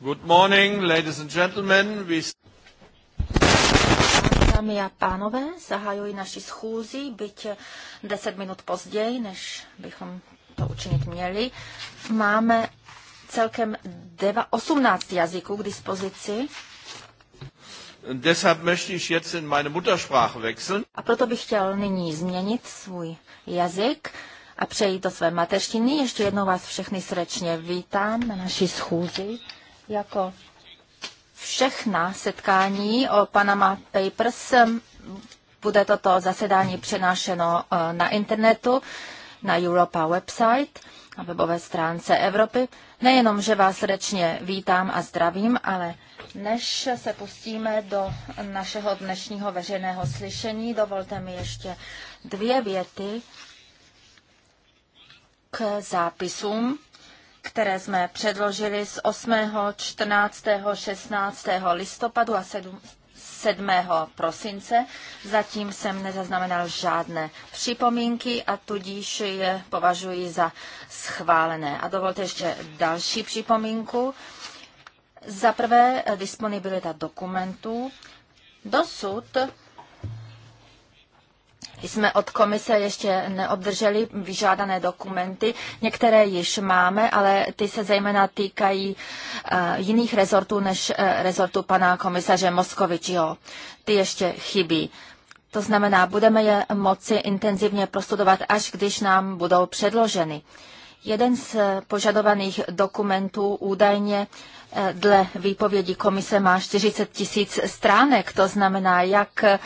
Good morning, ladies and gentlemen. We... Dámy a pánové, zahajuji naši schůzi, byť deset minut později, než bychom to učinit měli. Máme celkem 9, 18 jazyků k dispozici. Deshalb möchte ich jetzt in meine Muttersprache wechseln. A proto bych chtěl nyní změnit svůj jazyk a přejít do své mateřtiny. Ještě jednou vás všechny srdečně vítám na naší schůzi. Jako všechna setkání o Panama Papers bude toto zasedání přenášeno eh, na internetu, na Europa website, na webové stránce Evropy. Nejenom, že vás srdečně vítám a zdravím, ale než se pustíme do našeho dnešního veřejného slyšení, dovolte mi ještě dvě věty k zápisům které jsme předložili z 8., 14., 16. listopadu a 7. 7. prosince. Zatím jsem nezaznamenal žádné připomínky a tudíž je považuji za schválené. A dovolte ještě další připomínku. Za prvé eh, disponibilita dokumentů. Dosud jsme od komise ještě neobdrželi vyžádané dokumenty. Některé již máme, ale ty se zejména týkají eh, jiných rezortů než eh, rezortu pana komisaře Moskovičiho. Ty ještě chybí. To znamená, budeme je moci intenzivně prostudovat, až když nám budou předloženy. Jeden z požadovaných dokumentů údajně dle výpovědi komise má 40 tisíc stránek, to znamená, jak eh,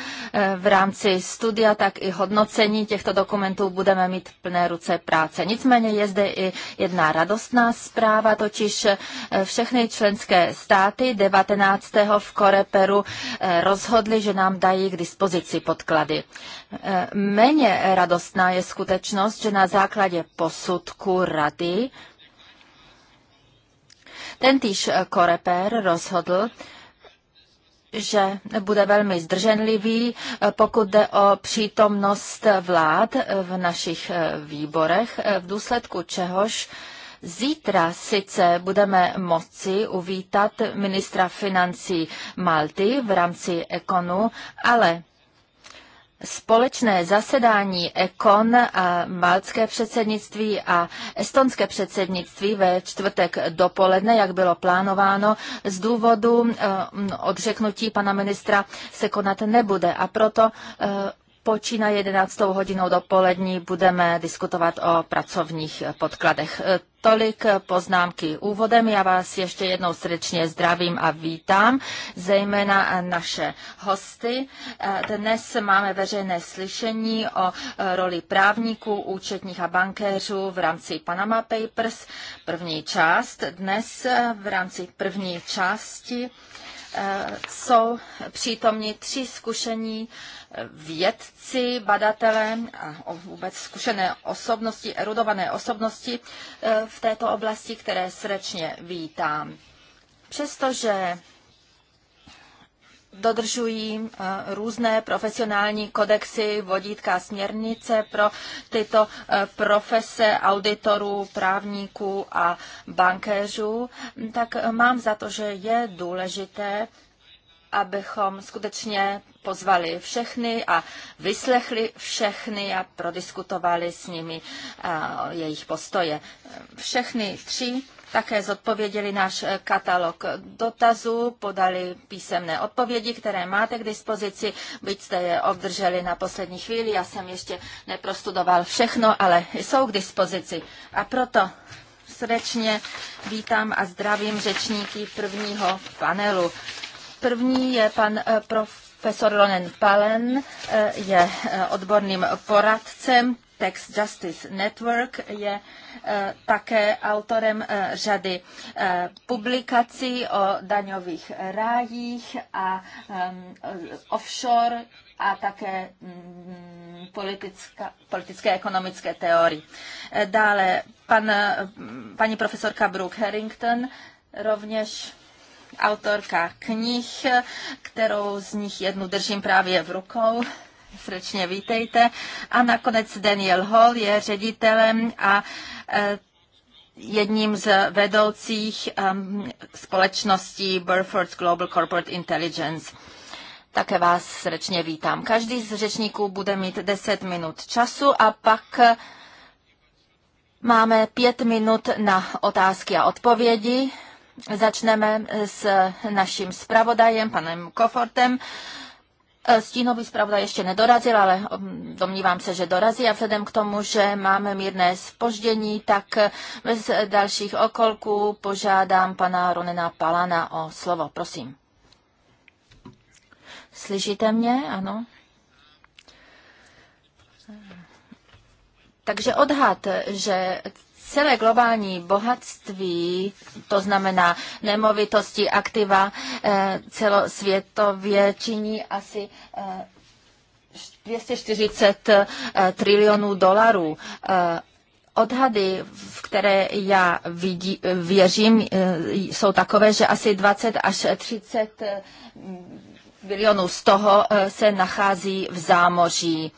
v rámci studia, tak i hodnocení těchto dokumentů budeme mít plné ruce práce. Nicméně je zde i jedna radostná zpráva, totiž eh, všechny členské státy 19. v Koreperu eh, rozhodly, že nám dají k dispozici podklady. Méně radostná je skutečnost, že na základě posudku rady Tentýž eh, Koreper rozhodl, že bude velmi zdrženlivý, eh, pokud jde o přítomnost vlád eh, v našich výborech, v důsledku čehož Zítra sice budeme moci uvítat ministra financí Malty v rámci Ekonu, ale společné zasedání Ekon a malcké předsednictví a estonské předsednictví ve čtvrtek dopoledne, jak bylo plánováno, z důvodu eh, odřeknutí pana ministra se konat nebude. A proto eh, počína 11. hodinou dopolední budeme diskutovat o pracovních podkladech. E, tolik poznámky úvodem. Já vás ještě jednou srdečně zdravím a vítám, zejména naše hosty. E, dnes máme veřejné slyšení o e, roli právníků, účetních a bankéřů v rámci Panama Papers, první část. Dnes v rámci první části jsou přítomni tři zkušení vědci, badatelé a vůbec zkušené osobnosti, erudované osobnosti eh, v této oblasti, které srdečně vítám. Přestože dodržují eh, různé profesionální kodexy, vodítka směrnice pro tyto eh, profese auditorů, právníků a bankéřů, tak mám za to, že je důležité abychom skutečně pozvali všechny a vyslechli všechny a prodiskutovali s nimi jejich postoje. Všechny tři také zodpověděli náš e, katalog dotazů, podali písemné odpovědi, které máte k dispozici, byť jste je obdrželi na poslední chvíli. Já jsem ještě neprostudoval všechno, ale jsou k dispozici. A proto srdečně vítám a zdravím řečníky prvního panelu. První je pan eh, profesor Ronen Palen, eh, je eh, odborným poradcem Tax Justice Network, je také autorem řady publikací o daňových rájích a ehm, offshore a také mm, politické ekonomické teorie. Dále pan, paní profesorka Brooke Harrington rovněž autorka knih, kterou z nich jednu držím právě v rukou. Srdečně vítejte. A nakonec Daniel Hall je ředitelem a e, jedním z vedoucích společností Burford Global Corporate Intelligence. Také vás srdečně vítám. Každý z řečníků bude mít 10 minut času a pak e, máme 5 minut na otázky a odpovědi Začneme eh, s eh, naším zpravodajem, panem Kofortem. Eh, stínový zpravodaj ještě nedorazil, ale mm, domnívám se, že dorazí a vzhledem k tomu, že máme mírné spoždění, tak bez dalších okolků požádám pana Ronena Palana o slovo. Prosím. Slyšíte mě? Ano. Takže odhad, že celé globální bohatství, to znamená nemovitosti, aktiva, eh, celosvětově činí asi 240 eh, eh, trilionů dolarů. Odhady, v které já vidí, věřím, jsou takové, že asi 20 až 30 bilionů z toho se nachází v zámoří.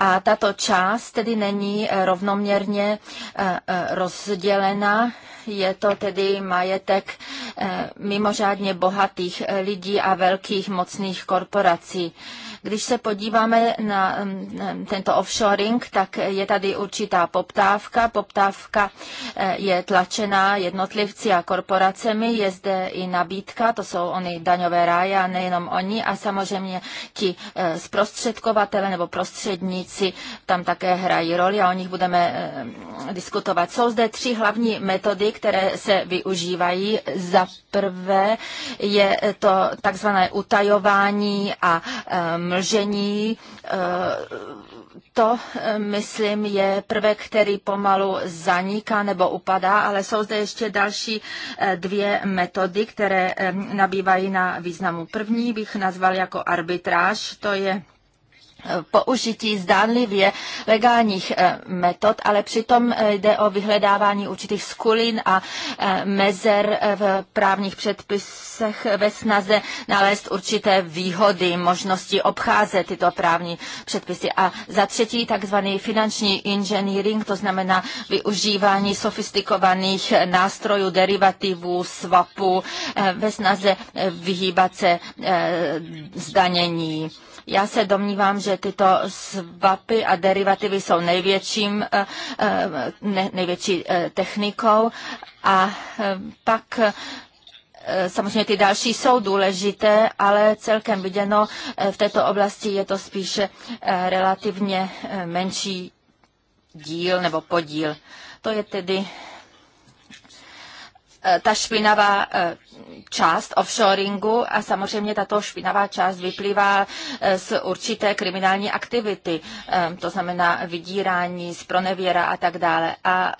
A tato část tedy není rovnoměrně eh, eh, rozdělena je to tedy majetek eh, mimořádně bohatých eh, lidí a velkých mocných korporací. Když se podíváme na mm, mm, tento offshoring, tak je tady určitá poptávka. Poptávka eh, je tlačená jednotlivci a korporacemi, je zde i nabídka, to jsou oni daňové ráje a nejenom oni a samozřejmě ti zprostředkovatele nebo prostředníci tam také hrají roli a o nich budeme diskutovat. Jsou zde tři hlavní metody, které se využívají. Za prvé je to takzvané utajování a eh, mlžení. Eh, to, eh, myslím, je prvek, který pomalu zaniká nebo upadá, ale jsou zde ještě další dvě metody, které nabývají na významu. První bych nazval jako arbitráž, to je použití zdánlivě legálních eh, metod, ale přitom eh, jde o vyhledávání určitých skulin a eh, mezer v právních předpisech ve snaze nalézt určité výhody, možnosti obcházet tyto právní předpisy. A za třetí takzvaný finanční engineering, to znamená využívání sofistikovaných nástrojů, derivativů, swapů ve snaze vyhýbat se zdanění. Já se domnívám, že tyto svapy a derivativy jsou největším, eh, eh, největší eh, technikou a pak samozřejmě ty další jsou důležité, ale celkem viděno v této oblasti je to spíše relativně menší díl nebo podíl. To je tedy Eh, ta špinavá eh, část offshoringu a samozřejmě tato špinavá část vyplývá eh, z určité kriminální aktivity, to znamená vydírání, pronevěra a tak dále. A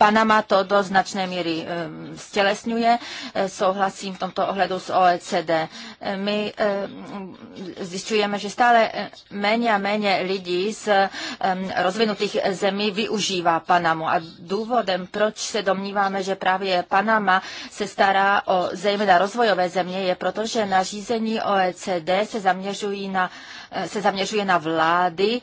Panama to do značné míry eh, stělesňuje. Eh, souhlasím v tomto ohledu s OECD. Eh, my zjišťujeme, že stále méně a méně lidí z rozvinutých zemí využívá Panamu. A důvodem, proč se domníváme, že právě Panama se stará o zejména rozvojové země, je proto, že nařízení OECD se zaměřují na se zaměřuje na vlády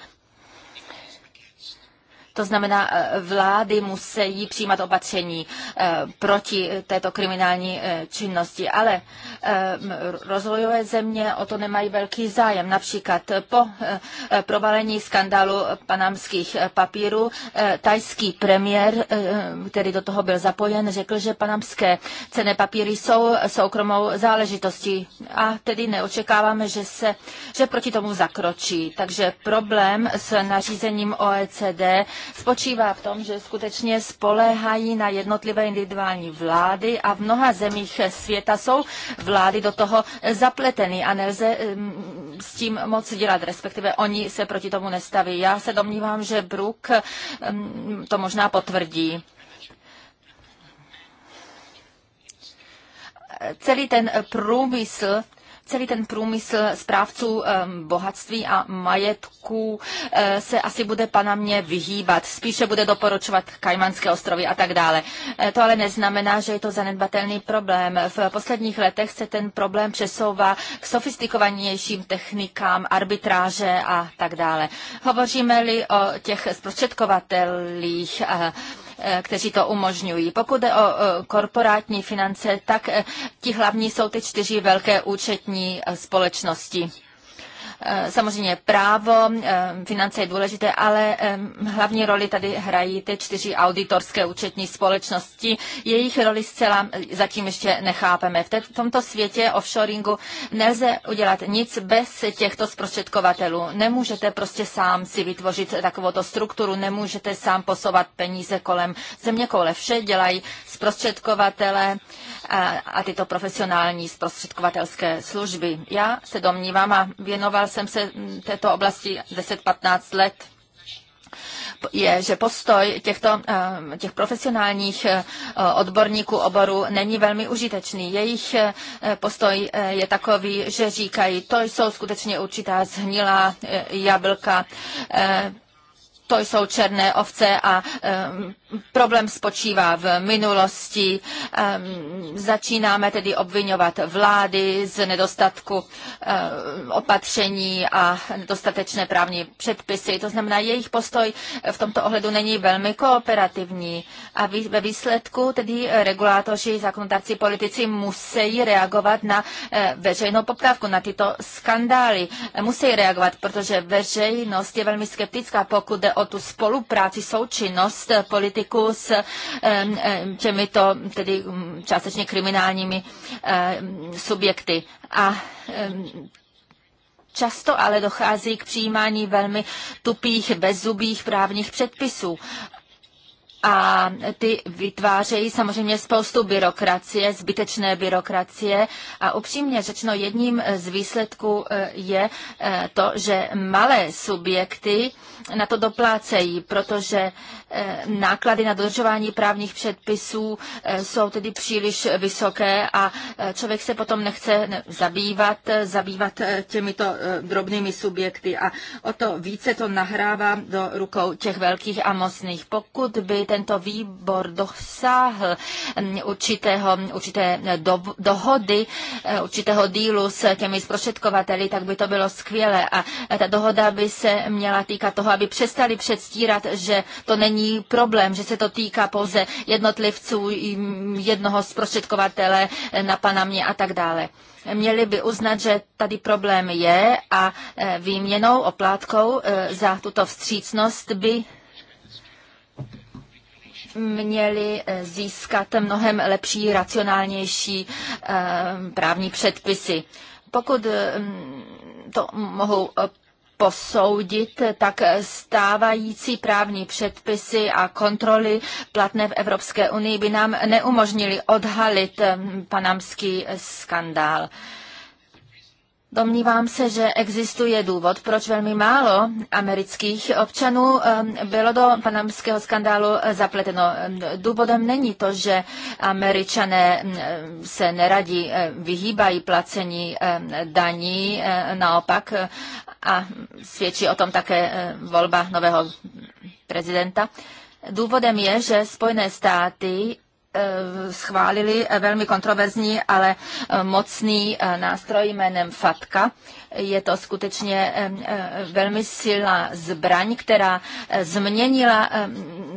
to znamená, eh, vlády musí přijímat opatření eh, proti této kriminální eh, činnosti, ale rozvojové země o to nemají velký zájem. Například po provalení skandálu panamských papírů tajský premiér, který do toho byl zapojen, řekl, že panamské cené papíry jsou soukromou záležitostí a tedy neočekáváme, že se, že proti tomu zakročí. Takže problém s nařízením OECD spočívá v tom, že skutečně spoléhají na jednotlivé individuální vlády a v mnoha zemích světa jsou vlády do toho zapleteny a nelze s tím moc dělat, respektive oni se proti tomu nestaví. Já se domnívám, že Brook to možná potvrdí. Celý ten průmysl celý ten průmysl správců ehm, bohatství a majetků eh, se asi bude Panamě vyhýbat. Spíše bude doporučovat Kajmanské ostrovy a tak dále. Eh, to ale neznamená, že je to zanedbatelný problém. V posledních letech se ten problém přesouvá k sofistikovanějším technikám, arbitráže a tak dále. Hovoříme-li o těch zprostředkovatelích, eh, Eh, kteří to umožňují. Pokud jde o eh, korporátní finance, tak eh, ti hlavní jsou ty čtyři velké účetní společnosti. Eh, samozřejmě právo, eh, finance je důležité, ale hlavní roli tady hrají ty čtyři auditorské účetní společnosti. Jejich roli zcela eh, zatím ještě nechápeme. V tomto světě offshoringu nelze udělat nic bez těchto zprostředkovatelů. Nemůžete prostě sám si vytvořit takovouto strukturu, nemůžete sám posovat peníze kolem země koule. Vše dělají zprostředkovatele, a tyto profesionální zprostředkovatelské služby. Já se domnívám a věnoval jsem se mm, této oblasti 10-15 let je, že postoj těchto těch profesionálních odborníků oboru není velmi užitečný. Jejich postoj je takový, že říkají, to jsou skutečně určitá zhnilá e, jablka e, to jsou černé ovce a um, problém spočívá v minulosti. Um, začínáme tedy obvinovat vlády z nedostatku um, opatření a nedostatečné právní předpisy. To znamená, jejich postoj v tomto ohledu není velmi kooperativní a vý, ve výsledku tedy regulátoři, zákonodárci, politici musí reagovat na uh, veřejnou poptávku, na tyto skandály. Musí reagovat, protože veřejnost je velmi skeptická, pokud jde o tu spolupráci, součinnost politiků s těmito tedy mm, částečně kriminálními subjekty. A Často ale dochází k přijímání velmi tupých, bezzubých právních předpisů a ty vytvářejí samozřejmě spoustu byrokracie, zbytečné byrokracie a upřímně řečeno jedním z výsledků e, je e, to, že malé subjekty na to doplácejí, protože e, náklady na dodržování právních předpisů jsou tedy příliš vysoké a člověk se potom nechce zabývat, zabývat těmito drobnými subjekty a o to více to nahrává do rukou těch velkých a mocných. Pokud by tedy tento výbor dosáhl mm, určitého, určité do, dohody, eh, určitého dílu s těmi zprostředkovateli, tak by to bylo skvělé. A ta dohoda by se měla týkat toho, aby přestali předstírat, že to není problém, že se to týká pouze jednotlivců, jednoho zprostředkovatele eh, na Panamě a tak dále měli by uznat, že tady problém je a eh, výměnou, oplátkou za tuto vstřícnost by měli eh, získat mnohem lepší, racionálnější eh, právní předpisy. Pokud eh, mm, to mohu posoudit, tak stávající právní předpisy a kontroly platné v Evropské unii by nám neumožnili odhalit panamský skandál. Uh, Domnívám se, že existuje důvod, proč velmi málo amerických občanů um, bylo do panamského skandálu zapleteno. Důvodem není to, že američané um, se neradí uh, vyhýbají placení um, daní, uh, naopak a svědčí o tom také uh, volba nového prezidenta. Důvodem je, že Spojené státy Eh, schválili eh, velmi kontroverzní, ale eh, mocný nástroj jménem FATKA. Je to skutečně velmi silná zbraň, která změnila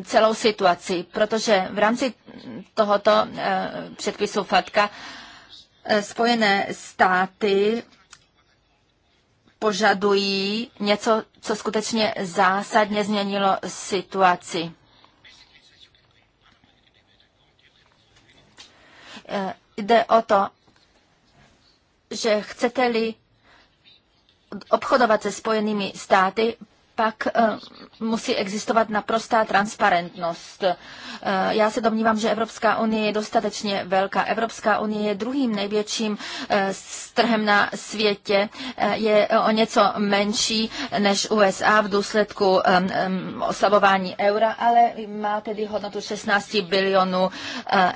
celou situaci, protože v rámci tohoto předpisu FATKA Spojené státy požadují něco, co skutečně zásadně změnilo situaci. Eh, jde o to, že chcete-li obchodovat se spojenými státy, pak eh, musí existovat naprostá transparentnost. Eh, já se domnívám, že Evropská unie je dostatečně velká. Evropská unie je druhým největším eh, trhem na světě. Je o něco menší než USA v důsledku oslabování eura, ale má tedy hodnotu 16 bilionů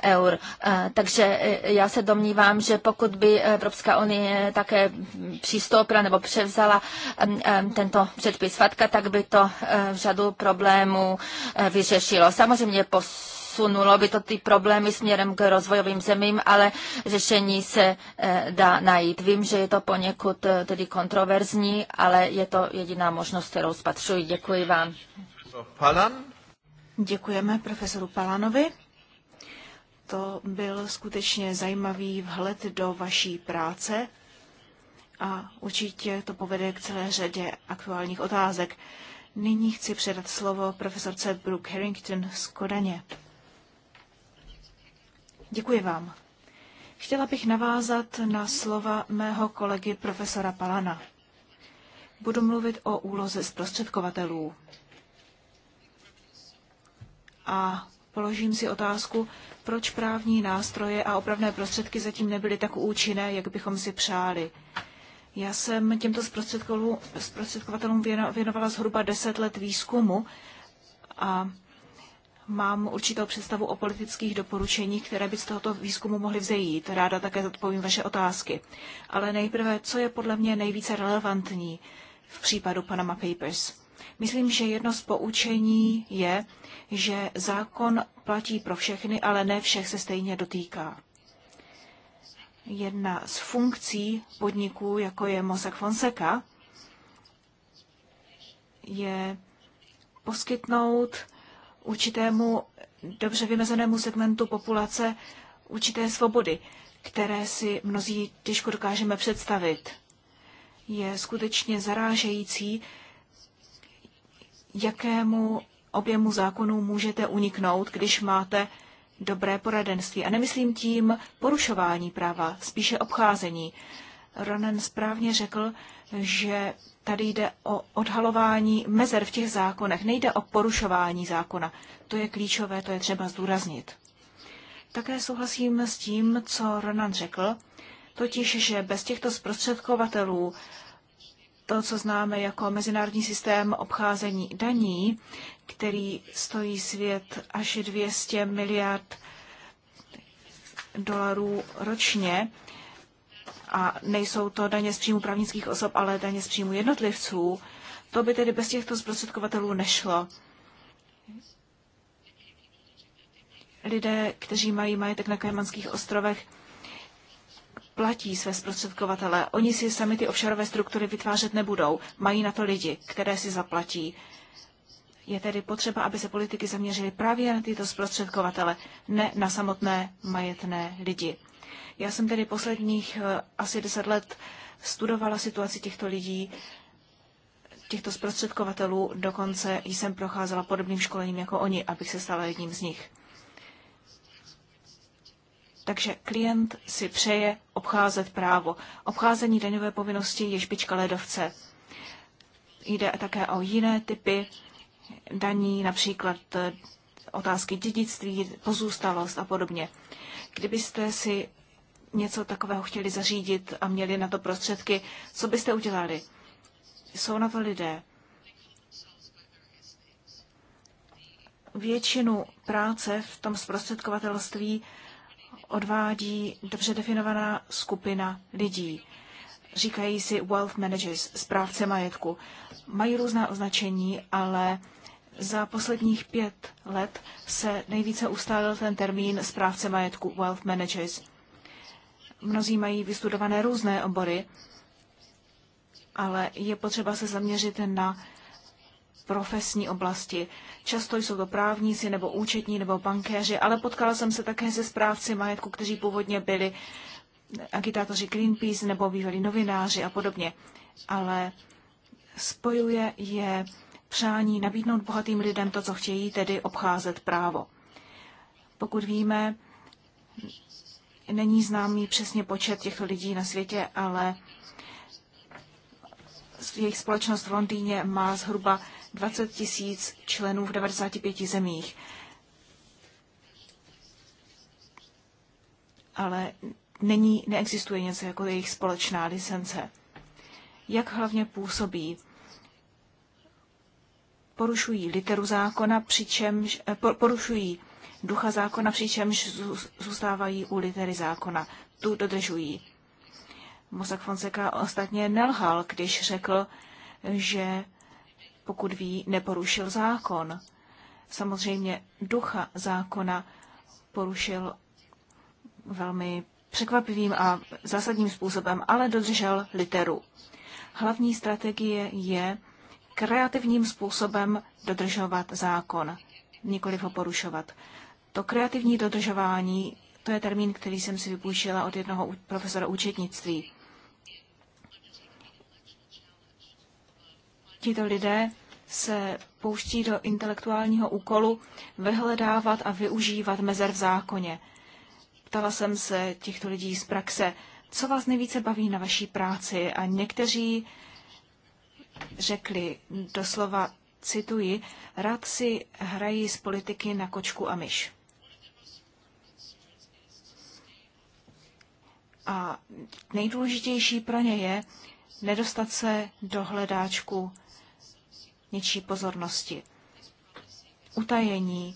eur. Takže já se domnívám, že pokud by Evropská unie také přistoupila nebo převzala tento předpis FATKA, tak by to eh, řadu problémů eh, vyřešilo. Samozřejmě posunulo by to ty problémy směrem k rozvojovým zemím, ale řešení se eh, dá najít. Vím, že je to poněkud tedy kontroverzní, ale je to jediná možnost, kterou spatřuji. Děkuji vám. Palan. Děkujeme profesoru Palanovi. To byl skutečně zajímavý vhled do vaší práce a určitě to povede k celé řadě aktuálních otázek. Nyní chci předat slovo profesorce Brooke Harrington z Kodaně. Děkuji vám. Chtěla bych navázat na slova mého kolegy profesora Palana. Budu mluvit o úloze zprostředkovatelů. A položím si otázku, proč právní nástroje a opravné prostředky zatím nebyly tak účinné, jak bychom si přáli. Já jsem těmto zprostředkovatelům věnovala zhruba 10 let výzkumu a mám určitou představu o politických doporučeních, které by z tohoto výzkumu mohly vzejít. Ráda také zodpovím vaše otázky. Ale nejprve, co je podle mě nejvíce relevantní v případu Panama Papers? Myslím, že jedno z poučení je, že zákon platí pro všechny, ale ne všech se stejně dotýká jedna z funkcí podniků, jako je Mosek Fonseca, je poskytnout určitému dobře vymezenému segmentu populace určité svobody, které si mnozí těžko dokážeme představit. Je skutečně zarážející, jakému objemu zákonů můžete uniknout, když máte dobré poradenství. A nemyslím tím porušování práva, spíše obcházení. Ronan správně řekl, že tady jde o odhalování mezer v těch zákonech. Nejde o porušování zákona. To je klíčové, to je třeba zdůraznit. Také souhlasím s tím, co Ronan řekl, totiž, že bez těchto zprostředkovatelů to, co známe jako mezinárodní systém obcházení daní, který stojí svět až 200 miliard dolarů ročně. A nejsou to daně z příjmu právnických osob, ale daně z příjmu jednotlivců. To by tedy bez těchto zprostředkovatelů nešlo. Lidé, kteří mají majetek na Kajmanských ostrovech, platí své zprostředkovatele. Oni si sami ty offshoreové struktury vytvářet nebudou. Mají na to lidi, které si zaplatí. Je tedy potřeba, aby se politiky zaměřily právě na tyto zprostředkovatele, ne na samotné majetné lidi. Já jsem tedy posledních eh, asi deset let studovala situaci těchto lidí, těchto zprostředkovatelů, dokonce jsem procházela podobným školením jako oni, abych se stala jedním z nich. Takže klient si přeje obcházet právo. Obcházení daňové povinnosti je špička ledovce. Jde také o jiné typy daní, například eh, otázky dědictví, pozůstalost a podobně. Kdybyste si něco takového chtěli zařídit a měli na to prostředky, co byste udělali? Jsou na to lidé. Většinu práce v tom zprostředkovatelství odvádí dobře definovaná skupina lidí. Říkají si wealth managers, správce majetku. Mají různá označení, ale za posledních pět let se nejvíce ustálil ten termín správce majetku, wealth managers. Mnozí mají vystudované různé obory, ale je potřeba se zaměřit na profesní oblasti. Často jsou to právníci nebo účetní nebo bankéři, ale potkala jsem se také se správci majetku, kteří původně byli agitátoři Greenpeace nebo bývalí novináři a podobně, ale spojuje je přání nabídnout bohatým lidem to, co chtějí, tedy obcházet právo. Pokud víme, není známý přesně počet těchto lidí na světě, ale jejich společnost v Londýně má zhruba 20 tisíc členů v 95 zemích. Ale není, neexistuje něco jako jejich společná licence. Jak hlavně působí? Porušují literu zákona, přičemž, eh, porušují ducha zákona, přičemž zůstávají u litery zákona. Tu dodržují. Mozak Fonseca ostatně nelhal, když řekl, že pokud ví, neporušil zákon. Samozřejmě ducha zákona porušil velmi překvapivým a zásadním způsobem, ale dodržel literu. Hlavní strategie je kreativním způsobem dodržovat zákon, nikoli ho porušovat. To kreativní dodržování, to je termín, který jsem si vypůjčila od jednoho profesora účetnictví. Tito lidé se pouští do intelektuálního úkolu vyhledávat a využívat mezer v zákoně – Zeptala jsem se těchto lidí z praxe, co vás nejvíce baví na vaší práci a někteří řekli doslova, cituji, rád si hrají z politiky na kočku a myš. A nejdůležitější pro ně je nedostat se do hledáčku něčí pozornosti. Utajení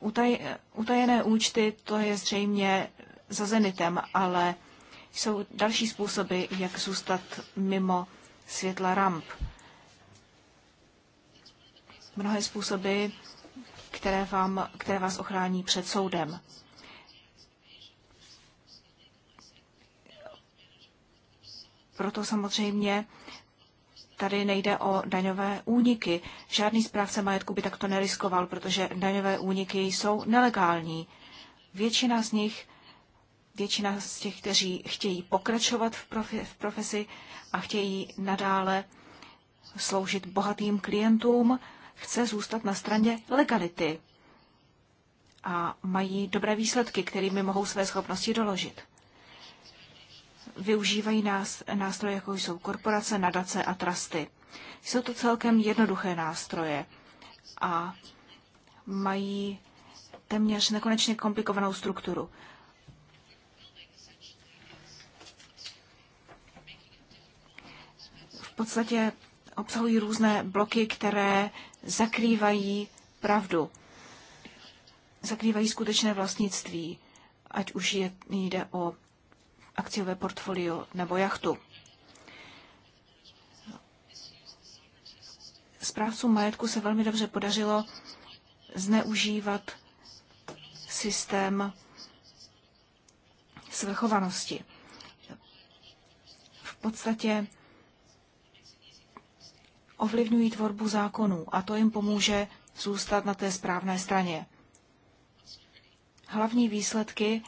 Utaj, utajené účty, to je zřejmě za zenitem, ale jsou další způsoby, jak zůstat mimo světla ramp. Mnohé způsoby, které, vám, které vás ochrání před soudem. Proto samozřejmě tady nejde o daňové úniky. Žádný správce majetku by takto neriskoval, protože daňové úniky jsou nelegální. Většina z nich, většina z těch, kteří chtějí pokračovat v, profi, v profesi a chtějí nadále sloužit bohatým klientům, chce zůstat na straně legality a mají dobré výsledky, kterými mohou své schopnosti doložit využívají nás, nástroje, jako jsou korporace, nadace a trusty. Jsou to celkem jednoduché nástroje a mají téměř nekonečně komplikovanou strukturu. V podstatě obsahují různé bloky, které zakrývají pravdu, zakrývají skutečné vlastnictví, ať už je, jde o akciové portfolio nebo jachtu. Správcům majetku se velmi dobře podařilo zneužívat systém svrchovanosti. V podstatě ovlivňují tvorbu zákonů a to jim pomůže zůstat na té správné straně. Hlavní výsledky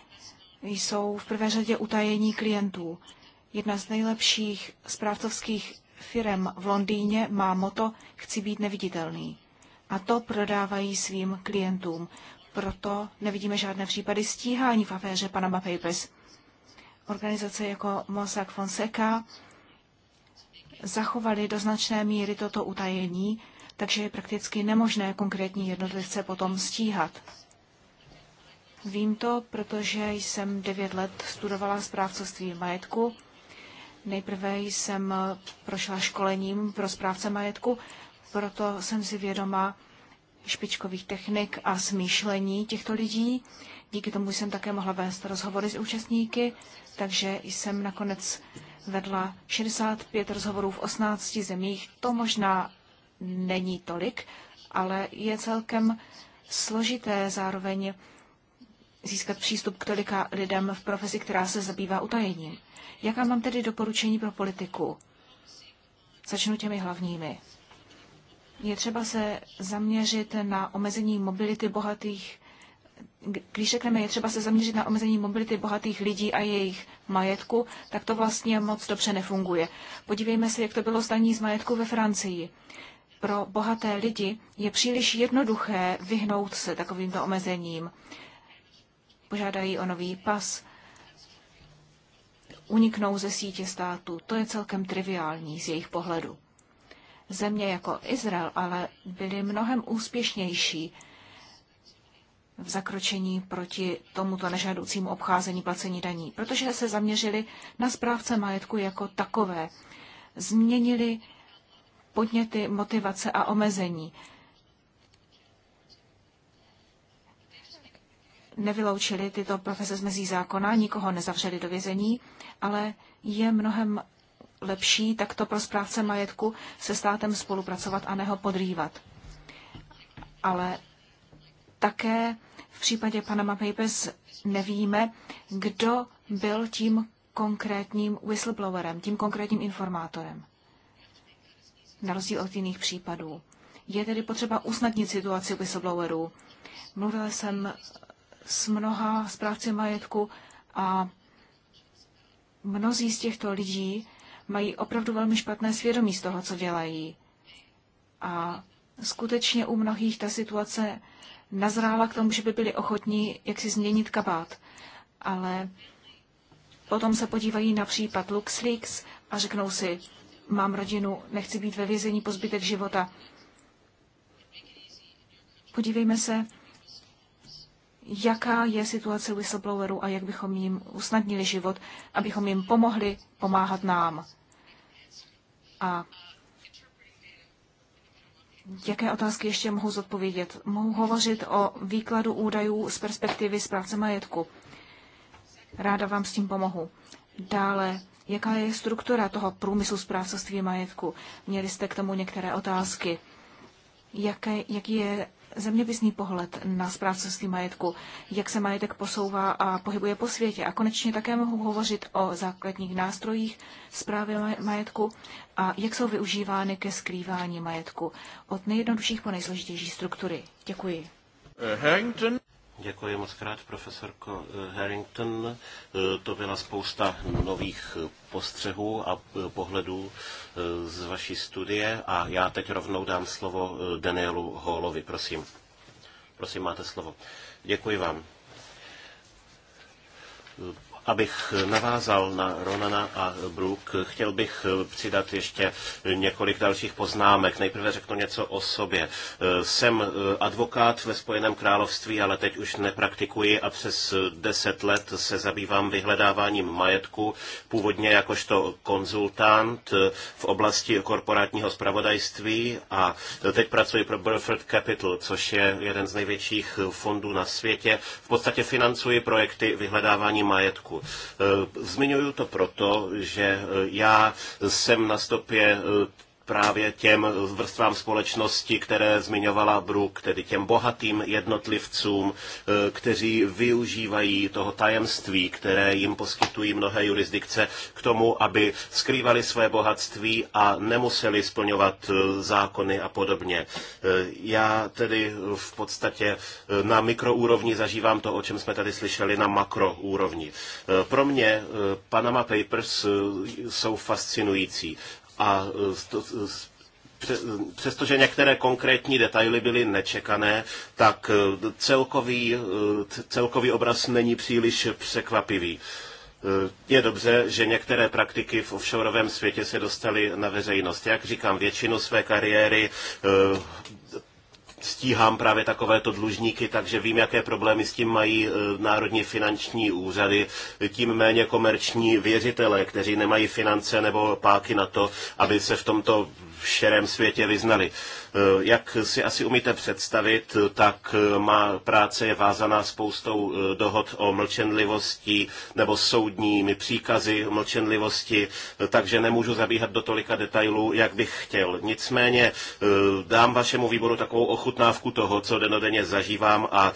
jsou v prvé řadě utajení klientů. Jedna z nejlepších správcovských firem v Londýně má moto Chci být neviditelný. A to prodávají svým klientům. Proto nevidíme žádné případy stíhání v aféře Panama Papers. Organizace jako Mossack Fonseca zachovaly do značné míry toto utajení, takže je prakticky nemožné konkrétní jednotlivce potom stíhat. Vím to, protože jsem devět let studovala správcovství majetku. Nejprve jsem prošla školením pro správce majetku, proto jsem si vědoma špičkových technik a smýšlení těchto lidí. Díky tomu jsem také mohla vést rozhovory s účastníky, takže jsem nakonec vedla 65 rozhovorů v 18 zemích. To možná není tolik, ale je celkem složité zároveň získat přístup k tolika lidem v profesi, která se zabývá utajením. Jaká mám tedy doporučení pro politiku? Začnu těmi hlavními. Je třeba se zaměřit na omezení mobility bohatých když řekneme, je třeba se zaměřit na omezení mobility bohatých lidí a jejich majetku, tak to vlastně moc dobře nefunguje. Podívejme se, jak to bylo zdaní z majetku ve Francii. Pro bohaté lidi je příliš jednoduché vyhnout se takovýmto omezením požádají o nový pas, uniknou ze sítě státu. To je celkem triviální z jejich pohledu. Země jako Izrael ale byly mnohem úspěšnější v zakročení proti tomuto nežádoucímu obcházení placení daní, protože se zaměřili na správce majetku jako takové. Změnili podněty, motivace a omezení. nevyloučili tyto profese z mezí zákona, nikoho nezavřeli do vězení, ale je mnohem lepší takto pro správce majetku se státem spolupracovat a neho podrývat. Ale také v případě Panama Papers nevíme, kdo byl tím konkrétním whistleblowerem, tím konkrétním informátorem. Na rozdíl od jiných případů. Je tedy potřeba usnadnit situaci whistleblowerů. Mluvila jsem s mnoha zprávci majetku a mnozí z těchto lidí mají opravdu velmi špatné svědomí z toho, co dělají. A skutečně u mnohých ta situace nazrála k tomu, že by byli ochotní jak si změnit kabát. Ale potom se podívají na případ LuxLeaks a řeknou si, mám rodinu, nechci být ve vězení po zbytek života. Podívejme se jaká je situace whistleblowerů a jak bychom jim usnadnili život, abychom jim pomohli pomáhat nám. A jaké otázky ještě mohu zodpovědět? Mohu hovořit o výkladu údajů z perspektivy zprávce majetku. Ráda vám s tím pomohu. Dále, jaká je struktura toho průmyslu zprávcovství majetku? Měli jste k tomu některé otázky. Jaké, jaký je zeměpisný pohled na správcovství majetku, jak se majetek posouvá a pohybuje po světě. A konečně také mohu hovořit o základních nástrojích zprávy majetku a jak jsou využívány ke skrývání majetku od nejjednodušších po nejsložitější struktury. Děkuji. Eh, Harrington. Děkuji moc krát, profesorko eh, Harrington. Eh, to byla spousta nových eh, postřehů a pohledů z vaší studie a já teď rovnou dám slovo Danielu Holovi, prosím. Prosím, máte slovo. Děkuji vám. Abych navázal na Ronana a Brook, chtěl bych přidat ještě několik dalších poznámek. Nejprve řeknu něco o sobě. Jsem advokát ve Spojeném království, ale teď už nepraktikuji a přes deset let se zabývám vyhledáváním majetku, původně jakožto konzultant v oblasti korporátního spravodajství a teď pracuji pro Burford Capital, což je jeden z největších fondů na světě. V podstatě financuji projekty vyhledávání majetku pořádku. Eh, zmiňuju to proto, že eh, já jsem na stopě eh, právě těm vrstvám společnosti, které zmiňovala Brooke, tedy těm bohatým jednotlivcům, eh, kteří využívají toho tajemství, které jim poskytují mnohé jurisdikce k tomu, aby skrývali své bohatství a nemuseli splňovat eh, zákony a podobně. Eh, já tedy v podstatě na mikroúrovni zažívám to, o čem jsme tady slyšeli na makroúrovni. Pro mě Panama Papers jsou fascinující a e, e, přestože některé konkrétní detaily byly nečekané, tak e, celkový, celkový obraz není příliš překvapivý. Je dobře, že některé praktiky v offshoreovém světě se dostaly na veřejnost. Jak říkám, většinu své kariéry stíhám právě takovéto dlužníky, takže vím, jaké problémy s tím mají e, národní finanční úřady, tím méně komerční věřitele, kteří nemají finance nebo páky na to, aby se v tomto šerém světě vyznali. Eh, jak si asi umíte představit, tak eh, má práce je vázaná spoustou eh, dohod o mlčenlivosti nebo soudními příkazy mlčenlivosti, takže nemůžu zabíhat do tolika detailů, jak bych chtěl. Nicméně dám vašemu výboru takovou ochutnávku toho, co denodenně zažívám a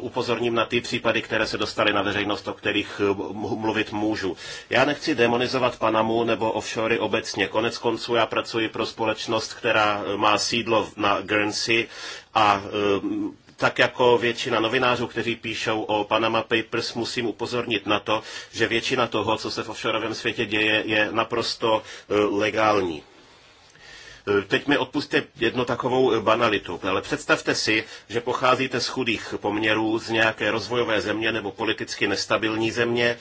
upozorním na ty případy, které se dostaly na veřejnost, o kterých mluvit můžu. Já nechci demonizovat Panamu nebo offshory obecně. Konec konců já pracuji pro společnost, která má sídlo bylo na Guernsey a eh, tak jako většina novinářů, kteří píšou o Panama Papers, musím upozornit na to, že většina toho, co se v offshoreovém světě děje, je naprosto eh, legální. Teď mi odpustte jednu takovou banalitu, ale představte si, že pocházíte z chudých poměrů, z nějaké rozvojové země nebo politicky nestabilní země,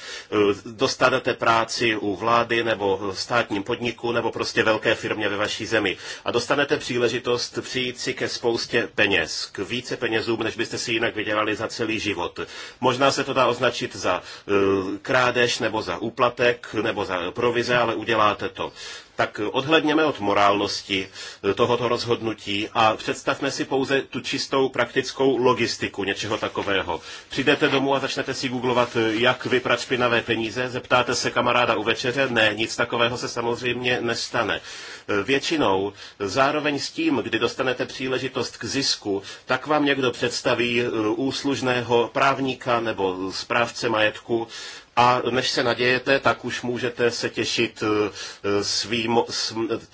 dostanete práci u vlády nebo státním podniku nebo prostě velké firmě ve vaší zemi a dostanete příležitost přijít si ke spoustě peněz, k více penězům, než byste si jinak vydělali za celý život. Možná se to dá označit za eh, krádež nebo za úplatek nebo za provize, ale uděláte to tak odhledněme od morálnosti eh, tohoto rozhodnutí a představme si pouze tu čistou praktickou logistiku něčeho takového. Přijdete domů a začnete si googlovat, eh, jak vyprat špinavé peníze, zeptáte se kamaráda u večeře, ne, nic takového se samozřejmě nestane. Eh, většinou zároveň s tím, kdy dostanete příležitost k zisku, tak vám někdo představí úslužného právníka nebo správce majetku, a než se nadějete, tak už můžete se těšit eh, svým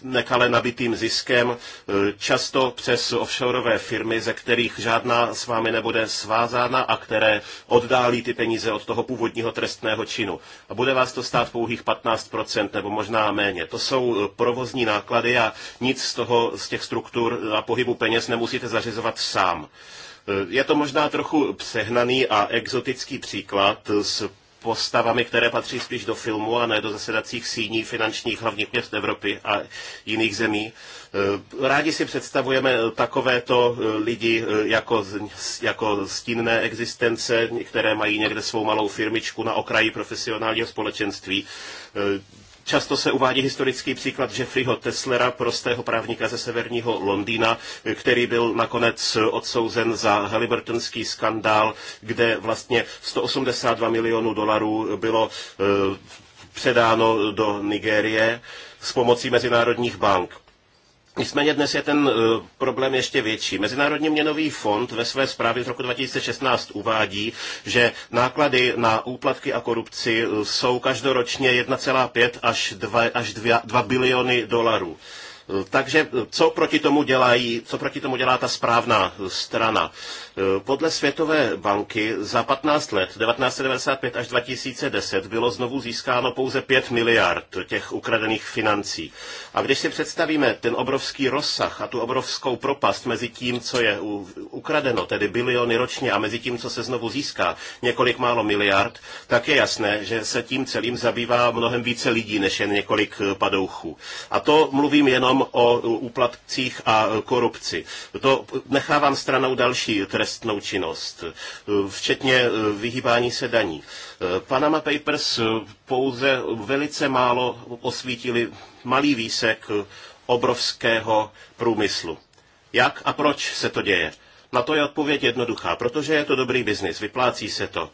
nekale nabitým ziskem, eh, často přes offshoreové firmy, ze kterých žádná s vámi nebude svázána a které oddálí ty peníze od toho původního trestného činu. A bude vás to stát pouhých 15% nebo možná méně. To jsou eh, provozní náklady a nic z toho, z těch struktur a pohybu peněz nemusíte zařizovat sám. Je to možná trochu přehnaný a exotický příklad s postavami, které patří spíš do filmu a ne do zasedacích síní finančních hlavních měst Evropy a jiných zemí. Eh, rádi si představujeme eh, takovéto eh, lidi jako, jako stínné existence, které mají někde svou malou firmičku na okraji profesionálního společenství. Často se uvádí historický příklad Jeffreyho Teslera, prostého právníka ze severního Londýna, který byl nakonec odsouzen za Halliburtonský skandál, kde vlastně 182 milionů dolarů bylo eh, předáno do Nigérie s pomocí mezinárodních bank. Nicméně dnes je ten e, problém ještě větší. Mezinárodní měnový fond ve své zprávě z roku 2016 uvádí, že náklady na úplatky a korupci e, jsou každoročně 1,5 až 2, až 2, 2 biliony dolarů. Takže co proti tomu dělají, co proti tomu dělá ta správná strana? Podle Světové banky za 15 let, 1995 až 2010, bylo znovu získáno pouze 5 miliard těch ukradených financí. A když si představíme ten obrovský rozsah a tu obrovskou propast mezi tím, co je ukradeno, tedy biliony ročně, a mezi tím, co se znovu získá, několik málo miliard, tak je jasné, že se tím celým zabývá mnohem více lidí, než jen několik padouchů. A to mluvím jenom o úplatcích a korupci. To nechávám stranou další trestnou činnost, včetně vyhýbání se daní. Panama Papers pouze velice málo osvítili malý výsek obrovského průmyslu. Jak a proč se to děje? Na to je odpověď jednoduchá, protože je to dobrý biznis, vyplácí se to.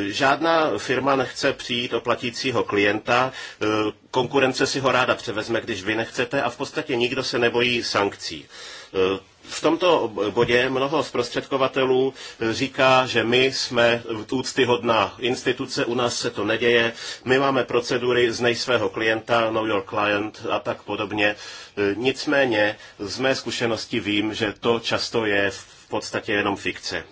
E, žádná firma nechce přijít o platícího klienta, e, konkurence si ho ráda převezme, když vy nechcete a v podstatě nikdo se nebojí sankcí. E, v tomto bodě mnoho zprostředkovatelů říká, že my jsme úctyhodná instituce, u nás se to neděje, my máme procedury z nejsvého klienta, know your client a tak podobně. Nicméně z mé zkušenosti vím, že to často je podstatě jenom fikce. E,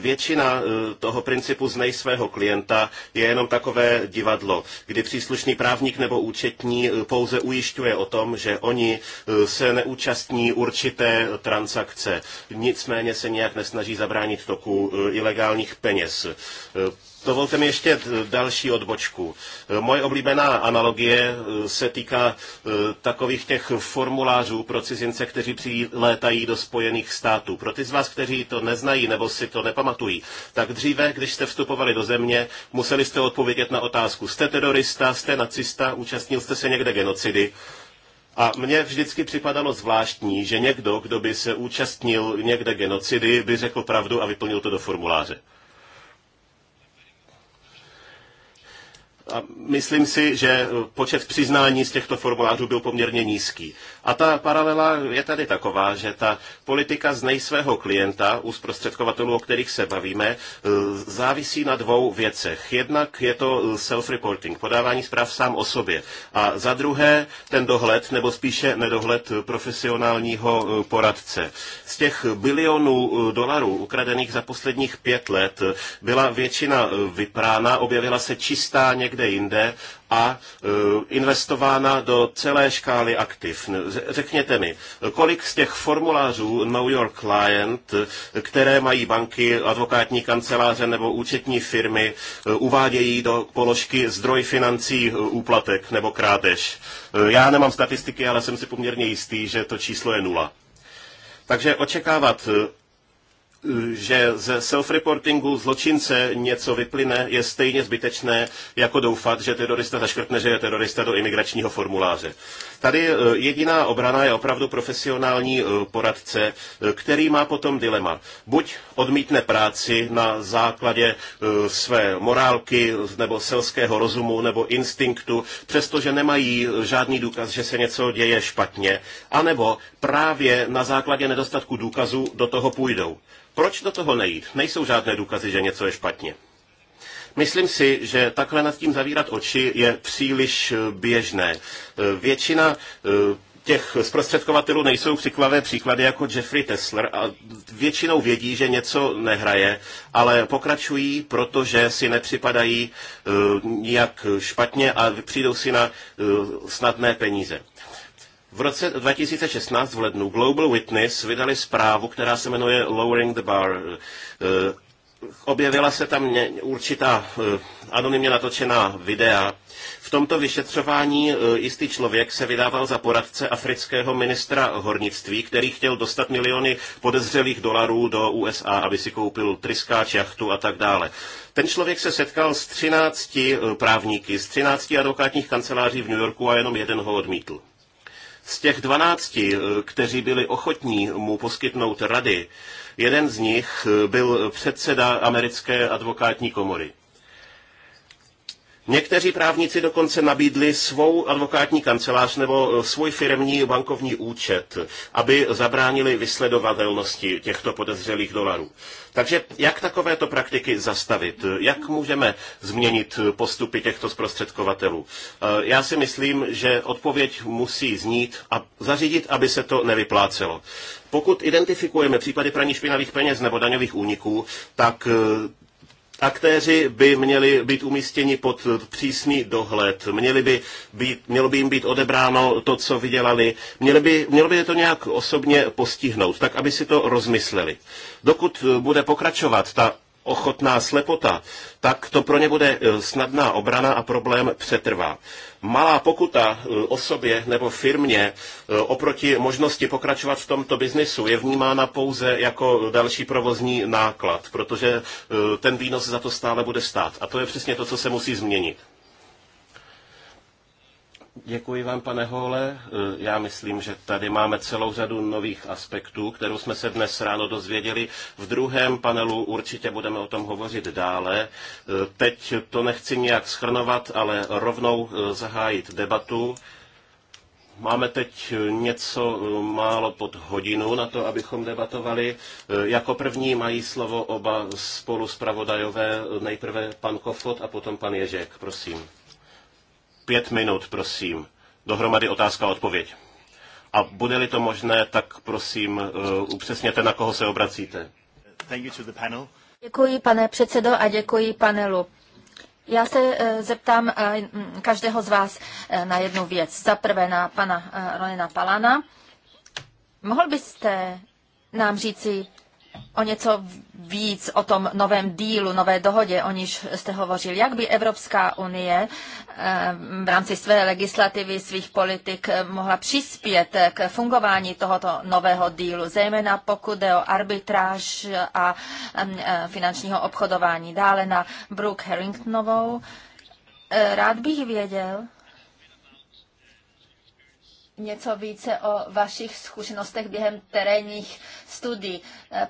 většina e, toho principu znej svého klienta je jenom takové divadlo, kdy příslušný právník nebo účetní e, pouze ujišťuje o tom, že oni se neúčastní určité transakce, nicméně se nějak nesnaží zabránit toku ilegálních peněz. Dovolte mi ještě další odbočku. Moje oblíbená analogie eh, se týká eh, takových těch formulářů pro cizince, kteří přilétají do Spojených států. Pro ty z vás, kteří to neznají nebo si to nepamatují, tak dříve, když jste vstupovali do země, museli jste odpovědět na otázku, jste terorista, jste nacista, účastnil jste se někde genocidy. A mně vždycky připadalo zvláštní, že někdo, kdo by se účastnil někde genocidy, by řekl pravdu a vyplnil to do formuláře. A myslím si, že počet přiznání z těchto formulářů byl poměrně nízký. A ta paralela je tady taková, že ta politika z nejsvého klienta u zprostředkovatelů, o kterých se bavíme, e, závisí na dvou věcech. Jednak je to e, self-reporting, podávání zpráv sám o sobě. A za druhé ten dohled, nebo spíše nedohled e, profesionálního poradce. Z těch bilionů dolarů ukradených za posledních pět let byla většina vyprána, objevila se čistá někde jinde a e, investována do celé škály aktiv. Řekněte mi, kolik z těch formulářů Know Your Client, které mají banky, advokátní kanceláře nebo účetní firmy, e, uvádějí do položky zdroj financí e, úplatek nebo krádež. Já nemám statistiky, ale jsem si poměrně jistý, že to číslo je nula. Takže očekávat že ze self-reportingu zločince něco vyplyne, je stejně zbytečné, jako doufat, že terorista zaškrtne, že je terorista do imigračního formuláře. Tady e, jediná obrana je opravdu profesionální e, poradce, e, který má potom dilema. Buď odmítne práci na základě své morálky nebo selského rozumu nebo instinktu, přestože nemají žádný důkaz, že se něco děje špatně, anebo právě na základě nedostatku důkazů do toho půjdou. Proč do toho nejít? Nejsou žádné důkazy, že něco je špatně. Myslím si, že takhle nad tím zavírat oči je příliš eh, běžné. Eh, většina eh, těch zprostředkovatelů nejsou přikvavé příklady jako Jeffrey Tesler a většinou vědí, že něco nehraje, ale pokračují, protože si nepřipadají nijak špatně a přijdou si na snadné peníze. V roce 2016 v lednu Global Witness vydali zprávu, která se jmenuje Lowering the Bar objevila se tam určitá eh, anonymně natočená videa. V tomto vyšetřování eh, jistý člověk se vydával za poradce afrického ministra hornictví, který chtěl dostat miliony podezřelých dolarů do USA, aby si koupil tryskáč, jachtu a tak dále. Ten člověk se setkal s 13 eh, právníky, z 13 advokátních kanceláří v New Yorku a jenom jeden ho odmítl. Z těch 12, kteří byli ochotní mu poskytnout rady, Jeden z nich eh, byl předseda americké advokátní komory. Někteří právníci dokonce nabídli svou advokátní kancelář nebo eh, svůj firmní bankovní účet, aby zabránili vysledovatelnosti těchto podezřelých dolarů. Takže jak takovéto praktiky zastavit? Jak můžeme změnit postupy těchto zprostředkovatelů? Eh, já si myslím, že odpověď musí znít a zařídit, aby se to nevyplácelo. Pokud identifikujeme případy praní špinavých peněz nebo daňových úniků, tak e, aktéři by měli být umístěni pod přísný dohled, měli by být, mělo by jim být odebráno to, co vydělali, měli by, mělo by je to nějak osobně postihnout, tak aby si to rozmysleli. Dokud e, bude pokračovat ta ochotná slepota, tak to pro ně bude eh, snadná obrana a problém přetrvá. Malá pokuta eh, osobě nebo firmě eh, oproti možnosti pokračovat v tomto biznisu je vnímána pouze jako další provozní náklad, protože ten výnos za to stále bude stát. A to je přesně to, co se musí změnit. Děkuji vám, pane Hole. E, já myslím, že tady máme celou řadu nových aspektů, kterou jsme se dnes ráno dozvěděli. V druhém panelu určitě budeme o tom hovořit dále. E, teď to nechci nějak schrnovat, ale rovnou e, zahájit debatu. Máme teď něco málo pod hodinu na to, abychom debatovali. Jako první mají slovo oba spolu zpravodajové, nejprve pan Kofot a potom pan Ježek. Prosím. Pět minut, prosím. Dohromady otázka a odpověď. A bude-li to možné, tak prosím eh, upřesněte, na koho se obracíte. Děkuji, pane předsedo, a děkuji panelu. Já se eh, zeptám eh, každého z vás na jednu věc. Za prvé na pana Ronina Palana. Mohl byste nám říci, o něco víc o tom novém dílu, nové dohodě, o níž jste hovořil. Jak by Evropská unie eh, v rámci své legislativy, svých politik eh, mohla přispět k fungování tohoto nového dílu, zejména pokud jde o arbitráž a mm, eh, finančního obchodování. Dále na Brooke Harringtonovou. Rád bych věděl, něco více o vašich zkušenostech během terénních studií.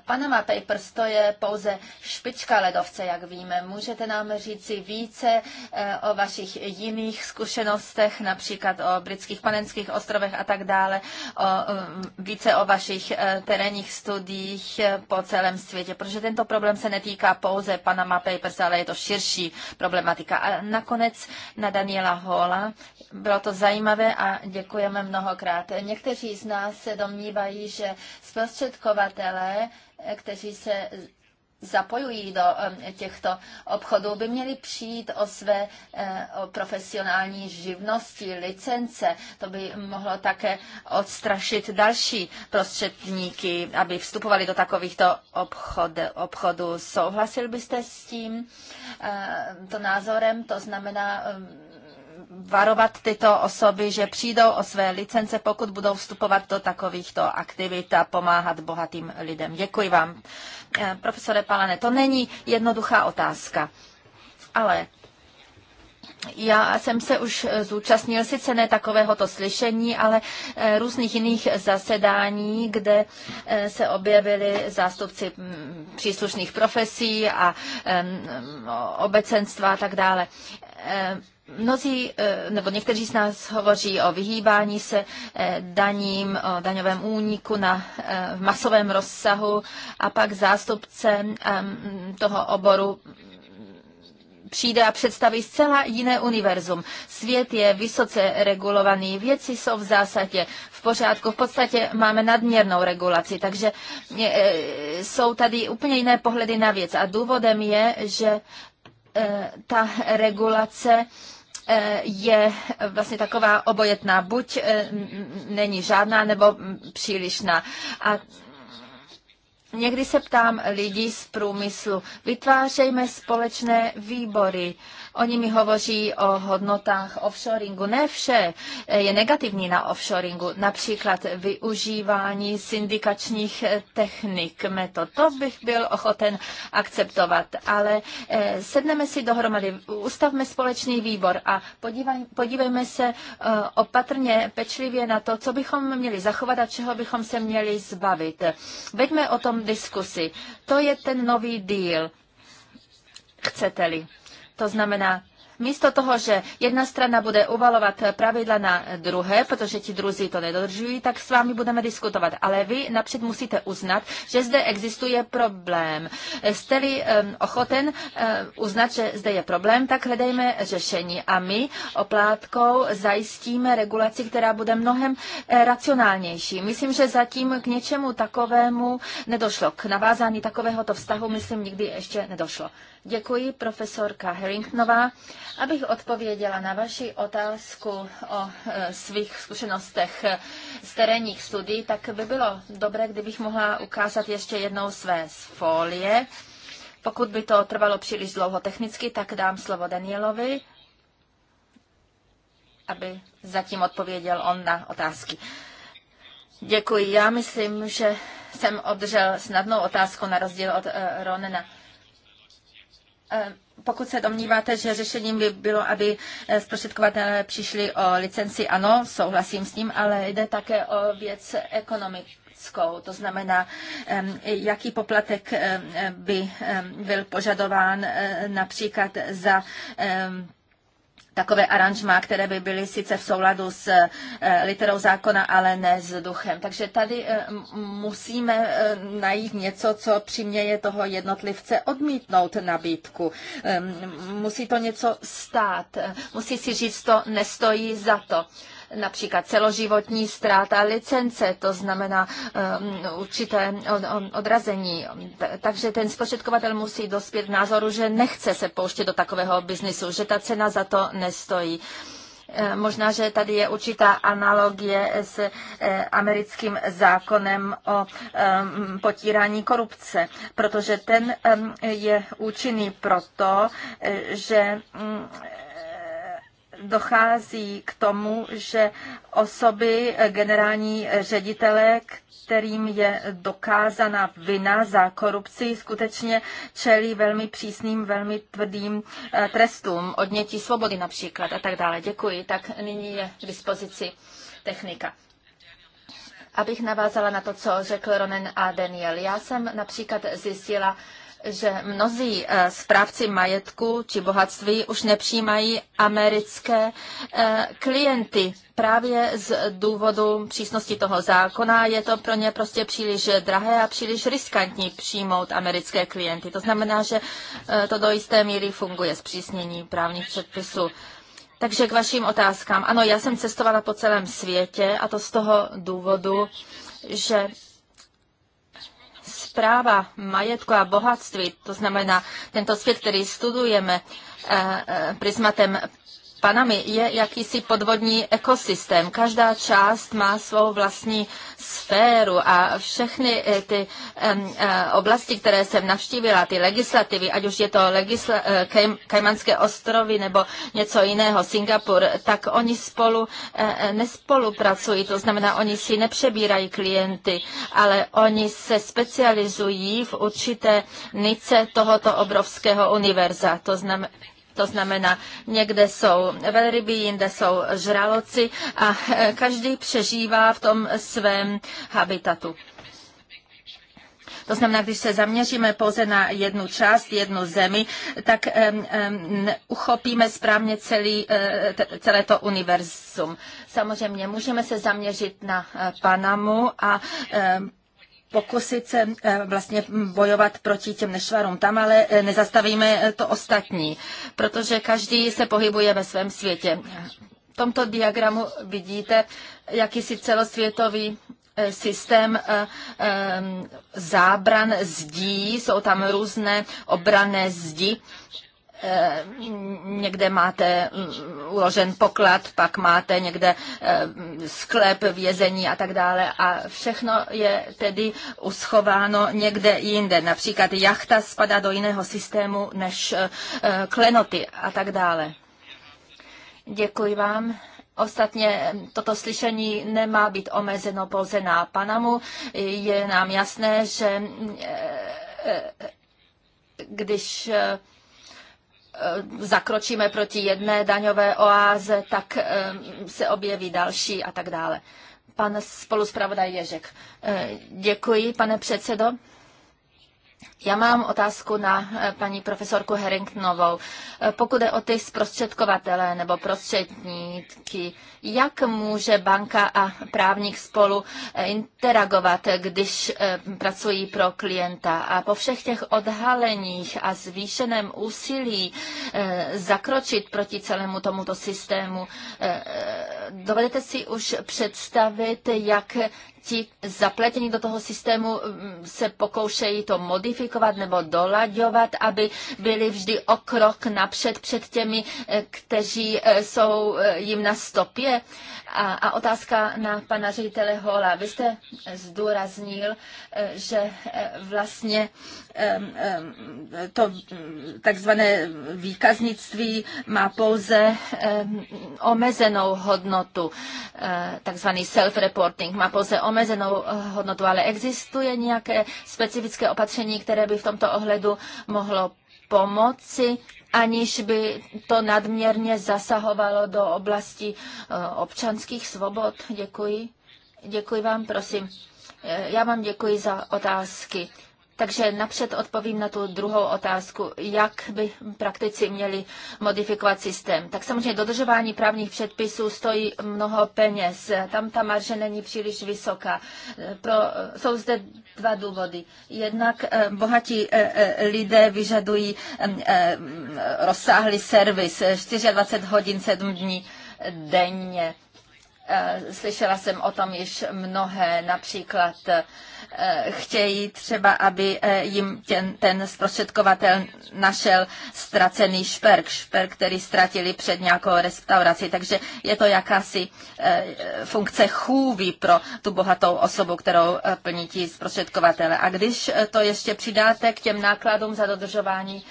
Panama Papers to je pouze špička ledovce, jak víme. Můžete nám říci více eh, o vašich jiných zkušenostech, například o britských panenských ostrovech a tak dále, o, mm, více o vašich eh, terénních studiích eh, po celém světě, protože tento problém se netýká pouze Panama Papers, ale je to širší problematika. A nakonec na Daniela Hola. Bylo to zajímavé a děkujeme mnohokrát. Někteří z nás se domnívají, že zprostředko chovatelé, eh, kteří se zapojují do eh, těchto obchodů, by měli přijít o své eh, o profesionální živnosti, licence. To by mohlo také odstrašit další prostředníky, aby vstupovali do takovýchto obchod, obchodů. Souhlasil byste s tím to názorem? To znamená varovat tyto osoby, že přijdou o své licence, pokud budou vstupovat do takovýchto aktivit a pomáhat bohatým lidem. Děkuji vám. Eh, profesore Palane, to není jednoduchá otázka, ale já jsem se už zúčastnil sice ne takovéhoto slyšení, ale eh, různých jiných zasedání, kde eh, se objevili zástupci mm, příslušných profesí a obecenstva a tak dále. Mnozí, eh, nebo někteří z nás hovoří o vyhýbání se eh, daním, o daňovém úniku na, eh, v masovém rozsahu a pak zástupce ehm, toho oboru přijde a představí zcela jiné univerzum. Svět je vysoce regulovaný, věci jsou v zásadě v pořádku, v podstatě máme nadměrnou regulaci, takže jsou tady úplně jiné pohledy na věc a důvodem je, že ta regulace je vlastně taková obojetná, buď eh, není žádná, nebo přílišná. A Někdy se ptám lidí z průmyslu, vytvářejme společné výbory Oni mi hovoří o hodnotách offshoringu. Ne vše je negativní na offshoringu, například využívání syndikačních technik, metod. To bych byl ochoten akceptovat, ale eh, sedneme si dohromady, ustavme společný výbor a podívejme se eh, opatrně, pečlivě na to, co bychom měli zachovat a čeho bychom se měli zbavit. Veďme o tom diskusi. To je ten nový díl chcete-li. To znamená, místo toho, že jedna strana bude uvalovat pravidla na druhé, protože ti druzí to nedodržují, tak s vámi budeme diskutovat. Ale vy napřed musíte uznat, že zde existuje problém. Jste-li ochoten eh, uznat, že zde je problém, tak hledejme řešení. A my oplátkou zajistíme regulaci, která bude mnohem eh, racionálnější. Myslím, že zatím k něčemu takovému nedošlo. K navázání takovéhoto vztahu, myslím, nikdy ještě nedošlo. Děkuji, profesorka Herringtonová. Abych odpověděla na vaši otázku o e, svých zkušenostech e, z terénních studií, tak by bylo dobré, kdybych mohla ukázat ještě jednou své folie. Pokud by to trvalo příliš dlouho technicky, tak dám slovo Danielovi, aby zatím odpověděl on na otázky. Děkuji. Já myslím, že jsem obdržel snadnou otázku na rozdíl od e, Ronena. Eh, pokud se domníváte, že řešením by bylo, aby eh, zprostředkovatelé přišli o licenci, ano, souhlasím s tím, ale jde také o věc ekonomickou. To znamená, jaký poplatek by byl požadován eh, například za takové aranžma, které by byly sice v souladu s eh, literou zákona, ale ne s duchem. Takže tady eh, musíme eh, najít něco, co přiměje toho jednotlivce odmítnout nabídku. Musí to něco stát, musí si říct, to nestojí za to například celoživotní ztráta licence, to znamená um, určité odrazení. Takže ten zprostředkovatel musí dospět k názoru, že nechce se pouštět do takového biznisu, že ta cena za to nestojí. Eh, možná, že tady je určitá analogie s eh, americkým zákonem o potírání korupce, protože ten je účinný proto, eh, že mm, dochází k tomu, že osoby, eh, generální ředitele, kterým je dokázána vina za korupci, skutečně čelí velmi přísným, velmi tvrdým eh, trestům, odnětí svobody například a tak dále. Děkuji. Tak nyní je k dispozici technika. Abych navázala na to, co řekl Ronen a Daniel. Já jsem například zjistila, že mnozí eh, správci majetku či bohatství už nepřijímají americké eh, klienty. Právě z důvodu přísnosti toho zákona je to pro ně prostě příliš drahé a příliš riskantní přijmout americké klienty. To znamená, že eh, to do jisté míry funguje zpřísnění právních předpisů. Takže k vašim otázkám. Ano, já jsem cestovala po celém světě a to z toho důvodu, že práva, majetku a bohatství, to znamená tento svět, který studujeme eh, eh, prismatem Panami je jakýsi podvodní ekosystém. Každá část má svou vlastní sféru a všechny eh, ty um, oblasti, které jsem navštívila, ty legislativy, ať už je to legisla- eh, Kaj- Kajmanské ostrovy nebo něco jiného, Singapur, tak oni spolu uh, nespolupracují, to znamená, oni si nepřebírají klienty, ale oni se specializují v určité nice tohoto obrovského univerza. To znamená, to znamená, někde jsou velryby, jinde jsou žraloci a eh, každý přežívá v tom svém habitatu. To znamená, když se zaměříme pouze na jednu část, jednu zemi, tak um, um, uchopíme správně celý, uh, celé to univerzum. Samozřejmě můžeme se zaměřit na uh, Panamu a uh, pokusit se eh, vlastně bojovat proti těm nešvarům tam, ale eh, nezastavíme eh, to ostatní, protože každý se pohybuje ve svém světě. V tomto diagramu vidíte jakýsi celosvětový systém zábran zdí, jsou tam různé obrané zdi Eh, někde máte mm, uložen poklad, pak máte někde eh, sklep, vězení a tak dále a všechno je tedy uschováno někde jinde. Například jachta spadá do jiného systému než eh, klenoty a tak dále. Děkuji vám. Ostatně toto slyšení nemá být omezeno pouze na Panamu. Je nám jasné, že mm, když Eh, zakročíme proti jedné daňové oáze, tak eh, se objeví další a tak dále. Pan spoluspravodaj Ježek. Eh, děkuji, pane předsedo. Já mám otázku na eh, paní profesorku Harringtonovou. Eh, pokud je o ty zprostředkovatele nebo prostředníky, jak může banka a právník spolu eh, interagovat, když pracují pro klienta? A po všech těch odhaleních a zvýšeném úsilí zakročit proti celému tomuto systému, dovedete si už představit, jak ti zapletení do toho systému mm, se pokoušejí to modifikovat? modifikovat nebo dolaďovat, aby byli vždy o krok napřed před těmi, eh, kteří eh, jsou eh, jim na stopě? A, a otázka na pana ředitele Hola. Vy jste zdůraznil, že vlastně to takzvané výkaznictví má pouze omezenou hodnotu, takzvaný self-reporting má pouze omezenou hodnotu, ale existuje nějaké specifické opatření, které které by v tomto ohledu mohlo pomoci, aniž by to nadměrně zasahovalo do oblasti eh, občanských svobod. Děkuji. Děkuji vám, prosím. Eh, já vám děkuji za otázky. Takže napřed odpovím na tu druhou otázku, jak by praktici měli modifikovat systém. Tak samozřejmě dodržování právních předpisů stojí mnoho peněz. Tam ta marže není příliš vysoká. Pro, jsou zde dva důvody. Jednak eh, bohatí eh, eh, lidé vyžadují rozsáhlý servis 24 hodin 7 dní denně. Eh, slyšela jsem o tom již mnohé, například eh, chtějí třeba, aby eh, jim ten, ten zprostředkovatel našel ztracený šperk, šperk, který ztratili před nějakou restaurací. Takže je to jakási funkce chůvy pro tu bohatou osobu, kterou plní ti zprostředkovatele. A když to ještě přidáte k těm nákladům za dodržování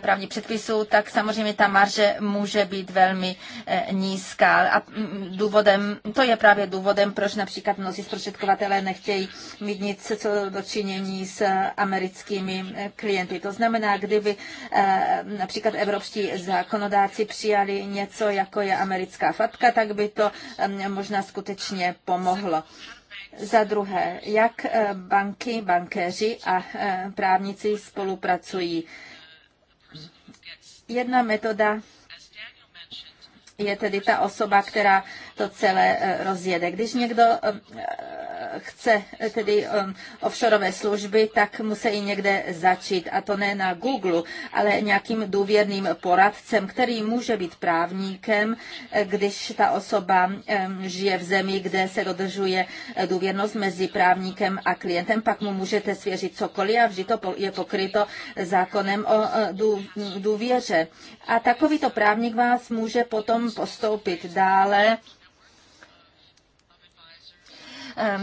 právních předpisů, tak samozřejmě ta marže může být velmi eh, nízká. A mm, důvodem, to je právě důvodem, proč například mnozí zprostředkovatelé nechtějí mít nic co dočinění s americkými eh, klienty. To znamená, kdyby eh, například evropští zákonodáci přijali něco, jako je americká fatka, tak by to mm, možná skutečně pomohlo. Za druhé, jak banky, bankéři a právníci spolupracují. Jedna metoda je tedy ta osoba, která to celé eh, rozjede. Když někdo eh, chce eh, tedy offshoreové služby, tak musí někde začít. A to ne na Google, ale nějakým důvěrným poradcem, který může být právníkem, když ta osoba žije v zemi, kde se dodržuje důvěrnost mezi právníkem a klientem, pak mu můžete svěřit cokoliv a vždy to je pokryto zákonem o důvěře. A takovýto právník vás může potom postoupit dále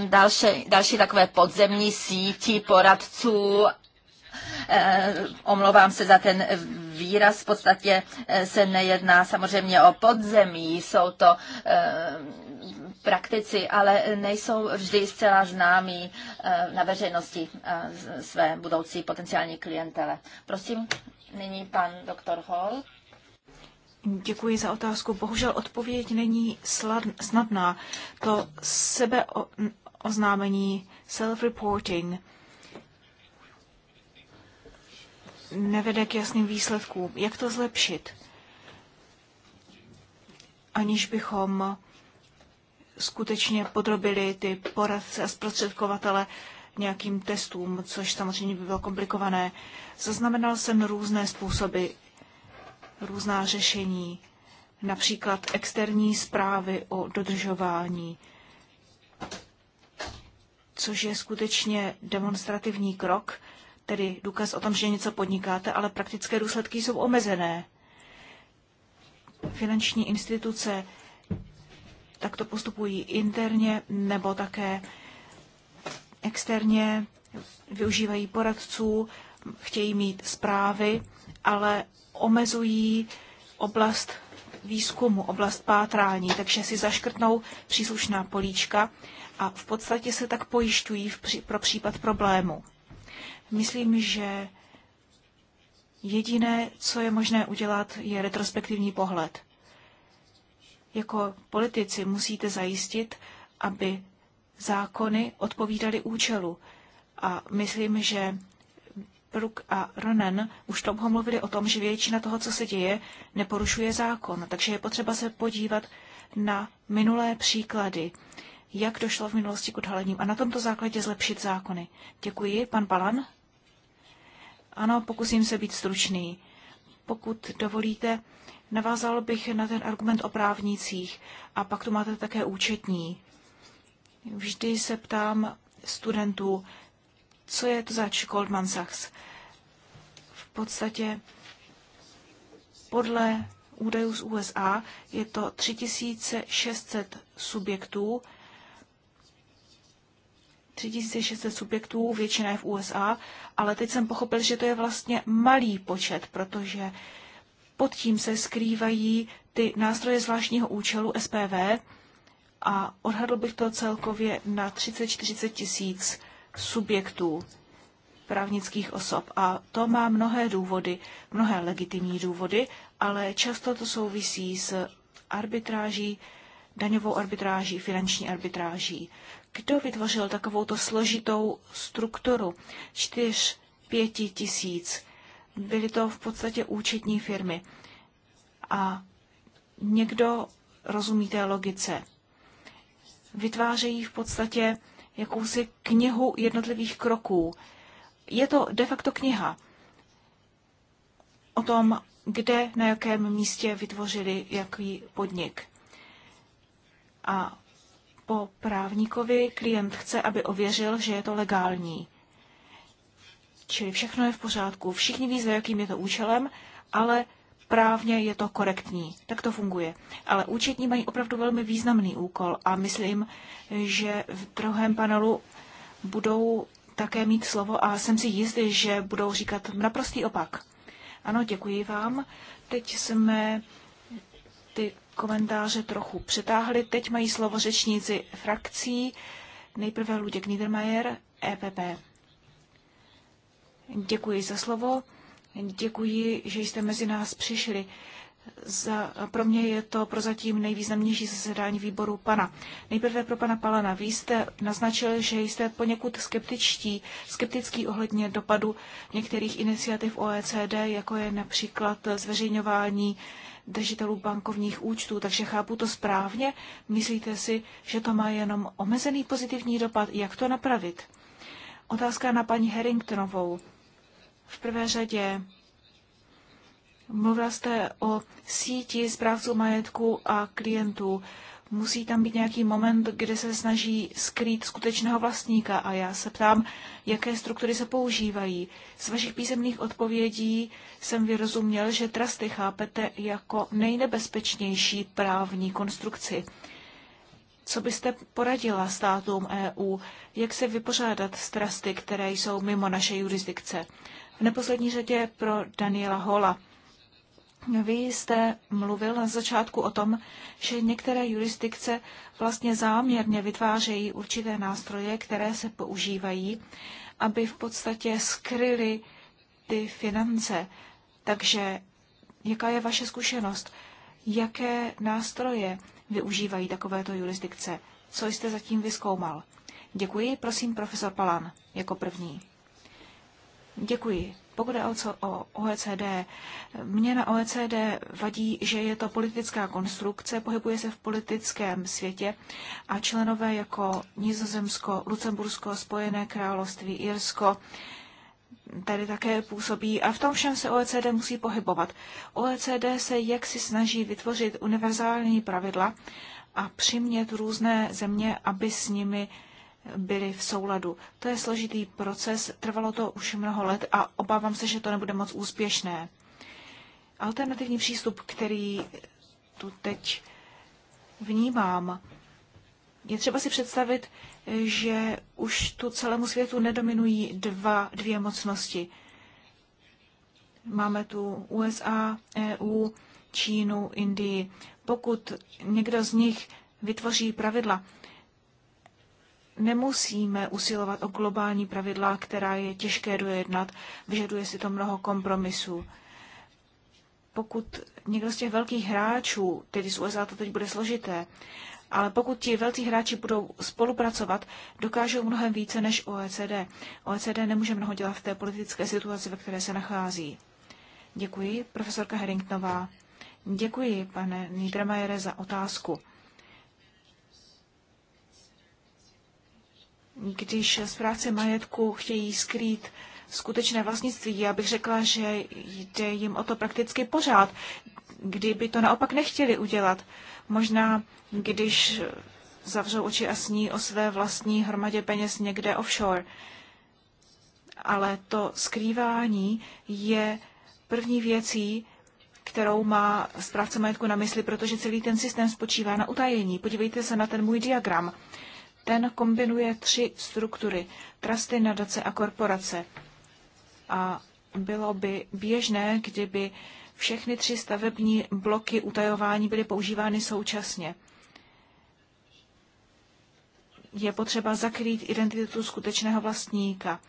další, další takové podzemní síti poradců omlouvám se za ten výraz, v podstatě e, se nejedná samozřejmě o podzemí, jsou to praktici, ale nejsou vždy zcela známí na veřejnosti své budoucí potenciální klientele. Prosím, nyní pan doktor Hall. Děkuji za otázku. Bohužel odpověď není snadná. To sebeoznámení, self-reporting, nevede k jasným výsledkům. Jak to zlepšit? Aniž bychom skutečně podrobili ty poradce a zprostředkovatele nějakým testům, což samozřejmě by bylo komplikované. Zaznamenal jsem různé způsoby, různá řešení, například externí zprávy o dodržování, což je skutečně demonstrativní krok, tedy důkaz o tom, že něco podnikáte, ale praktické důsledky jsou omezené. Finanční instituce takto postupují interně nebo také externě, využívají poradců, chtějí mít zprávy, ale omezují oblast výzkumu, oblast pátrání, takže si zaškrtnou příslušná políčka a v podstatě se tak pojišťují v pří, pro případ problému. Myslím, že jediné, co je možné udělat, je retrospektivní pohled. Jako politici musíte zajistit, aby zákony odpovídaly účelu. A myslím, že Brook a Ronen už dlouho mluvili o tom, že většina toho, co se děje, neporušuje zákon. Takže je potřeba se podívat na minulé příklady, jak došlo v minulosti k odhalením a na tomto základě zlepšit zákony. Děkuji, pan Palan. Ano, pokusím se být stručný. Pokud dovolíte, navázal bych na ten argument o právnících a pak tu máte také účetní. Vždy se ptám studentů, co je to zač Goldman Sachs. V podstatě podle údajů z USA je to 3600 subjektů, 3600 subjektů, většina je v USA, ale teď jsem pochopil, že to je vlastně malý počet, protože pod tím se skrývají ty nástroje zvláštního účelu SPV a odhadl bych to celkově na 30-40 tisíc subjektů, právnických osob. A to má mnohé důvody, mnohé legitimní důvody, ale často to souvisí s arbitráží, daňovou arbitráží, finanční arbitráží. Kdo vytvořil takovouto složitou strukturu? Čtyř, pěti tisíc. Byly to v podstatě účetní firmy. A někdo rozumí té logice. Vytvářejí v podstatě jakousi knihu jednotlivých kroků. Je to de facto kniha o tom, kde, na jakém místě vytvořili jaký podnik. A po právníkovi klient chce, aby ověřil, že je to legální. Čili všechno je v pořádku. Všichni ví, za jakým je to účelem, ale právně je to korektní. Tak to funguje. Ale účetní mají opravdu velmi významný úkol a myslím, že v druhém panelu budou také mít slovo a jsem si jistý, že budou říkat naprostý opak. Ano, děkuji vám. Teď jsme ty komentáře trochu přetáhli. Teď mají slovo řečníci frakcí. Nejprve Luděk Niedermayer, EPP. Děkuji za slovo. Děkuji, že jste mezi nás přišli. Za, pro mě je to prozatím nejvýznamnější zasedání výboru pana. Nejprve pro pana Palana. Vy jste naznačil, že jste poněkud skeptičtí, skeptický ohledně dopadu některých iniciativ OECD, jako je například zveřejňování držitelů bankovních účtů. Takže chápu to správně. Myslíte si, že to má jenom omezený pozitivní dopad? Jak to napravit? Otázka na paní Harringtonovou. V prvé řadě mluvila jste o síti zprávců majetku a klientů. Musí tam být nějaký moment, kdy se snaží skrýt skutečného vlastníka a já se ptám, jaké struktury se používají. Z vašich písemných odpovědí jsem vyrozuměl, že trusty chápete jako nejnebezpečnější právní konstrukci. Co byste poradila státům EU, jak se vypořádat s trusty, které jsou mimo naše jurisdikce? V neposlední řadě pro Daniela Hola. Vy jste mluvil na začátku o tom, že některé jurisdikce vlastně záměrně vytvářejí určité nástroje, které se používají, aby v podstatě skryly ty finance. Takže jaká je vaše zkušenost? Jaké nástroje využívají takovéto jurisdikce? Co jste zatím vyskoumal? Děkuji, prosím, profesor Palan, jako první. Děkuji. Pokud je o OECD, mě na OECD vadí, že je to politická konstrukce, pohybuje se v politickém světě a členové jako Nizozemsko, Lucembursko, Spojené království, Irsko tady také působí a v tom všem se OECD musí pohybovat. OECD se jaksi snaží vytvořit univerzální pravidla a přimět různé země, aby s nimi byly v souladu. To je složitý proces, trvalo to už mnoho let a obávám se, že to nebude moc úspěšné. Alternativní přístup, který tu teď vnímám, je třeba si představit, že už tu celému světu nedominují dva, dvě mocnosti. Máme tu USA, EU, Čínu, Indii. Pokud někdo z nich vytvoří pravidla, nemusíme usilovat o globální pravidla, která je těžké dojednat, vyžaduje si to mnoho kompromisů. Pokud někdo z těch velkých hráčů, tedy z USA to teď bude složité, ale pokud ti velcí hráči budou spolupracovat, dokážou mnohem více než OECD. OECD nemůže mnoho dělat v té politické situaci, ve které se nachází. Děkuji, profesorka Herringtonová. Děkuji, pane Niedermayere, za otázku. když zprávci majetku chtějí skrýt skutečné vlastnictví. Já bych řekla, že jde jim o to prakticky pořád, kdyby to naopak nechtěli udělat. Možná, když zavřou oči a sní o své vlastní hromadě peněz někde offshore. Ale to skrývání je první věcí, kterou má zprávce majetku na mysli, protože celý ten systém spočívá na utajení. Podívejte se na ten můj diagram. Ten kombinuje tři struktury, trusty, nadace a korporace. A bylo by běžné, kdyby všechny tři stavební bloky utajování byly používány současně. Je potřeba zakrýt identitu skutečného vlastníka.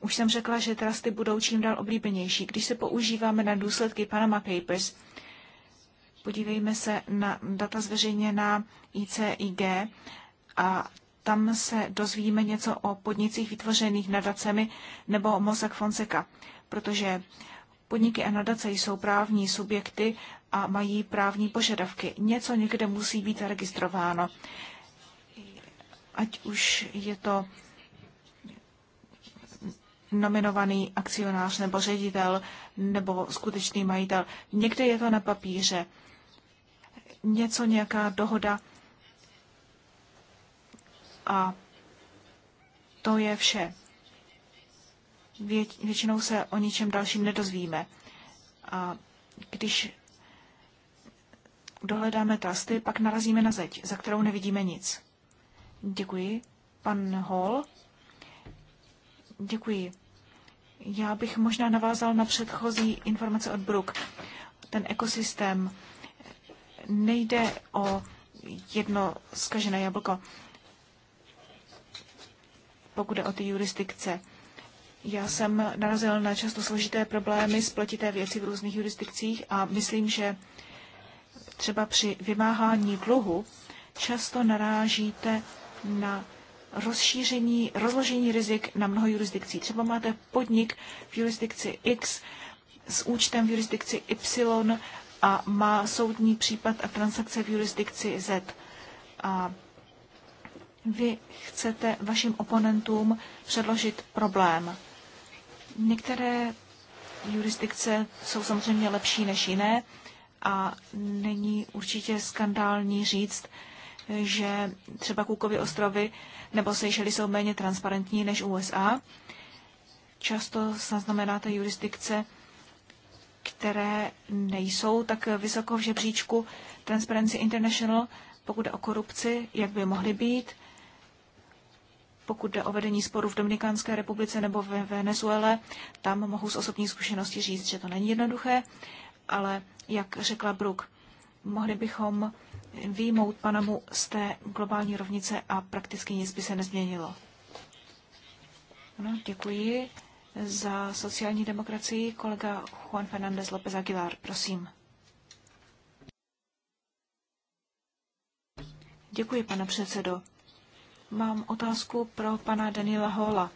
Už jsem řekla, že trusty budou čím dál oblíbenější. Když se používáme na důsledky Panama Papers, Podívejme se na data zveřejněná ICIG a tam se dozvíme něco o podnicích vytvořených nadacemi nebo Mossack Fonseca, protože podniky a nadace jsou právní subjekty a mají právní požadavky. Něco někde musí být registrováno. Ať už je to nominovaný akcionář nebo ředitel nebo skutečný majitel. Někde je to na papíře něco, nějaká dohoda. A to je vše. Většinou se o ničem dalším nedozvíme. A když dohledáme trusty, pak narazíme na zeď, za kterou nevidíme nic. Děkuji. Pan Hall? Děkuji. Já bych možná navázal na předchozí informace od Brook. Ten ekosystém nejde o jedno zkažené jablko, pokud jde o ty jurisdikce. Já jsem narazil na často složité problémy, spletité věci v různých jurisdikcích a myslím, že třeba při vymáhání dluhu často narážíte na rozšíření, rozložení rizik na mnoho jurisdikcí. Třeba máte podnik v jurisdikci X s účtem v jurisdikci Y a má soudní případ a transakce v jurisdikci Z. A vy chcete vašim oponentům předložit problém. Některé jurisdikce jsou samozřejmě lepší než jiné a není určitě skandální říct, že třeba Kukovy ostrovy nebo Seychely jsou méně transparentní než USA. Často zaznamenáte jurisdikce, které nejsou tak vysoko v žebříčku Transparency International, pokud jde o korupci, jak by mohly být, pokud jde o vedení sporů v Dominikánské republice nebo ve Venezuele, tam mohu z osobní zkušenosti říct, že to není jednoduché, ale jak řekla Brook, mohli bychom výjmout Panamu z té globální rovnice a prakticky nic by se nezměnilo. No, děkuji. Za sociální demokracii kolega Juan Fernández López Aguilar, prosím. Děkuji, pane předsedo. Mám otázku pro pana Daniela Hola.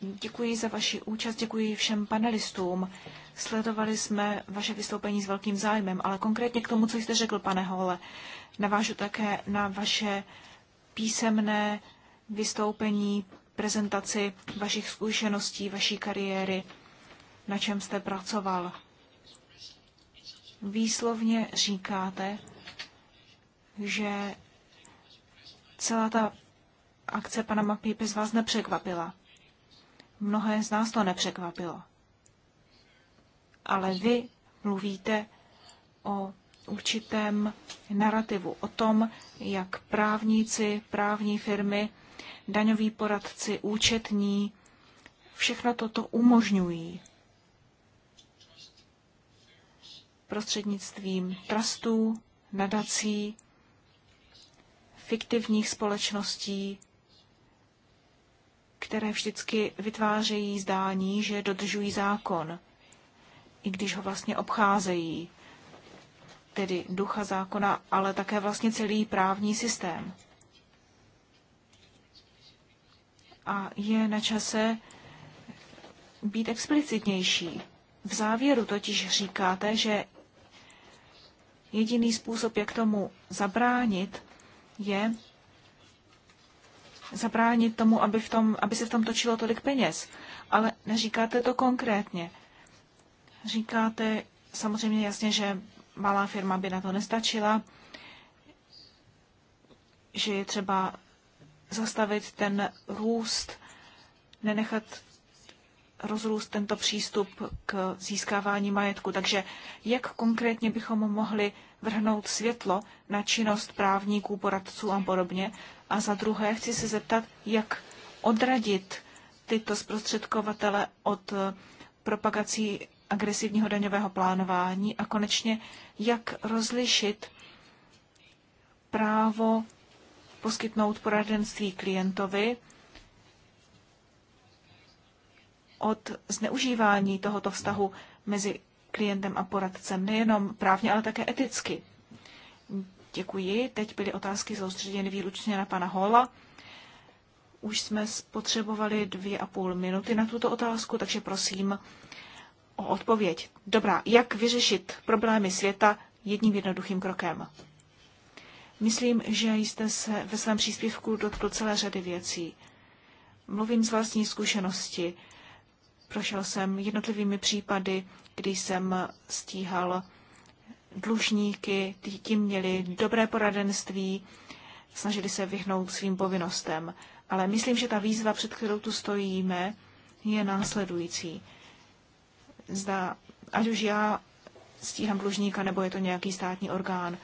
Děkuji za vaši účast, děkuji všem panelistům. Sledovali jsme vaše vystoupení s velkým zájmem, ale konkrétně k tomu, co jste řekl, pane Hole, navážu také na vaše písemné vystoupení prezentaci vašich zkušeností, vaší kariéry, na čem jste pracoval. Výslovně říkáte, že celá ta akce pana Mapípy z vás nepřekvapila. Mnohé z nás to nepřekvapilo. Ale vy mluvíte o určitém narrativu, o tom, jak právníci, právní firmy daňoví poradci, účetní, všechno toto umožňují prostřednictvím trustů, nadací, fiktivních společností, které vždycky vytvářejí zdání, že dodržují zákon, i když ho vlastně obcházejí, tedy ducha zákona, ale také vlastně celý právní systém. a je na čase být explicitnější. V závěru totiž říkáte, že jediný způsob, jak tomu zabránit, je zabránit tomu, aby, v tom, aby se v tom točilo tolik peněz. Ale neříkáte to konkrétně. Říkáte samozřejmě jasně, že malá firma by na to nestačila, že je třeba zastavit ten růst, nenechat rozrůst tento přístup k získávání majetku. Takže jak konkrétně bychom mohli vrhnout světlo na činnost právníků, poradců a podobně? A za druhé chci se zeptat, jak odradit tyto zprostředkovatele od eh, propagací agresivního daňového plánování a konečně jak rozlišit právo poskytnout poradenství klientovi od zneužívání tohoto vztahu mezi klientem a poradcem, nejenom právně, ale také eticky. Děkuji. Teď byly otázky soustředěny výlučně na pana Hola. Už jsme spotřebovali dvě a půl minuty na tuto otázku, takže prosím o odpověď. Dobrá, jak vyřešit problémy světa jedním jednoduchým krokem? Myslím, že jste se ve svém příspěvku dotkl celé řady věcí. Mluvím z vlastní zkušenosti. Prošel jsem jednotlivými případy, kdy jsem stíhal dlužníky, ti měli dobré poradenství, snažili se vyhnout svým povinnostem. Ale myslím, že ta výzva, před kterou tu stojíme, je následující. Zda, ať už já stíhám dlužníka, nebo je to nějaký státní orgán,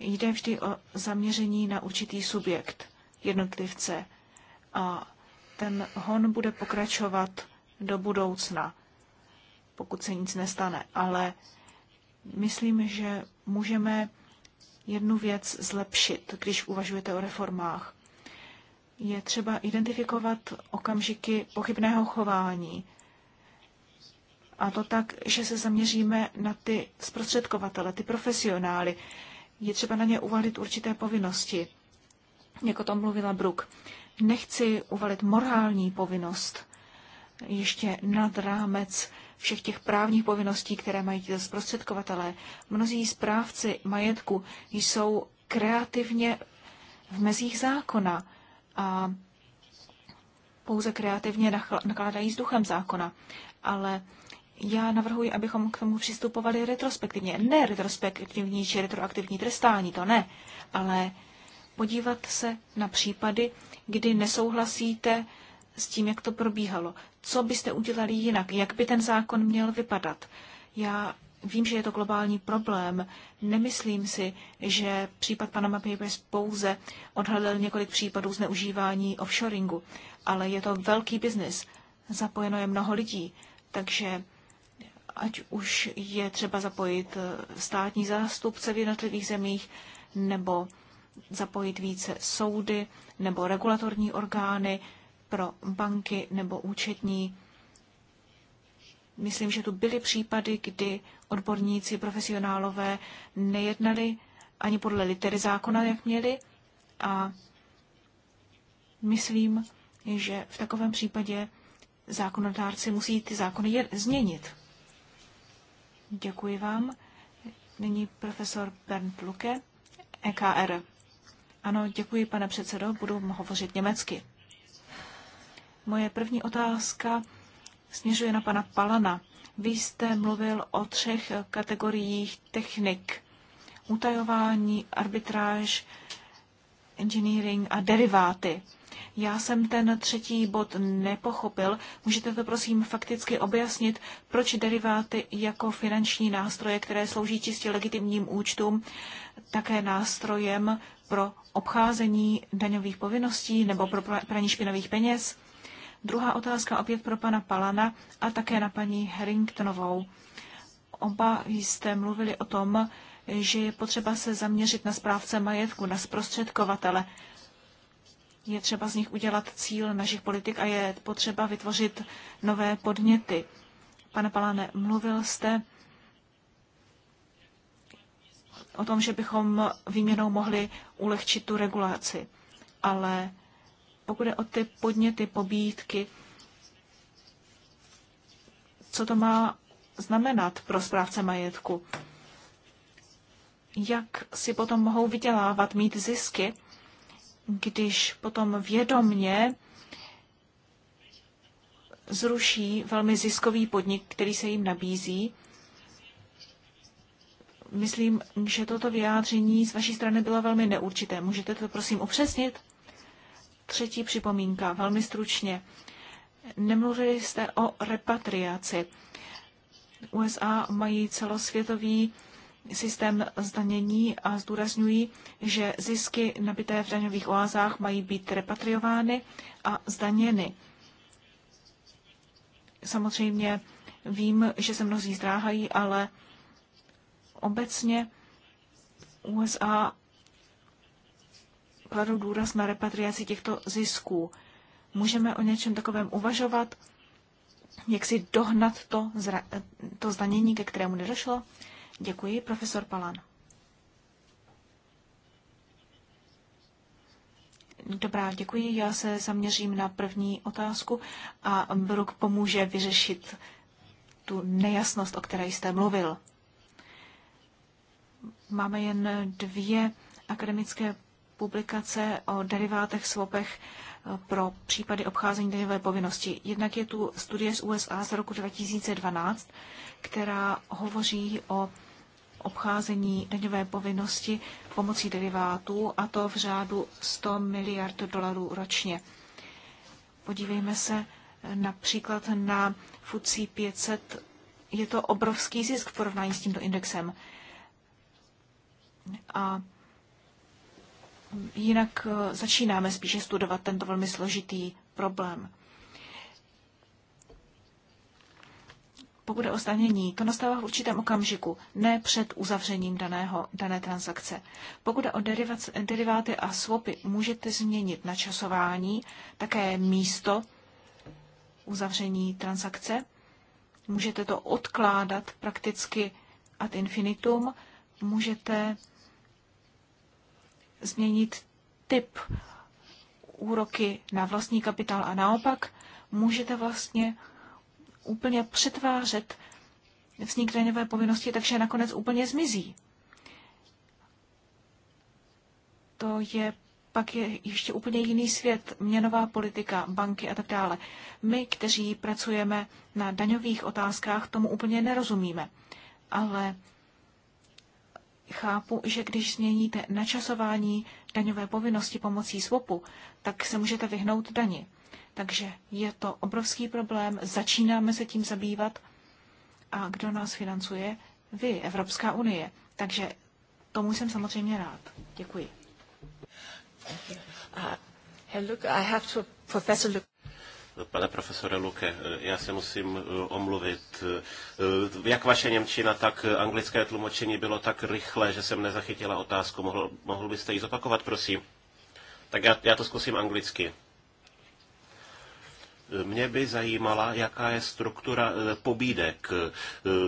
Jde vždy o zaměření na určitý subjekt, jednotlivce. A ten hon bude pokračovat do budoucna, pokud se nic nestane. Ale myslím, že můžeme jednu věc zlepšit, když uvažujete o reformách. Je třeba identifikovat okamžiky pochybného chování. A to tak, že se zaměříme na ty zprostředkovatele, ty profesionály, je třeba na ně uvalit určité povinnosti, jako tom mluvila Bruk. Nechci uvalit morální povinnost ještě nad rámec všech těch právních povinností, které mají ti zprostředkovatelé. Mnozí správci majetku jsou kreativně v mezích zákona a pouze kreativně nakládají s duchem zákona. Ale já navrhuji, abychom k tomu přistupovali retrospektivně. Ne retrospektivní či retroaktivní trestání, to ne, ale podívat se na případy, kdy nesouhlasíte s tím, jak to probíhalo. Co byste udělali jinak? Jak by ten zákon měl vypadat? Já vím, že je to globální problém. Nemyslím si, že případ Panama Papers pouze odhalil několik případů zneužívání offshoringu, ale je to velký biznis. Zapojeno je mnoho lidí, takže ať už je třeba zapojit eh, státní zástupce v jednotlivých zemích, nebo zapojit více soudy, nebo regulatorní orgány pro banky nebo účetní. Myslím, že tu byly případy, kdy odborníci, profesionálové nejednali ani podle litery zákona, jak měli. A myslím, že v takovém případě zákonodárci musí ty zákony změnit. Děkuji vám. Nyní profesor Bernd Luke, EKR. Ano, děkuji, pane předsedo, budu hovořit německy. Moje první otázka směřuje na pana Palana. Vy jste mluvil o třech kategoriích technik. Utajování, arbitráž, engineering a deriváty. Já jsem ten třetí bod nepochopil. Můžete to prosím fakticky objasnit, proč deriváty jako finanční nástroje, které slouží čistě legitimním účtům, také nástrojem pro obcházení daňových povinností nebo pro praní špinavých peněz? Druhá otázka opět pro pana Palana a také na paní Harringtonovou. Oba jste mluvili o tom, že je potřeba se zaměřit na správce majetku, na zprostředkovatele. Je třeba z nich udělat cíl našich politik a je potřeba vytvořit nové podněty. Pane Paláne, mluvil jste o tom, že bychom výměnou mohli ulehčit tu regulaci, ale pokud je o ty podněty, pobídky, co to má znamenat pro správce majetku? jak si potom mohou vydělávat, mít zisky, když potom vědomně zruší velmi ziskový podnik, který se jim nabízí. Myslím, že toto vyjádření z vaší strany bylo velmi neurčité. Můžete to prosím upřesnit? Třetí připomínka, velmi stručně. Nemluvili jste o repatriaci. USA mají celosvětový systém zdanění a zdůrazňují, že zisky nabité v daňových oázách mají být repatriovány a zdaněny. Samozřejmě vím, že se mnozí zdráhají, ale obecně USA kladou důraz na repatriaci těchto zisků. Můžeme o něčem takovém uvažovat, jak si dohnat to, to zdanění, ke kterému nedošlo? Děkuji, profesor Palan. Dobrá, děkuji. Já se zaměřím na první otázku a Brook pomůže vyřešit tu nejasnost, o které jste mluvil. Máme jen dvě akademické publikace o derivátech, svopech eh, pro případy obcházení daňové povinnosti. Jednak je tu studie z USA z roku 2012, která hovoří o obcházení daňové povinnosti pomocí derivátů, a to v řádu 100 miliard dolarů ročně. Podívejme se například na FUCI 500. Je to obrovský zisk v porovnání s tímto indexem. A jinak eh, začínáme spíše studovat tento velmi složitý problém. pokud je o zdanění, to nastává v určitém okamžiku, ne před uzavřením daného, dané transakce. Pokud je o derivace, deriváty a swapy, můžete změnit načasování, také místo uzavření transakce. Můžete to odkládat prakticky ad infinitum. Můžete změnit typ úroky na vlastní kapitál a naopak můžete vlastně úplně přetvářet vznik daňové povinnosti, takže nakonec úplně zmizí. To je pak je ještě úplně jiný svět, měnová politika, banky a tak dále. My, kteří pracujeme na daňových otázkách, tomu úplně nerozumíme. Ale chápu, že když změníte načasování daňové povinnosti pomocí swapu, tak se můžete vyhnout dani. Takže je to obrovský problém, začínáme se tím zabývat a kdo nás financuje? Vy, Evropská unie. Takže tomu jsem samozřejmě rád. Děkuji. Uh, no, pane profesore Luke, já se musím uh, omluvit. Uh, jak vaše Němčina, tak anglické tlumočení bylo tak rychle, že jsem nezachytila otázku. Mohl, mohl byste ji zopakovat, prosím? Tak já, já to zkusím anglicky. Mě by zajímala, jaká je struktura eh, pobídek, eh,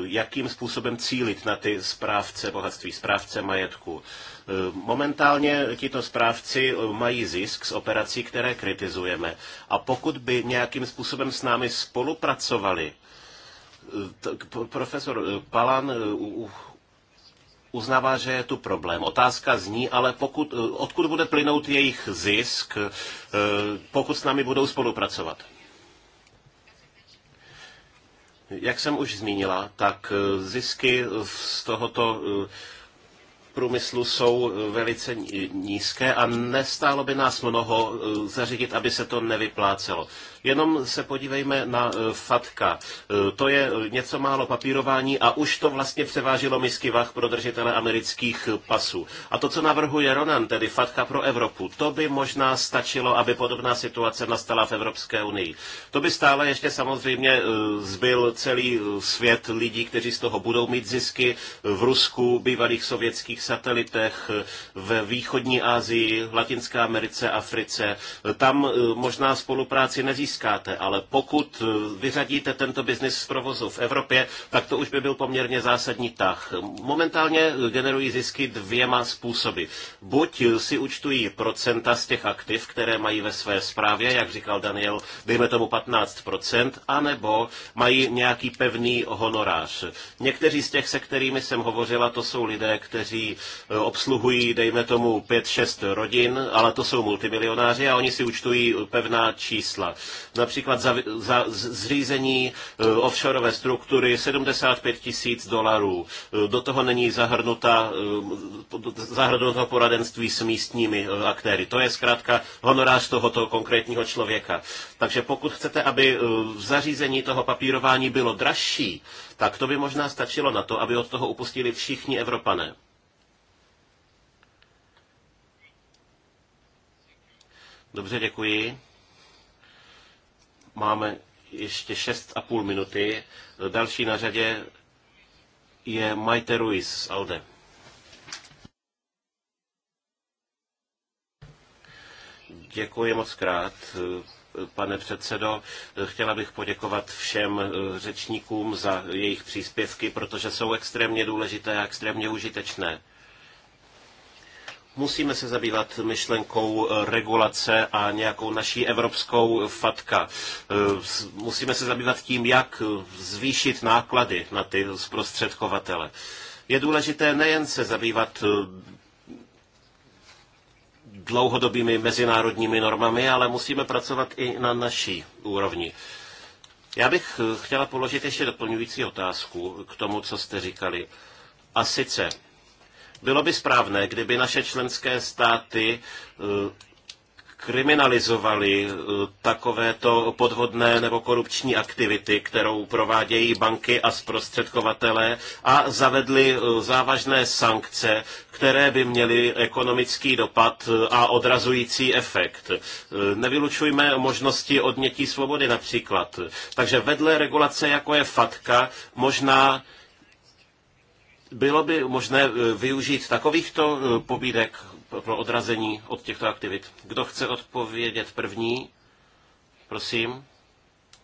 jakým způsobem cílit na ty správce bohatství, správce majetku. Eh, momentálně tito správci mají zisk z operací, které kritizujeme. A pokud by nějakým způsobem s námi spolupracovali, tak profesor Palan uznává, že je tu problém. Otázka zní, ale pokud, odkud bude plynout jejich zisk, pokud s námi budou spolupracovat? Jak jsem už zmínila, tak eh, zisky z tohoto eh, průmyslu jsou eh, velice nízké a nestálo by nás mnoho zařídit, aby se to nevyplácelo. Jenom se podívejme na e, FATKA. E, to je něco málo papírování a už to vlastně převážilo misky vah pro držitele amerických pasů. A to, co navrhuje Ronan, tedy FATKA pro Evropu, to by možná stačilo, aby podobná situace nastala v Evropské unii. To by stále ještě samozřejmě e, zbyl celý svět lidí, kteří z toho budou mít zisky v Rusku, bývalých sovětských satelitech, ve východní Asii, Latinské Americe, Africe. Tam možná spolupráci nezískává získáte, ale pokud eh, vyřadíte tento biznis z provozu v Evropě, tak to už by byl poměrně zásadní tah. Momentálně eh, generují zisky dvěma způsoby. Buď eh, si účtují procenta z těch aktiv, které mají ve své správě, jak říkal Daniel, dejme tomu 15%, anebo mají nějaký pevný honorář. Někteří z těch, se kterými jsem hovořila, to jsou lidé, kteří obsluhují, dejme tomu, 5-6 rodin, ale to jsou multimilionáři a oni si účtují pevná čísla. Například za, za zřízení eh, offshoreové struktury 75 tisíc dolarů. Eh, do toho není zahrnuta, eh, zahrnuto poradenství s místními aktéry. To je zkrátka honorář tohoto konkrétního člověka. Takže pokud chcete, aby zařízení toho papírování bylo dražší, tak to by možná stačilo na to, aby od toho upustili všichni Evropané. Dobře, děkuji. Máme ještě 6,5 minuty. Další na řadě je Maite Ruiz z Alde. Děkuji moc krát, pane předsedo. Chtěla bych poděkovat všem řečníkům za jejich příspěvky, protože jsou extrémně důležité a extrémně užitečné musíme se zabývat myšlenkou eh, regulace a nějakou naší evropskou fatka. Eh, musíme se zabývat tím, jak eh, zvýšit náklady na ty zprostředkovatele. Je důležité nejen se zabývat dlouhodobými mezinárodními normami, ale musíme pracovat i na naší úrovni. Já bych chtěla položit ještě doplňující otázku k tomu, co jste říkali. A sice, bylo by správné, kdyby naše členské státy eh, kriminalizovali eh, takovéto podvodné nebo korupční aktivity, kterou provádějí banky a zprostředkovatele a zavedli eh, závažné sankce, které by měly ekonomický dopad a odrazující efekt. Nevylučujme možnosti odnětí svobody například. Takže vedle regulace, jako je FATKA, možná bylo by možné e, využít takovýchto e, pobídek pro odrazení od těchto aktivit? Kdo chce odpovědět první? Prosím,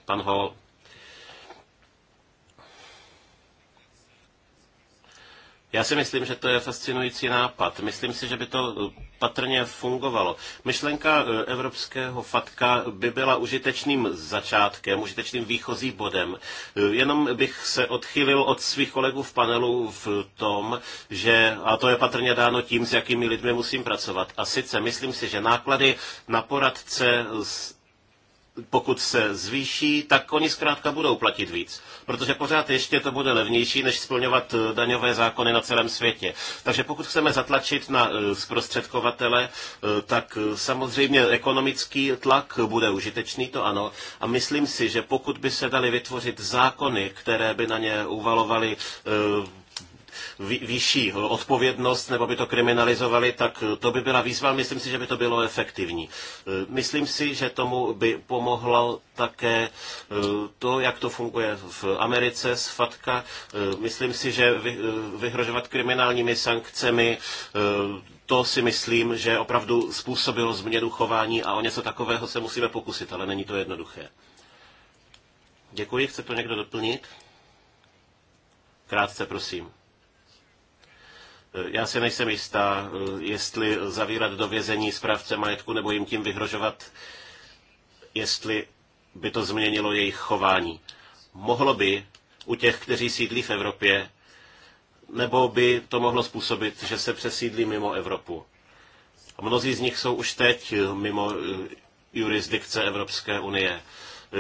pan Hall. Já si myslím, že to je fascinující nápad. Myslím si, že by to eh, patrně fungovalo. Myšlenka eh, evropského fatka by byla užitečným začátkem, užitečným výchozí bodem. Eh, jenom bych se odchylil od svých kolegů v panelu v tom, že, a to je patrně dáno tím, s jakými lidmi musím pracovat. A sice myslím si, že náklady na poradce pokud se zvýší, tak oni zkrátka budou platit víc, protože pořád ještě to bude levnější, než splňovat eh, daňové zákony na celém světě. Takže pokud chceme zatlačit na eh, zprostředkovatele, eh, tak samozřejmě ekonomický tlak bude užitečný, to ano. A myslím si, že pokud by se dali vytvořit zákony, které by na ně uvalovaly vyšší odpovědnost nebo by to kriminalizovali, tak to by byla výzva. Myslím si, že by to bylo efektivní. E, myslím si, že tomu by pomohlo také e, to, jak to funguje v Americe s FATKA. E, myslím si, že vyhrožovat kriminálními sankcemi to si myslím, že opravdu způsobilo změnu chování a o něco takového se musíme pokusit, ale není to jednoduché. Děkuji, chce to někdo doplnit? Krátce, prosím. Já si nejsem jistá, eh, jestli zavírat do vězení správce majetku nebo jim tím vyhrožovat, jestli by to změnilo jejich chování. Mohlo by u těch, kteří sídlí v Evropě, nebo by to mohlo způsobit, že se přesídlí mimo Evropu. Mnozí z nich jsou už teď eh, mimo eh, jurisdikce Evropské unie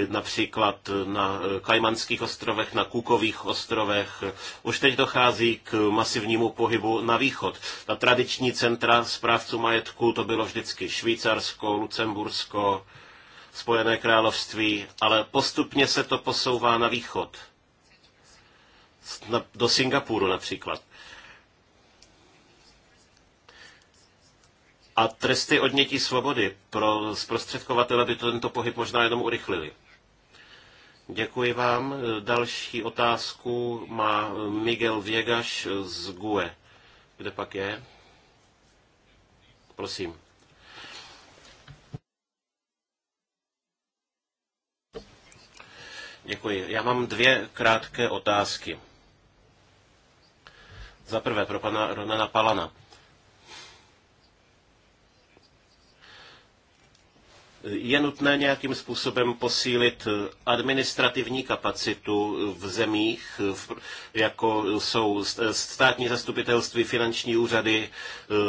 například na Kajmanských ostrovech, na Kukových ostrovech. Už teď dochází k masivnímu pohybu na východ. Ta tradiční centra správců majetku to bylo vždycky Švýcarsko, Lucembursko, Spojené království, ale postupně se to posouvá na východ. Do Singapuru například. A tresty odnětí svobody pro zprostředkovatele by tento pohyb možná jenom urychlili. Děkuji vám. Další otázku má Miguel Věgaš z GUE. Kde pak je? Prosím. Děkuji. Já mám dvě krátké otázky. Za prvé pro pana Ronana Palana. Je nutné nějakým způsobem posílit eh, administrativní kapacitu eh, v zemích, eh, jako jsou státní zastupitelství, finanční úřady,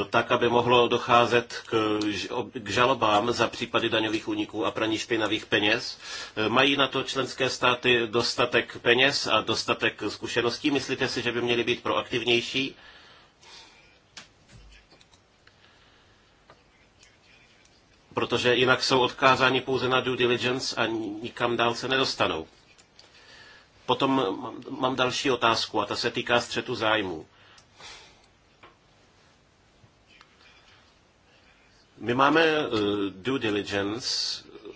tak, aby mohlo docházet k žalobám za případy daňových úniků a praní špinavých peněz. Mají na to členské státy dostatek peněz a dostatek zkušeností? Myslíte si, že by měly být proaktivnější? protože jinak jsou odkázáni pouze na due diligence a nikam dál se nedostanou. Potom mám další otázku a ta se týká střetu zájmů. My máme eh, due diligence eh,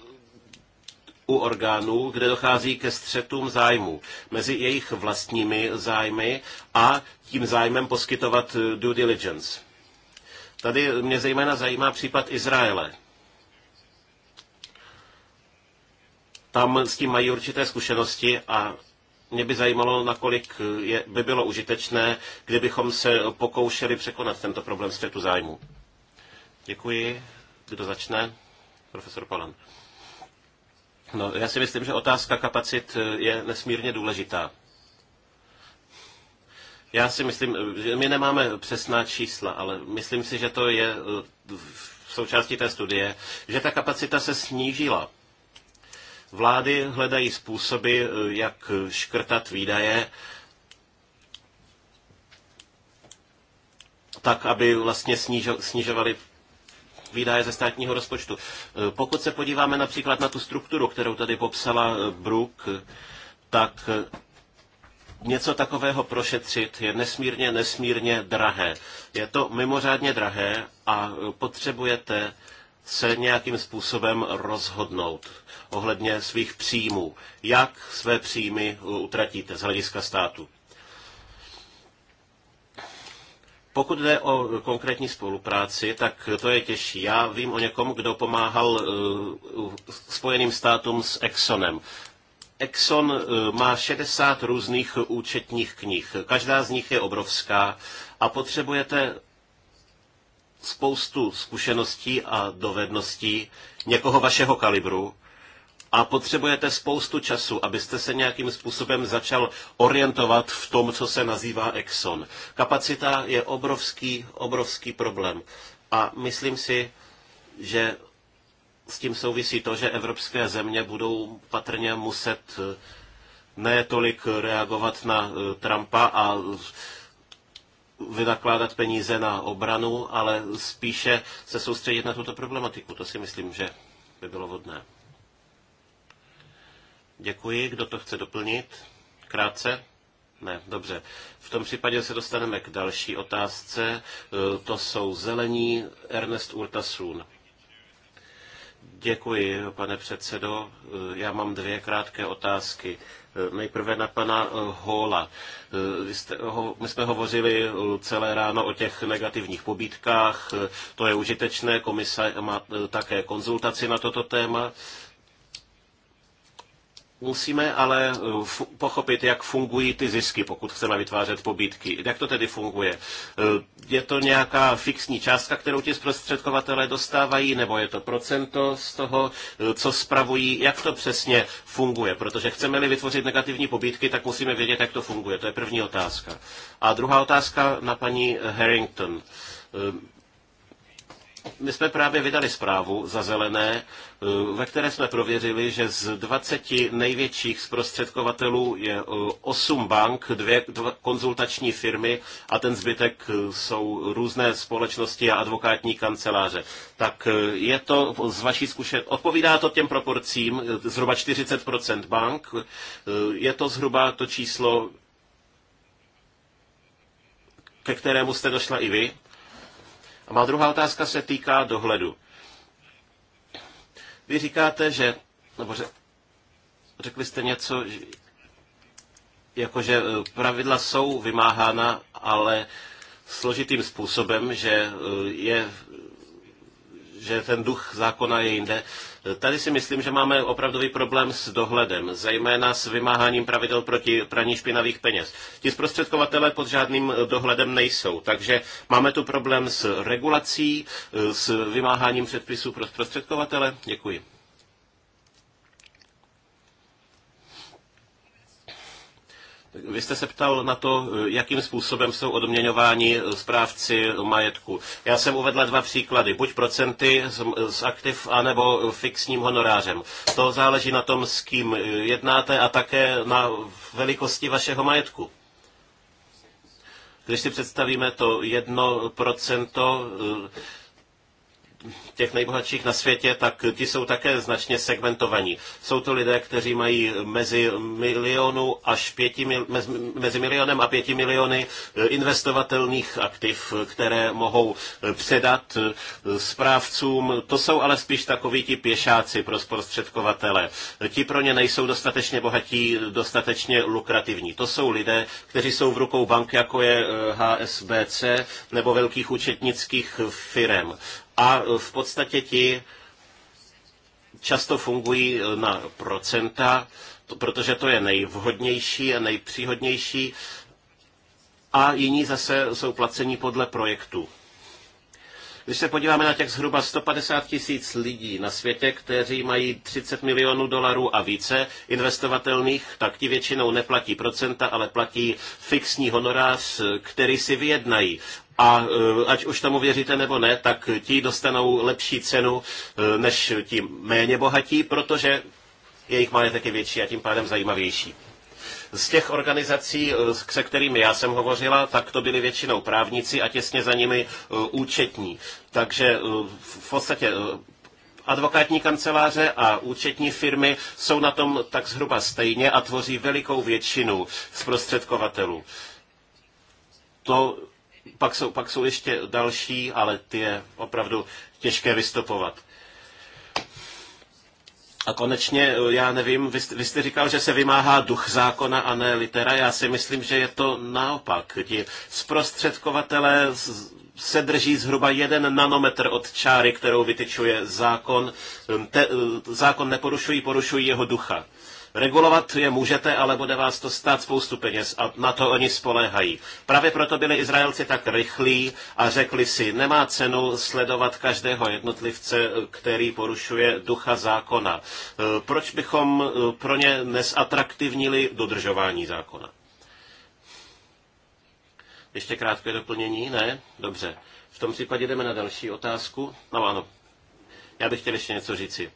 u orgánů, kde dochází ke střetům zájmů mezi jejich vlastními zájmy a tím zájmem poskytovat eh, due diligence. Tady mě zejména zajímá případ Izraele. Tam s tím mají určité zkušenosti a mě by zajímalo, nakolik je, by bylo užitečné, kdybychom se pokoušeli překonat tento problém střetu zájmu. Děkuji. Kdo začne? Profesor Polan. No, já si myslím, že otázka kapacit je nesmírně důležitá. Já si myslím, že my nemáme přesná čísla, ale myslím si, že to je eh, v součástí té studie, že ta kapacita se snížila Vlády hledají způsoby, eh, jak škrtat výdaje, tak, aby vlastně snižovali výdaje ze státního rozpočtu. Eh, pokud se podíváme například na tu strukturu, kterou tady popsala eh, Brook, tak něco takového prošetřit je nesmírně, nesmírně drahé. Je to mimořádně drahé a potřebujete se nějakým způsobem rozhodnout ohledně svých příjmů. Jak své příjmy utratíte z hlediska státu? Pokud jde o konkrétní spolupráci, tak to je těžší. Já vím o někom, kdo pomáhal eh, Spojeným státům s Exxonem. Exxon eh, má 60 různých účetních knih. Každá z nich je obrovská a potřebujete spoustu zkušeností a dovedností někoho vašeho kalibru, a potřebujete spoustu času, abyste se nějakým způsobem začal orientovat v tom, co se nazývá Exxon. Kapacita je obrovský, obrovský problém. A myslím si, že s tím souvisí to, že evropské země budou patrně muset eh, ne tolik reagovat na eh, Trumpa a vynakládat peníze na obranu, ale spíše se soustředit na tuto problematiku. To si myslím, že by bylo vhodné. Děkuji. Kdo to chce doplnit? Krátce? Ne, dobře. V tom případě se dostaneme k další otázce. E, to jsou zelení Ernest Urtasun. Děkuji, pane předsedo. E, já mám dvě krátké otázky. E, nejprve na pana Hola. My jsme hovořili celé ráno o těch negativních pobídkách. To je užitečné. Komise má také konzultaci na toto téma. Musíme ale eh, pochopit, jak fungují ty zisky, pokud chceme vytvářet pobytky. Jak to tedy funguje? Eh, je to nějaká fixní částka, kterou ti zprostředkovatelé dostávají, nebo je to procento z toho, eh, co spravují? Jak to přesně funguje? Protože chceme-li vytvořit negativní pobytky, tak musíme vědět, jak to funguje. To je první otázka. A druhá otázka na paní Harrington. My jsme právě vydali zprávu za zelené, eh, ve které jsme prověřili, že z 20 největších zprostředkovatelů je 8 eh, bank, dvě konzultační firmy a ten zbytek eh, jsou různé společnosti a advokátní kanceláře. Tak je to z vaší zkušenosti, odpovídá to těm proporcím, zhruba 40% bank, je to zhruba to číslo, ke kterému jste došla i vy? A má druhá otázka se týká dohledu. Vy říkáte, že, nebo řekli jste něco, jakože e, pravidla jsou vymáhána, ale složitým způsobem, že e, je že ten duch zákona je jinde. Tady si myslím, že máme opravdový problém s dohledem, zejména s vymáháním pravidel proti praní špinavých peněz. Ti zprostředkovatele pod žádným dohledem nejsou, takže máme tu problém s regulací, s vymáháním předpisů pro zprostředkovatele. Děkuji. Vy jste se ptal na to, jakým způsobem jsou odměňováni správci majetku. Já jsem uvedla dva příklady, buď procenty z aktiv, anebo fixním honorářem. To záleží na tom, s kým jednáte a také na velikosti vašeho majetku. Když si představíme to jedno procento těch nejbohatších na světě, tak ti jsou také značně segmentovaní. Jsou to lidé, kteří mají mezi, milionu až pěti, mezi milionem a pěti miliony eh, investovatelných aktiv, které mohou eh, předat eh, správcům. To jsou ale spíš takoví ti pěšáci pro zprostředkovatele. Ti pro ně nejsou dostatečně bohatí, dostatečně lukrativní. To jsou lidé, kteří jsou v rukou bank, jako je HSBC nebo velkých účetnických firm a e, v podstatě ti často fungují e, na procenta, protože to je nejvhodnější a nejpříhodnější a jiní zase jsou placení podle projektu. Když se podíváme na těch zhruba 150 tisíc lidí na světě, kteří mají 30 milionů dolarů a více investovatelných, tak ti většinou neplatí procenta, ale platí fixní honorář, e, který si vyjednají a eh, ať už tomu věříte nebo ne, tak ti dostanou lepší cenu eh, než ti méně bohatí, protože jejich majetek je větší a tím pádem zajímavější. Z těch organizací, eh, se kterými já jsem hovořila, tak to byli většinou právníci a těsně za nimi účetní. Takže v podstatě advokátní kanceláře a účetní firmy jsou na tom tak zhruba stejně a tvoří velikou většinu zprostředkovatelů. To pak jsou, pak jsou ještě další, ale ty je opravdu těžké vystopovat. A konečně, já nevím, vy jste, vy jste říkal, že se vymáhá duch zákona a ne litera. Já si myslím, že je to naopak. Ti zprostředkovatele se drží zhruba jeden nanometr od čáry, kterou vytyčuje zákon. Te, zákon neporušují, porušují jeho ducha. Regulovat je můžete, ale bude vás to stát spoustu peněz a na to oni spoléhají. Právě proto byli Izraelci tak rychlí a řekli si, nemá cenu sledovat každého jednotlivce, který porušuje ducha zákona. E, proč bychom e, pro ně nesatraktivnili dodržování zákona? Ještě krátké doplnění? Ne? Dobře. V tom případě jdeme na další otázku. No ano. Já bych chtěl ještě něco říci.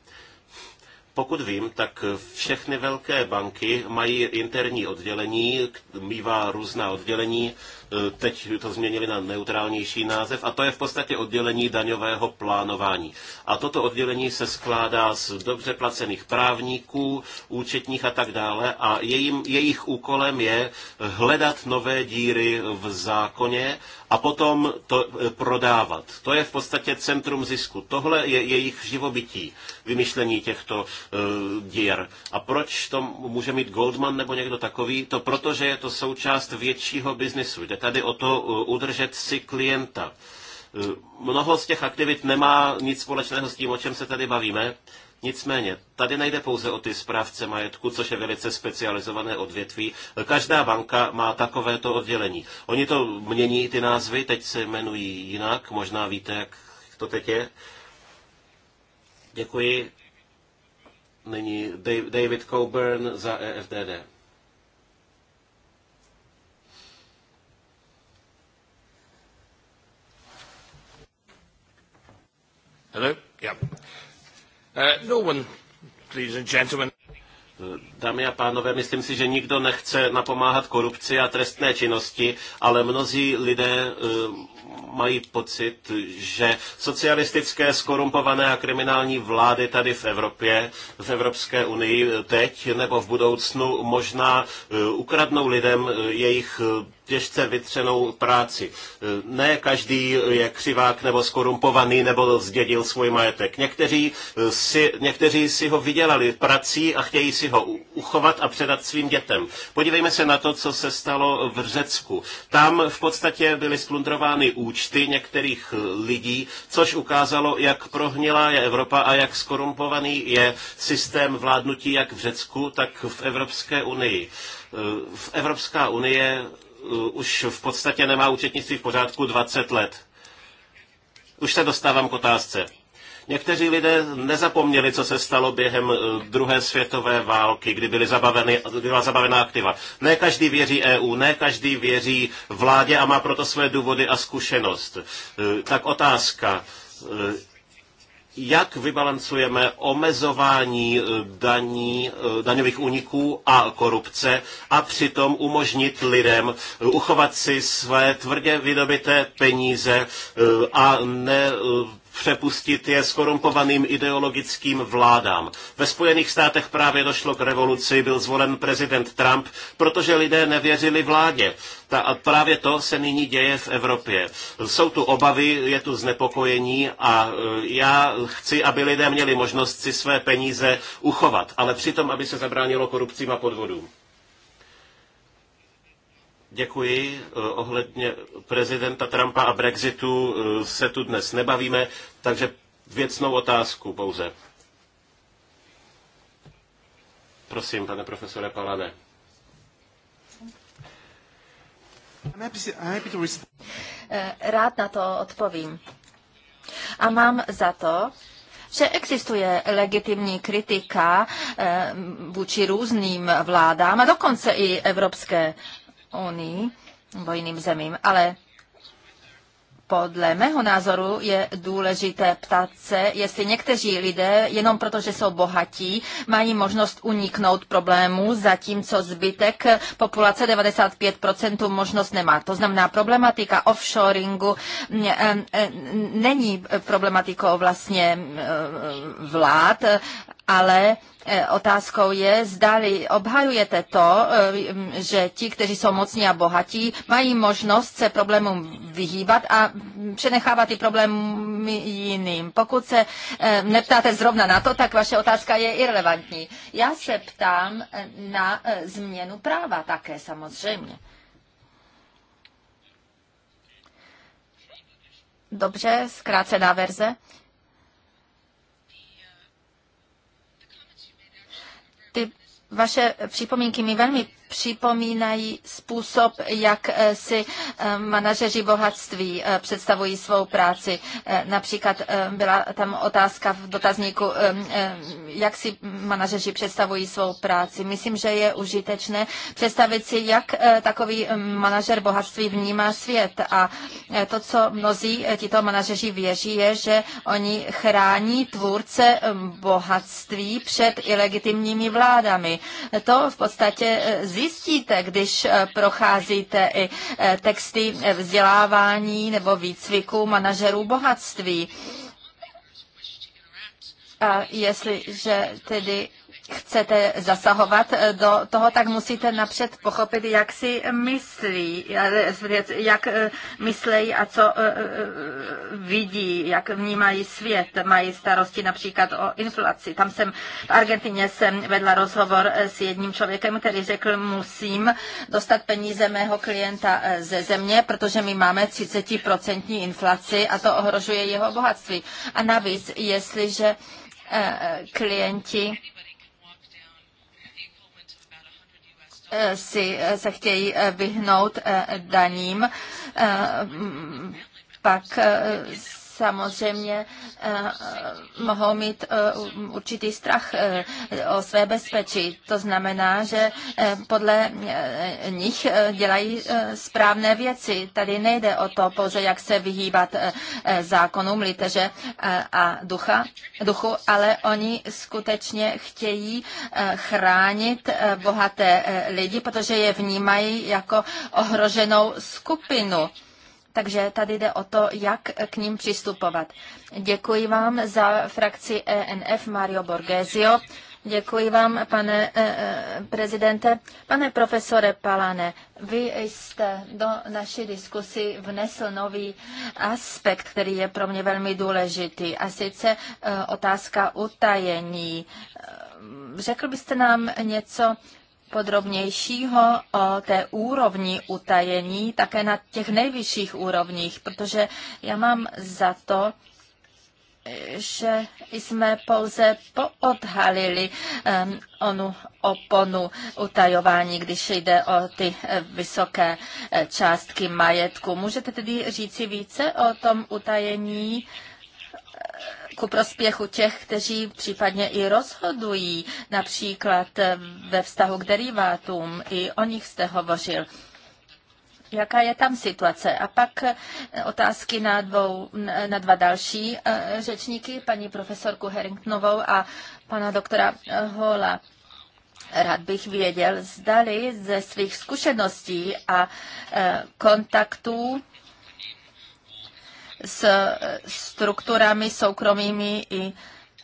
Pokud vím, tak všechny velké banky mají interní oddělení, mývá různá oddělení, e, teď to změnili na neutrálnější název, a to je v podstatě oddělení daňového plánování. A toto oddělení se skládá z dobře placených právníků, účetních a tak dále, a jejím, jejich úkolem je hledat nové díry v zákoně a potom to e, prodávat. To je v podstatě centrum zisku. Tohle je jejich živobytí vymyšlení těchto eh, děr. A proč to může mít Goldman nebo někdo takový? To proto, že je to součást většího biznesu. Jde tady o to eh, udržet si klienta. Eh, mnoho z těch aktivit nemá nic společného s tím, o čem se tady bavíme. Nicméně, tady nejde pouze o ty správce majetku, což je velice specializované odvětví. Každá banka má takovéto oddělení. Oni to mění ty názvy, teď se jmenují jinak, možná víte, jak to teď je. Děkuji. Nyní David Coburn za EFDD. Hello? Yeah. Uh, no one, please and gentlemen. Dámy a pánové, myslím si, že nikdo nechce napomáhat korupci a trestné činnosti, ale mnozí lidé eh, mají pocit, že socialistické, skorumpované a kriminální vlády tady v Evropě, v Evropské unii teď nebo v budoucnu možná eh, ukradnou lidem eh, jejich eh, těžce vytřenou práci. Ne každý je křivák nebo skorumpovaný nebo zdědil svůj majetek. Někteří eh, si, někteří si ho vydělali prací a chtějí si ho uchovat a předat svým dětem. Podívejme se na to, co se stalo v Řecku. Tam v podstatě byly splundrovány účty některých eh, lidí, což ukázalo, jak prohnilá je Evropa a jak skorumpovaný je systém vládnutí jak v Řecku, tak v Evropské unii. Eh, v Evropská unie Eh, už v podstatě nemá účetnictví v pořádku 20 let. Už se dostávám k otázce. Někteří lidé nezapomněli, co se stalo během eh, druhé světové války, kdy byly zabaveny, byla zabavena aktiva. Ne každý věří EU, ne každý věří vládě a má proto své důvody a zkušenost. Eh, tak otázka, jak vybalancujeme omezování eh, daní, eh, daňových úniků a korupce a přitom umožnit lidem eh, uchovat si své tvrdě vydobité peníze a ne přepustit je skorumpovaným ideologickým vládám. Ve Spojených státech právě došlo k revoluci, byl zvolen prezident Trump, protože lidé nevěřili vládě. Ta, a právě to se nyní děje v Evropě. Jsou tu obavy, je tu znepokojení a e, já chci, aby lidé měli možnost si své peníze uchovat, ale přitom, aby se zabránilo korupcím a podvodům. Děkuji. Eh, ohledně prezidenta Trumpa a Brexitu eh, se tu dnes nebavíme, takže věcnou otázku pouze. Prosím, pane profesore Palane. Eh, rád na to odpovím. A mám za to, že existuje legitimní kritika vůči různým vládám a dokonce i Evropské unii nebo jiným zemím, ale podle mého názoru je důležité ptat se, jestli někteří lidé, jenom protože jsou bohatí, mají možnost uniknout problému, zatímco zbytek populace 95% možnost nemá. To znamená, problematika offshoringu mm, eh, eh, není problematikou vlastně eh, vlád, ale eh, otázkou je, zdali obhajujete to, eh, že ti, kteří jsou mocní a bohatí, mají možnost se problémům vyhýbat a přenechávat ty problémy jiným. Pokud se eh, neptáte zrovna na to, tak vaše otázka je irrelevantní. Já se ptám na změnu práva také samozřejmě. Dobře, zkrácená verze. Vaše připomínky mi velmi připomínají způsob, jak eh, si eh, manažeři bohatství eh, představují svou práci. Například byla tam otázka v dotazníku, jak si manažeři představují svou práci. Myslím, že je užitečné představit si, jak takový manažer bohatství vnímá svět. A to, co mnozí tito manažeři věří, je, že oni chrání tvůrce bohatství před ilegitimními vládami. To v podstatě zjistíte, když eh, procházíte i eh, texty eh, vzdělávání nebo výcviku manažerů bohatství. A jestliže tedy chcete zasahovat eh, do toho, tak musíte napřed pochopit, jak si myslí, eh, jak eh, myslejí a co vidí, jak vnímají svět. Mají starosti například o inflaci. Tam jsem v Argentině jsem vedla rozhovor s jedním člověkem, který řekl, musím dostat peníze mého klienta ze země, protože my máme 30% inflaci a to ohrožuje jeho bohatství. A navíc, jestliže klienti Eh, si eh, se chtějí eh, vyhnout daním, pak samozřejmě eh, mohou mít eh, určitý strach eh, o své bezpečí. To znamená, že podle nich dělají správné věci. Tady nejde o to pouze, jak se vyhýbat zákonům liteře a ducha, duchu, ale oni skutečně chtějí chránit bohaté lidi, protože je vnímají jako ohroženou skupinu. Takže tady jde o to, jak k ním přistupovat. Děkuji vám za frakci ENF Mario Borgesio. Děkuji vám, pane eh, eh, prezidente. Pane profesore Palane, vy jste do naší diskusy vnesl nový aspekt, který je pro mě velmi důležitý, a sice eh, otázka utajení. Řekl byste nám něco podrobnějšího o té úrovni utajení, také na těch nejvyšších úrovních, protože já mám za to, že jsme pouze poodhalili um, onu oponu utajování, když jde o ty eh, vysoké eh, částky majetku. Můžete tedy říci více o tom utajení? Uh, ku prospěchu těch, kteří případně i rozhodují, například eh, ve vztahu k derivátům. I o nich jste hovořil jaká je tam situace. A pak eh, otázky na, dvou, na dva další eh, řečníky, paní profesorku Herringtonovou a pana doktora Hola. Rád bych věděl, zdali ze svých zkušeností a kontaktů s eh, strukturami soukromými i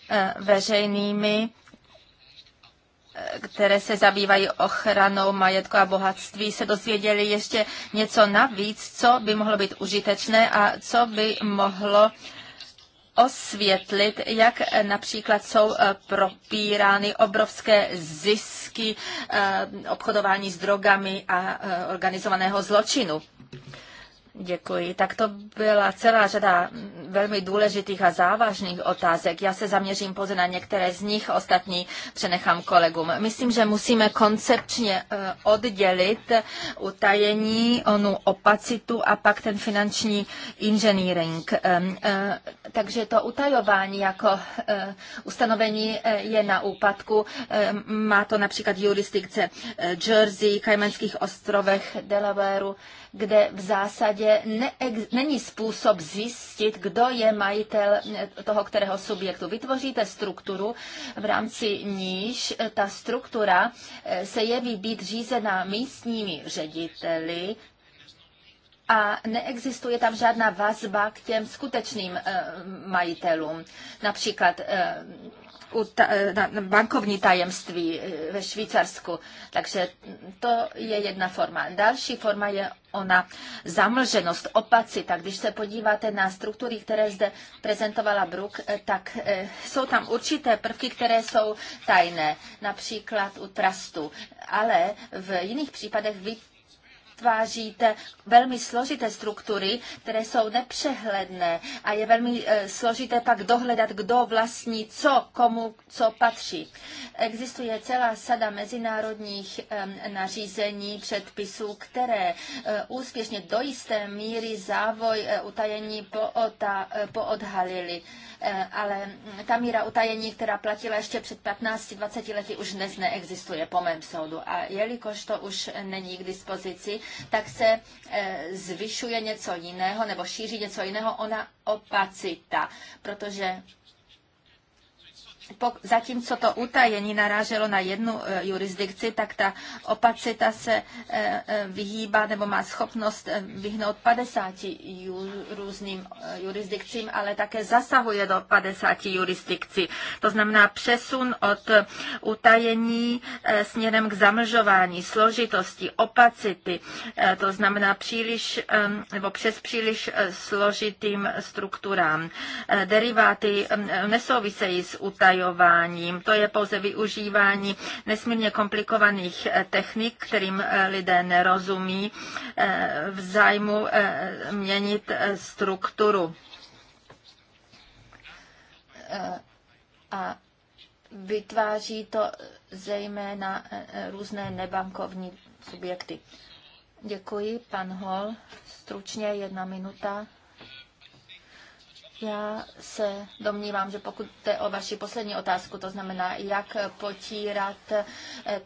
eh, veřejnými, eh, které se zabývají ochranou majetku a bohatství, se dozvěděli ještě něco navíc, co by mohlo být užitečné a co by mohlo osvětlit, jak například jsou propírány obrovské zisky obchodování s drogami a organizovaného zločinu. Děkuji. Tak to byla celá řada velmi důležitých a závažných otázek. Já se zaměřím pouze na některé z nich, ostatní přenechám kolegům. Myslím, že musíme koncepčně eh, oddělit utajení, onu opacitu a pak ten finanční inženýring. Eh, takže to utajování jako eh, ustanovení je na úpadku. Má to například jurisdikce Jersey, Kajmanských ostrovech, Delawareu kde v zásadě neex- není způsob zjistit, kdo je majitel eh, toho, kterého subjektu. Vytvoříte strukturu, v rámci níž eh, ta struktura eh, se jeví být řízená místními řediteli, a neexistuje tam žádná vazba k těm skutečným majitelům. Například bankovní tajemství eh, ve Švýcarsku. Takže to je jedna forma. Další forma je ona zamlženost, opacita. Když se podíváte na struktury, které zde prezentovala Brook, eh, tak eh, jsou tam určité prvky, které jsou tajné, například u trustu. Ale v jiných případech vytváříte velmi složité struktury, které jsou nepřehledné a je velmi eh, složité pak dohledat, kdo vlastní co, komu co patří. Existuje celá sada mezinárodních nařízení, předpisů, které eh, úspěšně do jisté míry závoj eh, utajení poodhalili. Ale mm, ta míra utajení, která platila ještě před 15-20 lety, už dnes neexistuje po mém soudu. A jelikož to už není k dispozici, tak se eh, zvyšuje něco jiného nebo šíří něco jiného, ona opacita, protože zatímco to utajení naráželo na jednu eh, jurisdikci, tak ta opacita se eh, eh, vyhýbá nebo má schopnost vyhnout 50 různým jurisdikcím, ale také zasahuje do 50 jurisdikcí. To znamená přesun od utajení směrem k zamlžování, složitosti, opacity, to znamená příliš nebo přes příliš složitým strukturám. Deriváty nesouvisejí s utajením odbojováním. To je pouze využívání nesmírně komplikovaných eh, technik, kterým eh, lidé nerozumí, eh, v zájmu měnit strukturu. A vytváří to zejména různé nebankovní subjekty. Děkuji, pan Hol. Stručně jedna minuta. Já se domnívám, že pokud jde o vaši poslední otázku, to znamená, jak potírat eh,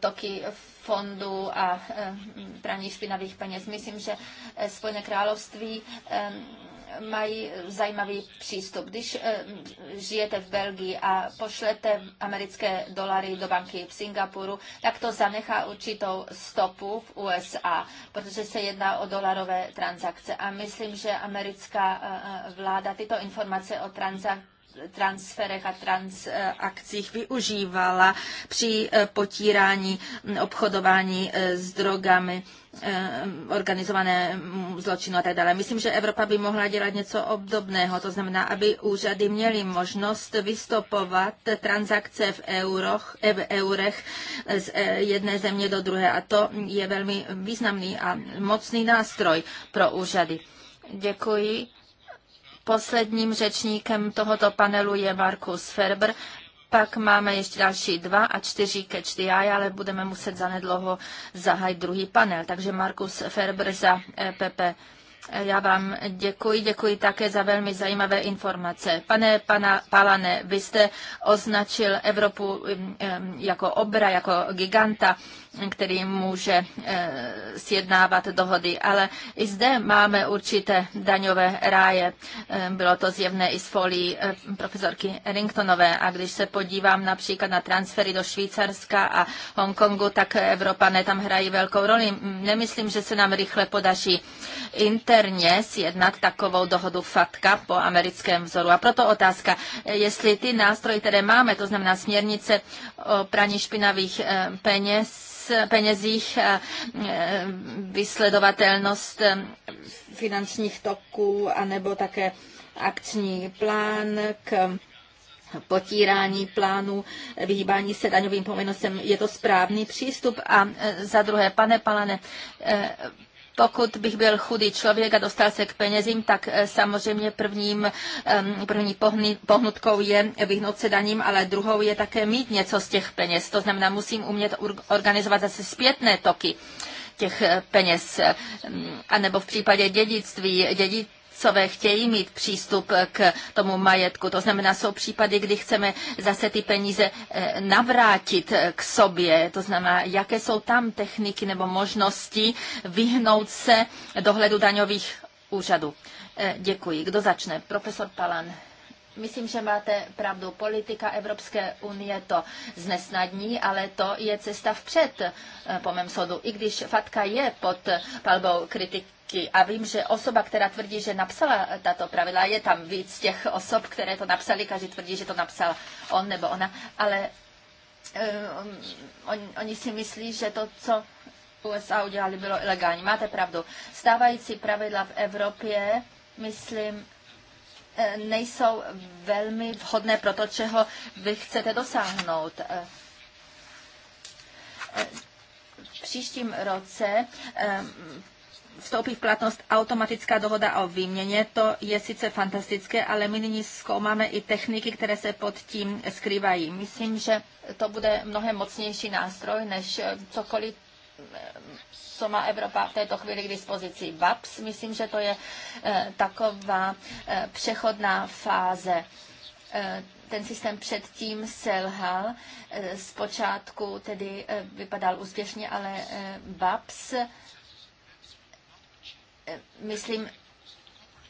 toky fondů a eh, praní špinavých peněz. Myslím, že eh, Spojené království mají zajímavý přístup. Když eh, žijete v Belgii a pošlete americké dolary do banky v Singapuru, tak to zanechá určitou stopu v USA, protože se jedná o dolarové transakce. A myslím, že americká eh, eh, vláda tyto informace o transakcích transferech a transakcích využívala při eh, potírání hm, obchodování eh, s drogami eh, organizované hm, zločinu a tak dále. Myslím, že Evropa by mohla dělat něco obdobného, to znamená, aby úřady měly možnost vystopovat transakce v, euroch, v eurech z jedné země do druhé a to je velmi významný a mocný nástroj pro úřady. Děkuji. Posledním řečníkem tohoto panelu je Markus Ferber. Pak máme ještě další dva a čtyři ke čtyři, ale budeme muset zanedlouho zahájit druhý panel. Takže Markus Ferber za EPP. Já vám děkuji, děkuji také za velmi zajímavé informace. Pane pana Palane, vy jste označil Evropu jako obra, jako giganta který může eh, sjednávat dohody. Ale i zde máme určité daňové ráje. Eh, bylo to zjevné i z folí eh, profesorky Ringtonové. A když se podívám například na transfery do Švýcarska a Hongkongu, tak Evropané tam hrají velkou roli. Nemyslím, že se nám rychle podaří interně sjednat takovou dohodu FATKA po americkém vzoru. A proto otázka, jestli ty nástroje, které máme, to znamená směrnice o praní špinavých peněz, penězích penězích, eh, vysledovatelnost eh, finančních toků, anebo také akční plán k potírání plánu, vyhýbání se daňovým povinnostem. Je to správný přístup. A eh, za druhé, pane Palane, pokud bych byl chudý člověk a dostal se k penězím, tak eh, samozřejmě prvním, první pohnutkou je vyhnout se daním, ale druhou je také mít něco z těch peněz. To znamená, musím umět organizovat zase zpětné toky těch eh, peněz, anebo v případě dědictví. Dědic, otcové chtějí mít přístup k tomu majetku. To znamená, jsou případy, kdy chceme zase ty peníze eh, navrátit eh, k sobě. To znamená, jaké jsou tam techniky nebo možnosti vyhnout se dohledu daňových úřadů. Eh, děkuji. Kdo začne? Profesor Palan. Myslím, že máte pravdu. Politika Evropské unie to znesnadní, ale to je cesta vpřed, eh, po mém soudu. I když Fatka je pod palbou kritiky, a vím, že osoba, která tvrdí, že napsala tato pravidla, je tam víc těch osob, které to napsali, každý tvrdí, že to napsal on nebo ona, ale um, on, oni si myslí, že to, co USA udělali, bylo ilegální. Máte pravdu. Stávající pravidla v Evropě, myslím, E, nejsou velmi vhodné pro to, čeho vy chcete dosáhnout. E, e, v příštím roce vstoupí v platnost automatická dohoda o výměně. To je sice fantastické, ale my nyní zkoumáme i techniky, které se pod tím skrývají. Myslím, že to bude mnohem mocnější nástroj než cokoliv, co má Evropa v této chvíli k dispozici VAPS. Myslím, že to je eh, taková eh, přechodná fáze eh, ten systém předtím selhal. Zpočátku tedy vypadal úspěšně, ale VAPS, myslím,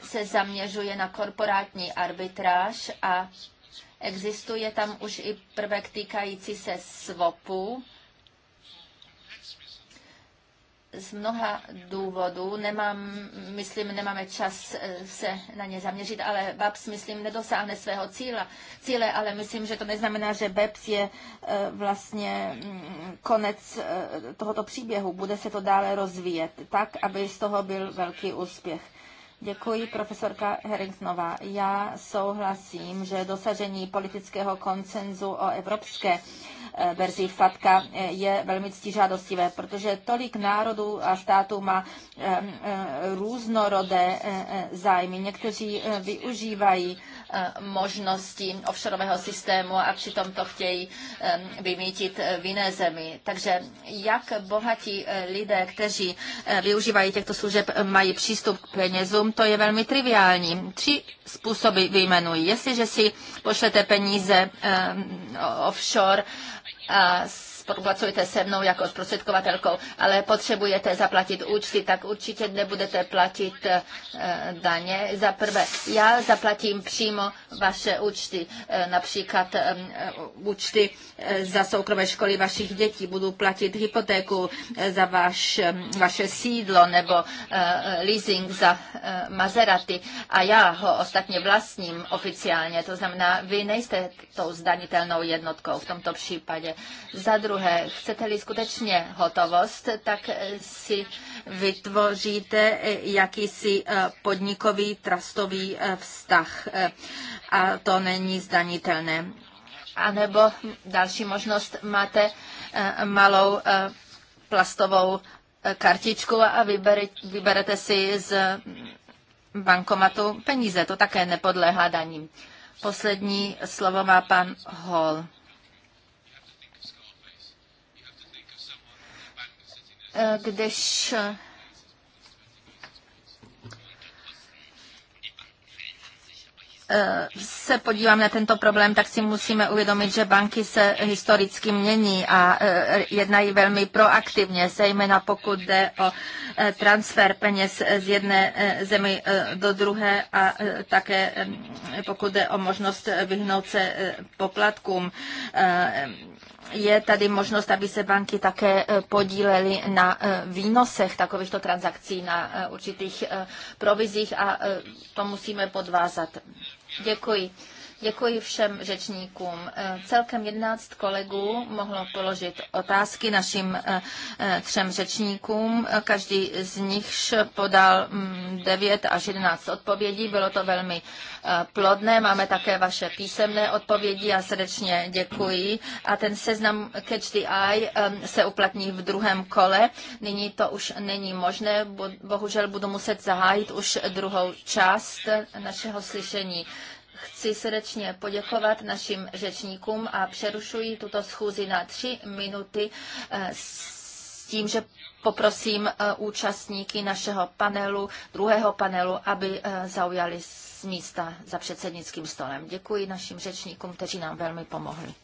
se zaměřuje na korporátní arbitráž a existuje tam už i prvek týkající se SWOPu z mnoha důvodů. Nemám, myslím, nemáme čas eh, se na ně zaměřit, ale BAPS, myslím, nedosáhne svého cíla, cíle, ale myslím, že to neznamená, že BAPS je eh, vlastně mm, konec eh, tohoto příběhu. Bude se to dále rozvíjet tak, aby z toho byl velký úspěch. Děkuji, profesorka Heringsnová. Já souhlasím, že dosažení politického koncenzu o evropské eh, verzi FATKA eh, je velmi ctižádostivé, protože tolik národů a států má eh, různorodé zájmy. Někteří využívají Eh, možností offshoreového systému a přitom to chtějí eh, vymítit eh, v jiné zemi. Takže jak bohatí lidé, kteří využívají těchto služeb, mají přístup k penězům, to je velmi triviální. Tři způsoby vyjmenují. Jestliže si pošlete peníze offshore a s spolupracujete se mnou jako zprostředkovatelkou, ale potřebujete zaplatit účty, tak určitě nebudete platit eh, daně. Za prvé, já zaplatím přímo vaše účty, eh, například eh, účty za soukromé školy vašich dětí, budu platit hypotéku za vaš, vaše sídlo nebo leasing za Maserati a já ho ostatně vlastním oficiálně, to znamená, vy nejste tou zdanitelnou jednotkou v tomto případě. Za druhé, druhé, chcete-li skutečně hotovost, tak si vytvoříte eh, jakýsi eh, podnikový trastový eh, vztah a to není zdanitelné. A nebo další možnost, máte malou plastovou kartičku a vyberete si z bankomatu peníze. To také nepodléhá daním. Poslední slovo má pan Hall. když eh, se podívám na tento problém, tak si musíme uvědomit, že banky se historicky mění a eh, jednají velmi proaktivně, zejména pokud jde o eh, transfer peněz z jedné zemi do druhé a také pokud jde o možnost vyhnout se poplatkům je tady možnost, aby se banky také e, podílely na e, výnosech takovýchto transakcí, na e, určitých provizích a to musíme podvázat. Děkuji. Děkuji všem řečníkům. Eh, celkem 11 kolegů mohlo položit otázky našim eh, eh, třem řečníkům. Každý z nich podal 9 mm, až 11 odpovědí. Bylo to velmi plodné. Máme také vaše písemné odpovědi a srdečně děkuji. A ten seznam Catch the Eye se uplatní v druhém kole. Nyní to už není možné. Bohužel budu muset zahájit už druhou část našeho slyšení. Chci srdečně poděkovat našim řečníkům a přerušuji tuto schůzi na tři minuty eh, s tím, že poprosím eh, účastníky našeho panelu, druhého panelu, aby eh, zaujali místa za předsednickým stolem. Děkuji našim řečníkům, kteří nám velmi pomohli.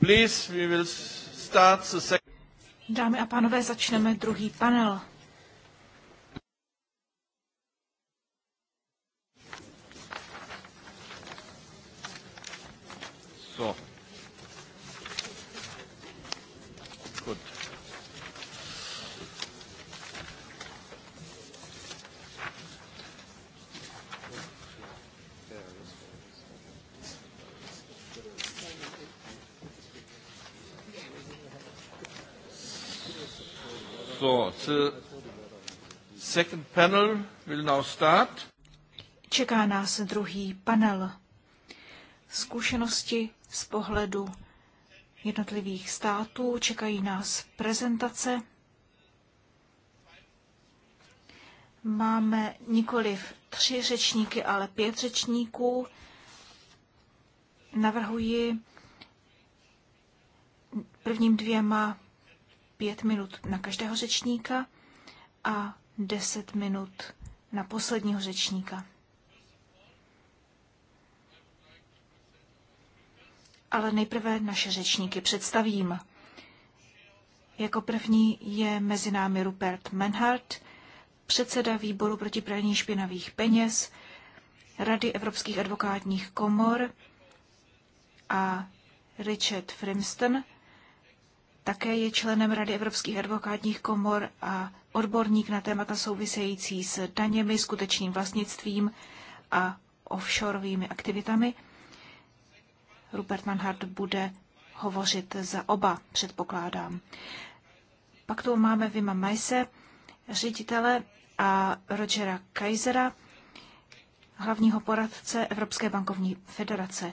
Please, we will start the second... Dámy a pánové, začneme druhý panel. panel will now start. Čeká nás druhý panel. Zkušenosti z pohledu jednotlivých států, čekají nás prezentace. Máme nikoliv tři řečníky, ale pět řečníků. Navrhuji prvním dvěma pět minut na každého řečníka a Deset minut na posledního řečníka. Ale nejprve naše řečníky představím. Jako první je mezi námi Rupert Menhardt, předseda výboru proti praní špinavých peněz, Rady evropských advokátních komor a Richard Frimston, také je členem Rady evropských advokátních komor a odborník na témata související s daněmi, skutečným vlastnictvím a offshoreovými aktivitami. Rupert Manhart bude hovořit za oba, předpokládám. Pak tu máme Vima Majse, ředitele a Rogera Kaisera, hlavního poradce Evropské bankovní federace.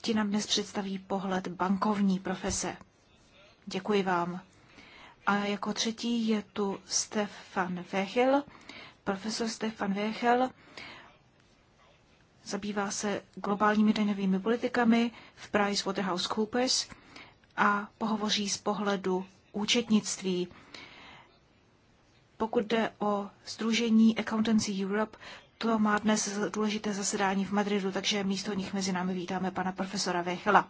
Ti nám dnes představí pohled bankovní profese. Děkuji vám. A jako třetí je tu Stefan Vechel, profesor Stefan Vechel. Zabývá se globálními daňovými politikami v PricewaterhouseCoopers a pohovoří z pohledu účetnictví. Pokud jde o Združení Accountancy Europe, to má dnes důležité zasedání v Madridu, takže místo nich mezi námi vítáme pana profesora Vechla.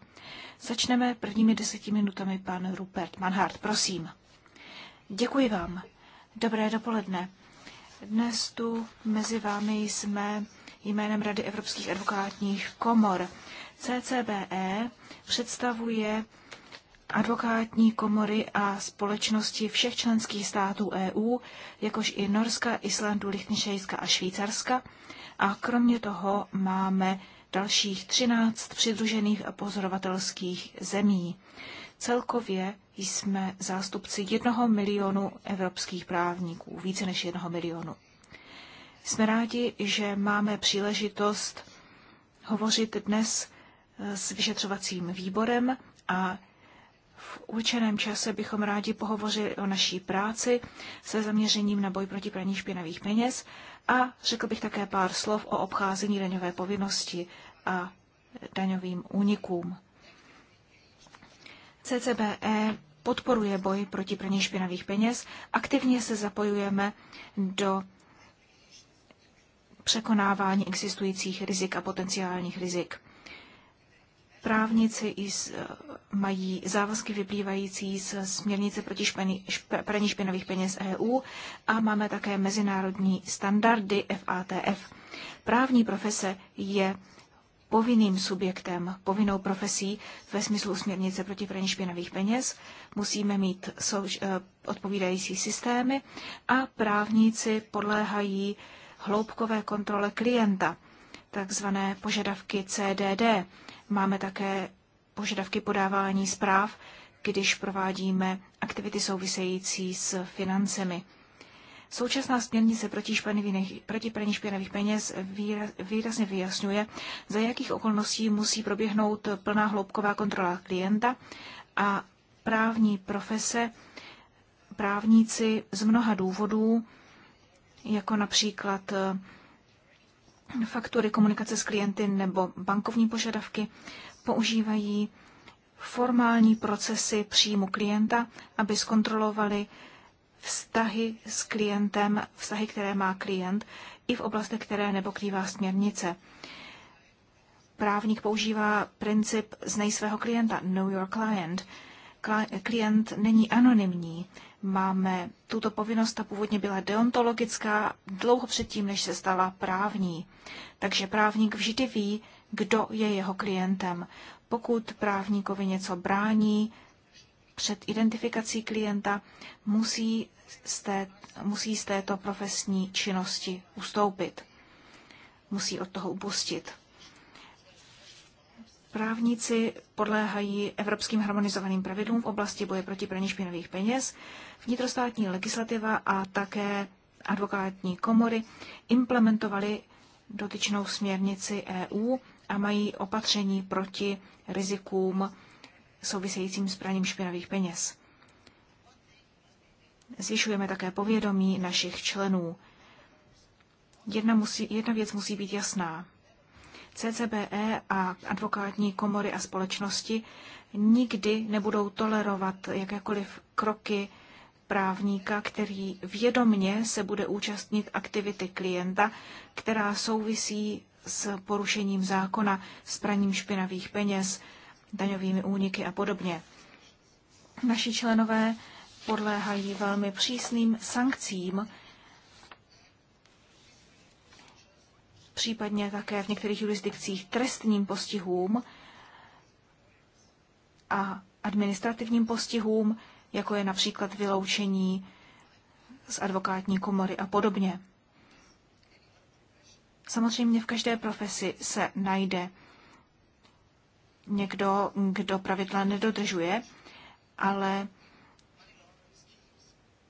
Začneme prvními deseti minutami pan Rupert Manhart, prosím. Děkuji vám. Dobré dopoledne. Dnes tu mezi vámi jsme jménem Rady evropských advokátních komor. CCBE představuje advokátní komory a společnosti všech členských států EU, jakož i Norska, Islandu, Lichtenštejnska a Švýcarska. A kromě toho máme dalších 13 přidružených a pozorovatelských zemí. Celkově jsme zástupci jednoho milionu evropských právníků, více než jednoho milionu. Jsme rádi, že máme příležitost hovořit dnes s vyšetřovacím výborem a v určeném čase bychom rádi pohovořili o naší práci se zaměřením na boj proti praní špinavých peněz a řekl bych také pár slov o obcházení daňové povinnosti a daňovým únikům. CCBE podporuje boj proti praní špinavých peněz, aktivně se zapojujeme do překonávání existujících rizik a potenciálních rizik. Právníci mají závazky vyplývající z směrnice proti španí, šp, praní špinavých peněz EU a máme také mezinárodní standardy FATF. Právní profese je povinným subjektem, povinnou profesí ve smyslu směrnice proti praní špinavých peněz. Musíme mít souž, eh, odpovídající systémy a právníci podléhají hloubkové kontrole klienta, takzvané požadavky CDD Máme také požadavky podávání zpráv, když provádíme aktivity související s financemi. Současná směrnice proti, proti praní špinavých peněz výrazně vyjasňuje, za jakých okolností musí proběhnout plná hloubková kontrola klienta a právní profese, právníci z mnoha důvodů, jako například faktury, komunikace s klienty nebo bankovní požadavky používají formální procesy příjmu klienta, aby zkontrolovali vztahy s klientem, vztahy, které má klient, i v oblastech, které nepokrývá směrnice. Právník používá princip znej svého klienta, know your client. Klient není anonymní, máme tuto povinnost, ta původně byla deontologická, dlouho předtím, než se stala právní. Takže právník vždy ví, kdo je jeho klientem. Pokud právníkovi něco brání před identifikací klienta, musí z, té, musí z této profesní činnosti ustoupit. Musí od toho upustit. Právníci podléhají evropským harmonizovaným pravidlům v oblasti boje proti praní špinavých peněz, vnitrostátní legislativa a také advokátní komory implementovali dotyčnou směrnici EU a mají opatření proti rizikům souvisejícím s praním špinavých peněz. Zvyšujeme také povědomí našich členů. Jedna, musí, jedna věc musí být jasná. CCBE a advokátní komory a společnosti nikdy nebudou tolerovat jakékoliv kroky právníka, který vědomně se bude účastnit aktivity klienta, která souvisí s porušením zákona, s praním špinavých peněz, daňovými úniky a podobně. Naši členové podléhají velmi přísným sankcím případně také v některých jurisdikcích trestním postihům a administrativním postihům, jako je například vyloučení z advokátní komory a podobně. Samozřejmě v každé profesi se najde někdo, kdo pravidla nedodržuje, ale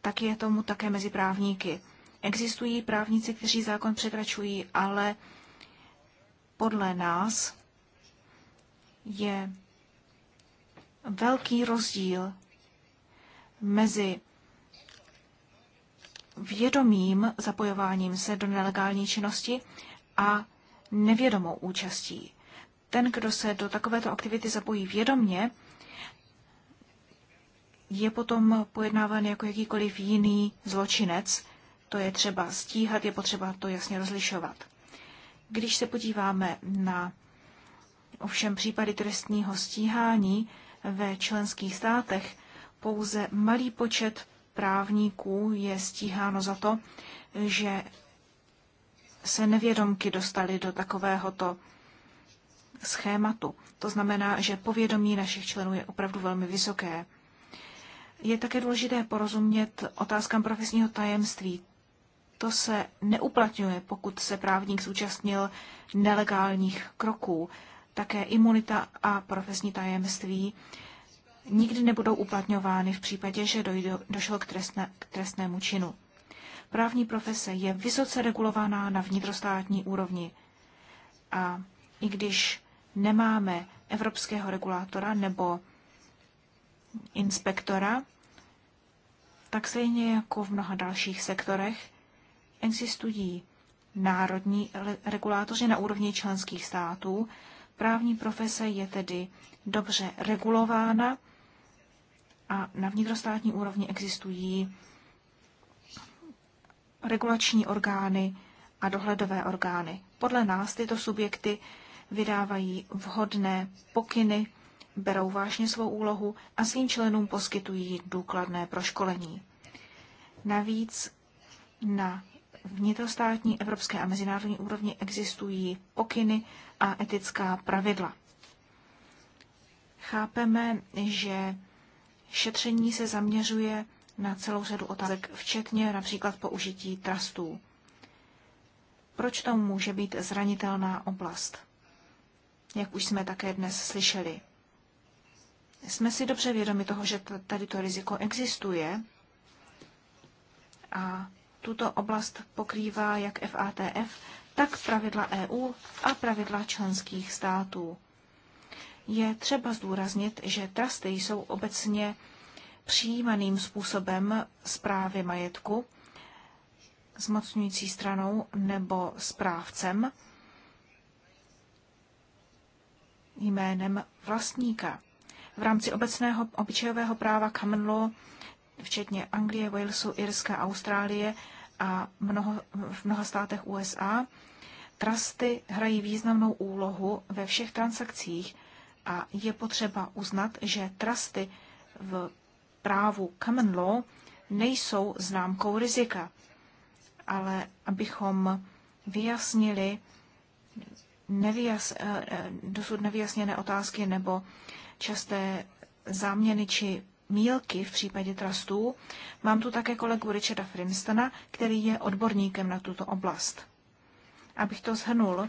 tak je tomu také mezi právníky. Existují právníci, kteří zákon překračují, ale podle nás je velký rozdíl mezi vědomým zapojováním se do nelegální činnosti a nevědomou účastí. Ten, kdo se do takovéto aktivity zapojí vědomně, je potom pojednáván jako jakýkoliv jiný zločinec to je třeba stíhat, je potřeba to jasně rozlišovat. Když se podíváme na ovšem případy trestního stíhání ve členských státech, pouze malý počet právníků je stíháno za to, že se nevědomky dostali do takovéhoto schématu. To znamená, že povědomí našich členů je opravdu velmi vysoké. Je také důležité porozumět otázkám profesního tajemství to se neuplatňuje, pokud se právník zúčastnil nelegálních kroků. Také imunita a profesní tajemství nikdy nebudou uplatňovány v případě, že dojde došlo k, trestne, k trestnému činu. Právní profese je vysoce regulovaná na vnitrostátní úrovni. A i když nemáme evropského regulátora nebo inspektora, tak stejně jako v mnoha dalších sektorech Existují národní regulátoři na úrovni členských států. Právní profese je tedy dobře regulována a na vnitrostátní úrovni existují regulační orgány a dohledové orgány. Podle nás tyto subjekty vydávají vhodné pokyny, berou vážně svou úlohu a svým členům poskytují důkladné proškolení. Navíc na vnitrostátní, evropské a mezinárodní úrovni existují pokyny a etická pravidla. Chápeme, že šetření se zaměřuje na celou řadu otázek, včetně například použití trastů. Proč to může být zranitelná oblast? Jak už jsme také dnes slyšeli. Jsme si dobře vědomi toho, že tady to riziko existuje a tuto oblast pokrývá jak FATF, tak pravidla EU a pravidla členských států. Je třeba zdůraznit, že trusty jsou obecně přijímaným způsobem zprávy majetku, zmocňující stranou nebo správcem jménem vlastníka. V rámci obecného obyčejového práva common včetně Anglie, Walesu, Irska, Austrálie a mnoho, v mnoha státech USA, trusty hrají významnou úlohu ve všech transakcích a je potřeba uznat, že trusty v právu common law nejsou známkou rizika. Ale abychom vyjasnili nevyjas, eh, eh, dosud nevyjasněné otázky nebo časté záměny či mílky v případě trastů, mám tu také kolegu Richarda Frimstona, který je odborníkem na tuto oblast. Abych to zhrnul,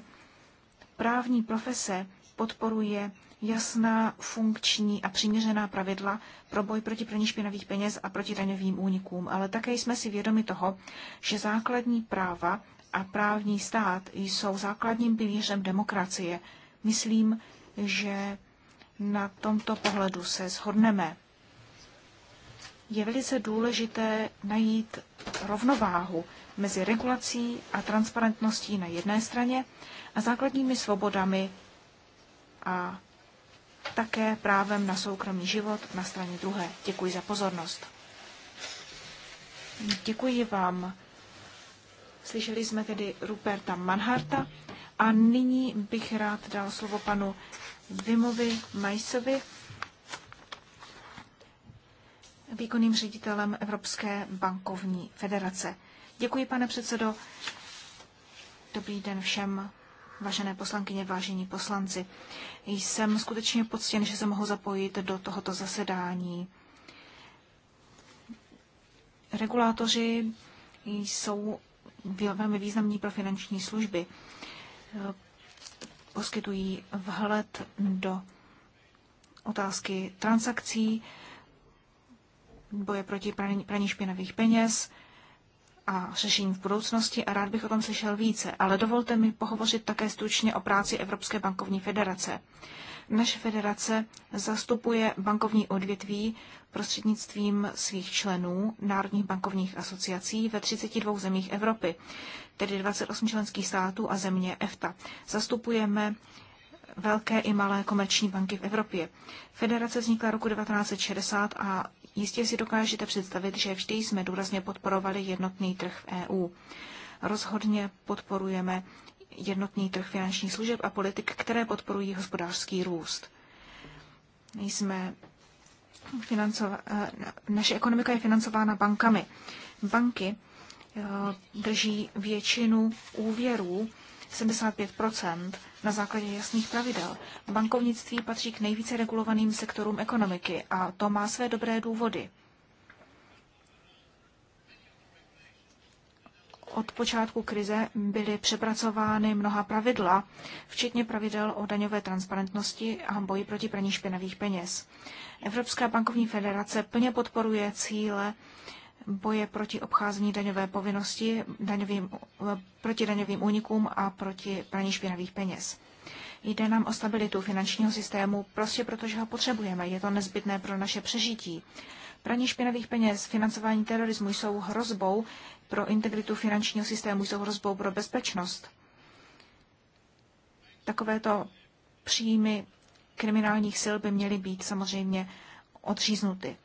právní profese podporuje jasná, funkční a přiměřená pravidla pro boj proti praní špinavých peněz a proti daňovým únikům, ale také jsme si vědomi toho, že základní práva a právní stát jsou základním pilířem demokracie. Myslím, že na tomto pohledu se shodneme je velice důležité najít rovnováhu mezi regulací a transparentností na jedné straně a základními svobodami a také právem na soukromý život na straně druhé. Děkuji za pozornost. Děkuji vám. Slyšeli jsme tedy Ruperta Manharta a nyní bych rád dal slovo panu Vimovi Majsovi, výkonným ředitelem Evropské bankovní federace. Děkuji, pane předsedo. Dobrý den všem, vážené poslankyně, vážení poslanci. Jsem skutečně poctěn, že se mohu zapojit do tohoto zasedání. Regulátoři jsou velmi významní pro finanční služby. Poskytují vhled do otázky transakcí, boje proti praní, praní špinavých peněz a řešení v budoucnosti a rád bych o tom slyšel více, ale dovolte mi pohovořit také stručně o práci Evropské bankovní federace. Naše federace zastupuje bankovní odvětví prostřednictvím svých členů národních bankovních asociací ve 32 zemích Evropy, tedy 28 členských států a země EFTA. Zastupujeme velké i malé komerční banky v Evropě. Federace vznikla roku 1960 a Jistě si dokážete představit, že vždy jsme důrazně podporovali jednotný trh v EU. Rozhodně podporujeme jednotný trh finančních služeb a politik, které podporují hospodářský růst. Jsme financova- eh, naše ekonomika je financována bankami. Banky eh, drží většinu úvěrů 75 na základě jasných pravidel. Bankovnictví patří k nejvíce regulovaným sektorům ekonomiky a to má své dobré důvody. Od počátku krize byly přepracovány mnoha pravidla, včetně pravidel o daňové transparentnosti a boji proti praní špinavých peněz. Evropská bankovní federace plně podporuje cíle boje proti obcházení daňové povinnosti, daňovým, proti daňovým únikům a proti praní špinavých peněz. Jde nám o stabilitu finančního systému prostě protože ho potřebujeme. Je to nezbytné pro naše přežití. Praní špinavých peněz, financování terorismu jsou hrozbou pro integritu finančního systému, jsou hrozbou pro bezpečnost. Takovéto příjmy kriminálních sil by měly být samozřejmě odříznuty.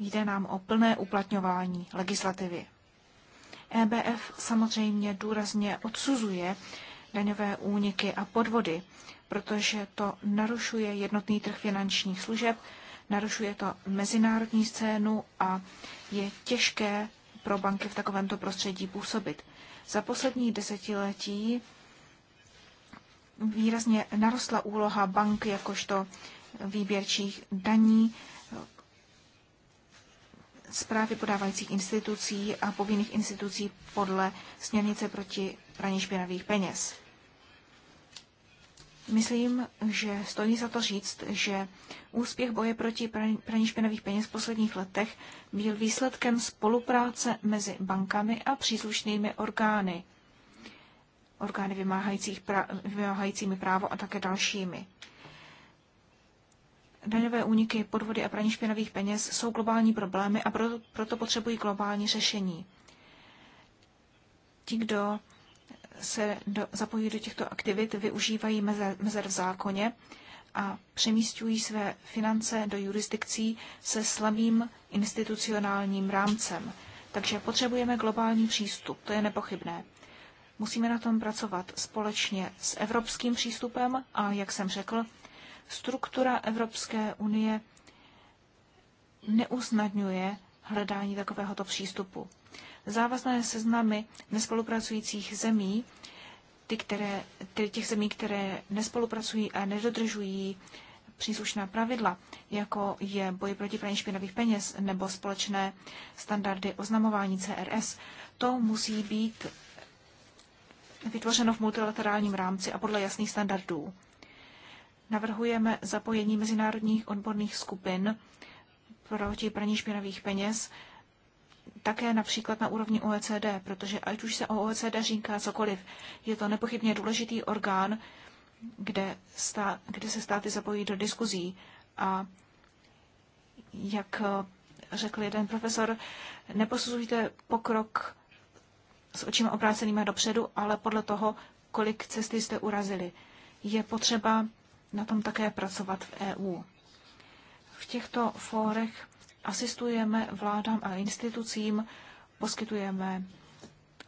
Jde nám o plné uplatňování legislativy. EBF samozřejmě důrazně odsuzuje daňové úniky a podvody, protože to narušuje jednotný trh finančních služeb, narušuje to mezinárodní scénu a je těžké pro banky v takovémto prostředí působit. Za poslední desetiletí výrazně narostla úloha bank jakožto výběrčích daní zprávy podávajících institucí a povinných institucí podle směrnice proti praní špinavých peněz. Myslím, že stojí za to říct, že úspěch boje proti praní špinavých peněz v posledních letech byl výsledkem spolupráce mezi bankami a příslušnými orgány, orgány vymáhajícími právo a také dalšími. Daňové úniky, podvody a praní špinavých peněz jsou globální problémy a proto, proto potřebují globální řešení. Ti, kdo se do, zapojí do těchto aktivit, využívají mezer, mezer v zákoně a přemístují své finance do jurisdikcí se slabým institucionálním rámcem. Takže potřebujeme globální přístup, to je nepochybné. Musíme na tom pracovat společně s evropským přístupem a, jak jsem řekl, struktura Evropské unie neusnadňuje hledání takovéhoto přístupu. Závazné seznamy nespolupracujících zemí, ty, které, tedy těch zemí, které nespolupracují a nedodržují příslušná pravidla, jako je boj proti praní špinavých peněz nebo společné standardy oznamování CRS, to musí být vytvořeno v multilaterálním rámci a podle jasných standardů. Navrhujeme zapojení mezinárodních odborných skupin proti praní špinavých peněz, také například na úrovni OECD, protože ať už se o OECD říká cokoliv, je to nepochybně důležitý orgán, kde, stá, kde se státy zapojí do diskuzí. A jak eh, řekl jeden profesor, neposuzujte pokrok s očima obrácenými dopředu, ale podle toho, kolik cesty jste urazili. Je potřeba na tom také pracovat v EU. V těchto fórech asistujeme vládám a institucím, poskytujeme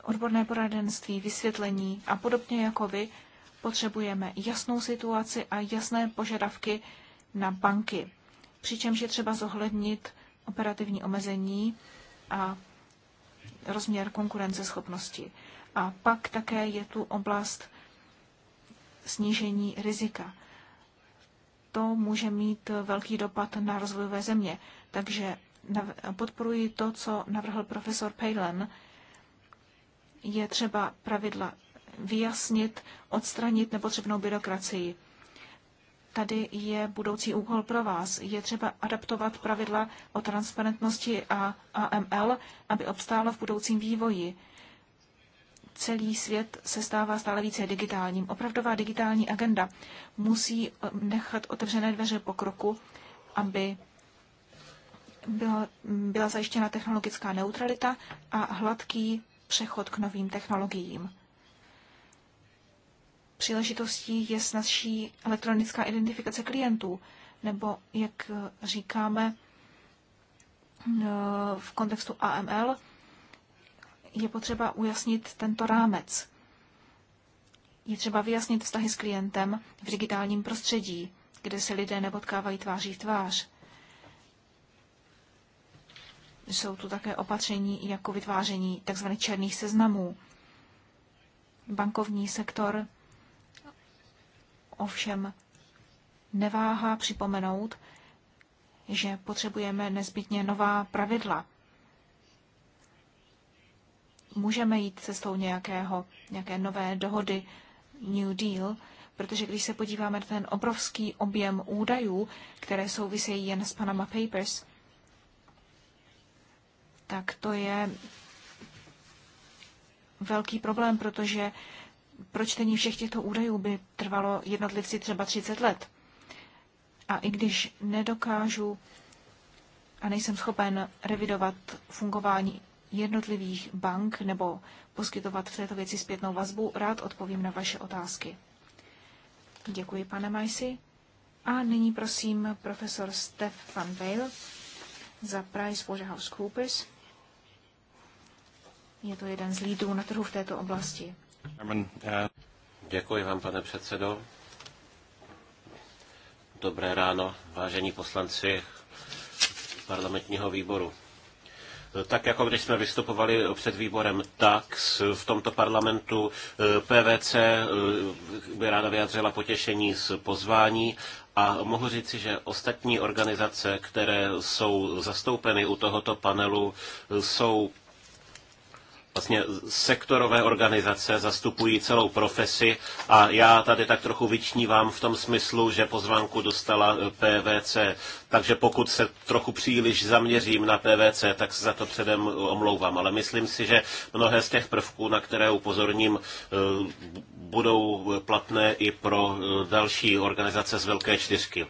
odborné poradenství, vysvětlení a podobně jako vy potřebujeme jasnou situaci a jasné požadavky na banky. Přičemž je třeba zohlednit operativní omezení a rozměr konkurenceschopnosti. A pak také je tu oblast snížení rizika to může mít velký dopad na rozvojové země. Takže podporuji to, co navrhl profesor Palin. Je třeba pravidla vyjasnit, odstranit nepotřebnou byrokracii. Tady je budoucí úkol pro vás. Je třeba adaptovat pravidla o transparentnosti a AML, aby obstálo v budoucím vývoji celý svět se stává stále více digitálním. Opravdová digitální agenda musí eh, nechat otevřené dveře pokroku, aby byla, byla zajištěna technologická neutralita a hladký přechod k novým technologiím. Příležitostí je snazší elektronická identifikace klientů, nebo, jak říkáme eh, v kontextu AML, je potřeba ujasnit tento rámec. Je třeba vyjasnit vztahy s klientem v digitálním prostředí, kde se lidé nepotkávají tváří v tvář. Jsou tu také opatření jako vytváření tzv. černých seznamů. Bankovní sektor ovšem neváhá připomenout, že potřebujeme nezbytně nová pravidla můžeme jít cestou nějakého, nějaké nové dohody New Deal, protože když se podíváme na ten obrovský objem údajů, které souvisejí jen s Panama Papers, tak to je velký problém, protože pročtení všech těchto údajů by trvalo jednotlivci třeba 30 let. A i když nedokážu a nejsem schopen revidovat fungování jednotlivých bank nebo poskytovat v této věci zpětnou vazbu, rád odpovím na vaše otázky. Děkuji, pane Majsi. A nyní prosím profesor Steph van Weyl za PricewaterhouseCoopers. Je to jeden z lídrů na trhu v této oblasti. Uh, děkuji vám, pane předsedo. Dobré ráno, vážení poslanci parlamentního výboru. Tak jako když jsme vystupovali před výborem TAX v tomto parlamentu, eh, PVC eh, by ráda vyjadřila potěšení z pozvání a mohu říci, že ostatní organizace, které jsou zastoupeny u tohoto panelu, eh, jsou vlastně sektorové organizace zastupují celou profesi a já tady tak trochu vyčnívám v tom smyslu, že pozvánku dostala eh, PVC, takže pokud se trochu příliš zaměřím na PVC, tak se za to předem omlouvám, ale myslím si, že mnohé z těch prvků, na které upozorním, eh, budou platné i pro eh, další organizace z Velké čtyřky.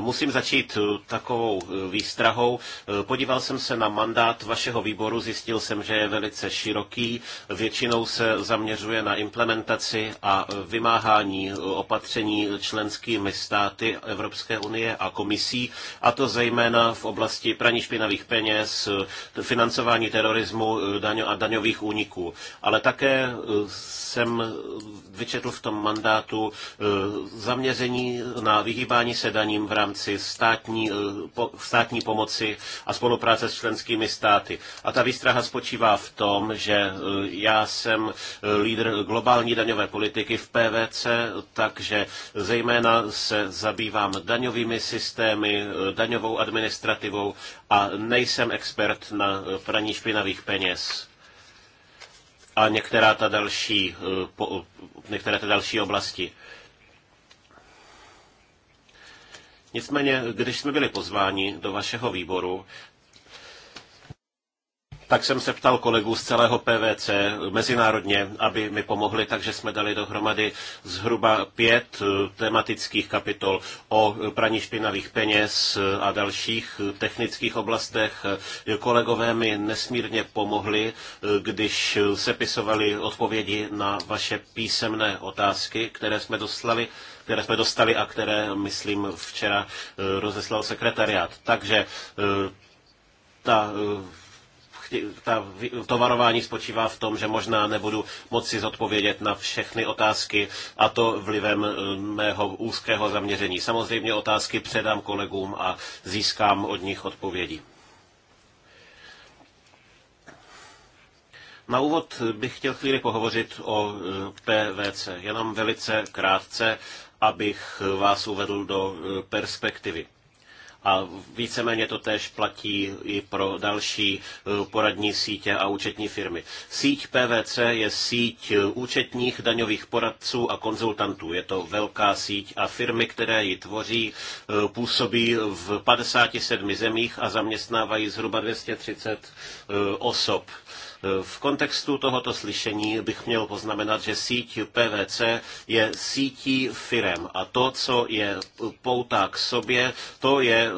Musím začít eh, takovou eh, výstrahou. Eh, podíval jsem se na mandát vašeho výboru, zjistil jsem, že je velice široký. Většinou se zaměřuje na implementaci a vymáhání opatření členskými státy Evropské unie a komisí, a to zejména v oblasti praní špinavých peněz, financování terorismu a daňových úniků. Ale také jsem vyčetl v tom mandátu zaměření na vyhýbání se daním v rámci státní, eh, státní pomoci a spolupráce s členskými státy. A ta výstraha spočívá v tom, že eh, já jsem eh, lídr globální daňové politiky v PVC, takže zejména se zabývám daňovými systémy, daňovou administrativou a nejsem expert na praní špinavých peněz a některá ta další, některé ta další oblasti. Nicméně, když jsme byli pozváni do vašeho výboru, tak jsem se ptal kolegů z celého PVC mezinárodně, aby mi pomohli, takže jsme dali dohromady zhruba pět eh, tematických kapitol o praní špinavých peněz eh, a dalších eh, technických oblastech. Kolegové mi nesmírně pomohli, když sepisovali odpovědi na vaše písemné otázky, které jsme dostali které jsme dostali a které, myslím, včera eh, rozeslal sekretariát. Takže eh, ta eh, ta, to varování spočívá v tom, že možná nebudu moci zodpovědět na všechny otázky a to vlivem mého úzkého zaměření. Samozřejmě otázky předám kolegům a získám od nich odpovědi. Na úvod bych chtěl chvíli pohovořit o PVC, jenom velice krátce abych vás uvedl do eh, perspektivy. A víceméně to též platí i pro další eh, poradní sítě a účetní firmy. Síť PVC je síť eh, účetních daňových poradců a konzultantů. Je to velká síť a firmy, které ji tvoří, působí v 57 zemích a zaměstnávají zhruba 230 osob v kontextu tohoto slyšení bych měl poznamenat, že síť PVC je sítí firem a to, co je poutá k sobě, to je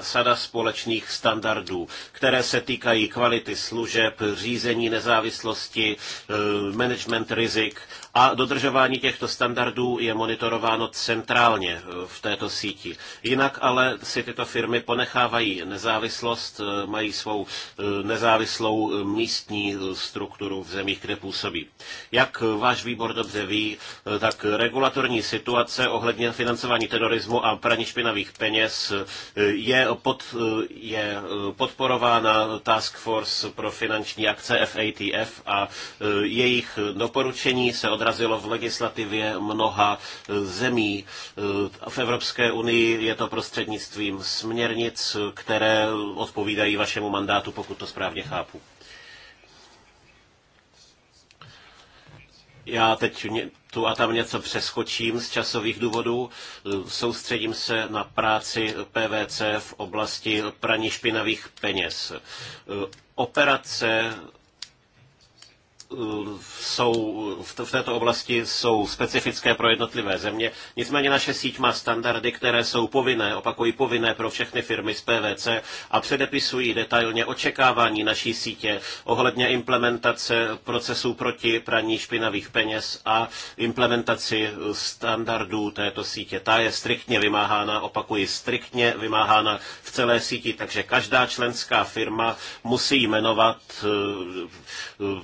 sada společných standardů, které se týkají kvality služeb, řízení nezávislosti, eh, management rizik a dodržování těchto standardů je monitorováno centrálně eh, v této síti. Jinak ale si tyto firmy ponechávají nezávislost, eh, mají svou eh, nezávislou místní strukturu v zemích, kde působí. Jak váš výbor dobře ví, tak regulatorní situace ohledně financování terorismu a praní špinavých peněz je, pod, je podporována Task Force pro finanční akce FATF a jejich doporučení se odráží odrazilo v legislativě mnoha eh, zemí. Eh, v Evropské unii je to prostřednictvím směrnic, které odpovídají vašemu mandátu, pokud to správně chápu. Já teď tu a tam něco přeskočím z časových důvodů. Eh, soustředím se na práci PVC v oblasti praní špinavých peněz. Operace jsou, v této oblasti jsou specifické pro jednotlivé země. Nicméně naše síť má standardy, které jsou povinné, opakují povinné pro všechny firmy z PVC a předepisují detailně očekávání naší sítě ohledně implementace procesů proti praní špinavých peněz a implementaci standardů této sítě. Ta je striktně vymáhána, opakují striktně vymáhána v celé síti, takže každá členská firma musí jmenovat eh,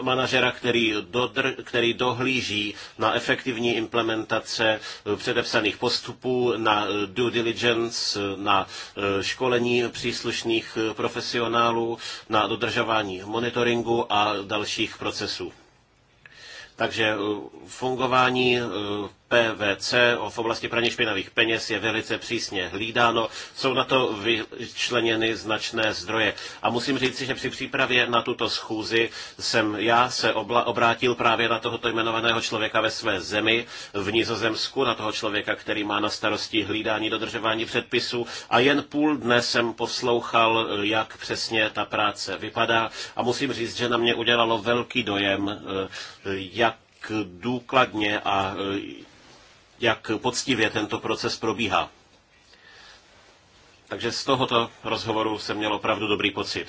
manažera, který, dodr, který dohlíží na efektivní implementace eh, předepsaných postupů, na eh, due diligence, eh, na školení příslušných profesionálů, na dodržování monitoringu a dalších procesů. Takže fungování PVC v oblasti praní špinavých peněz je velice přísně hlídáno. Jsou na to vyčleněny značné zdroje. A musím říct, že při přípravě na tuto schůzi jsem já se obla, obrátil právě na tohoto jmenovaného člověka ve své zemi v Nizozemsku, na toho člověka, který má na starosti hlídání dodržování předpisů. A jen půl dne jsem poslouchal, jak přesně ta práce vypadá. A musím říct, že na mě udělalo velký dojem, eh, jak důkladně a eh, jak poctivě tento proces probíhá. Takže z tohoto rozhovoru jsem měl opravdu dobrý pocit.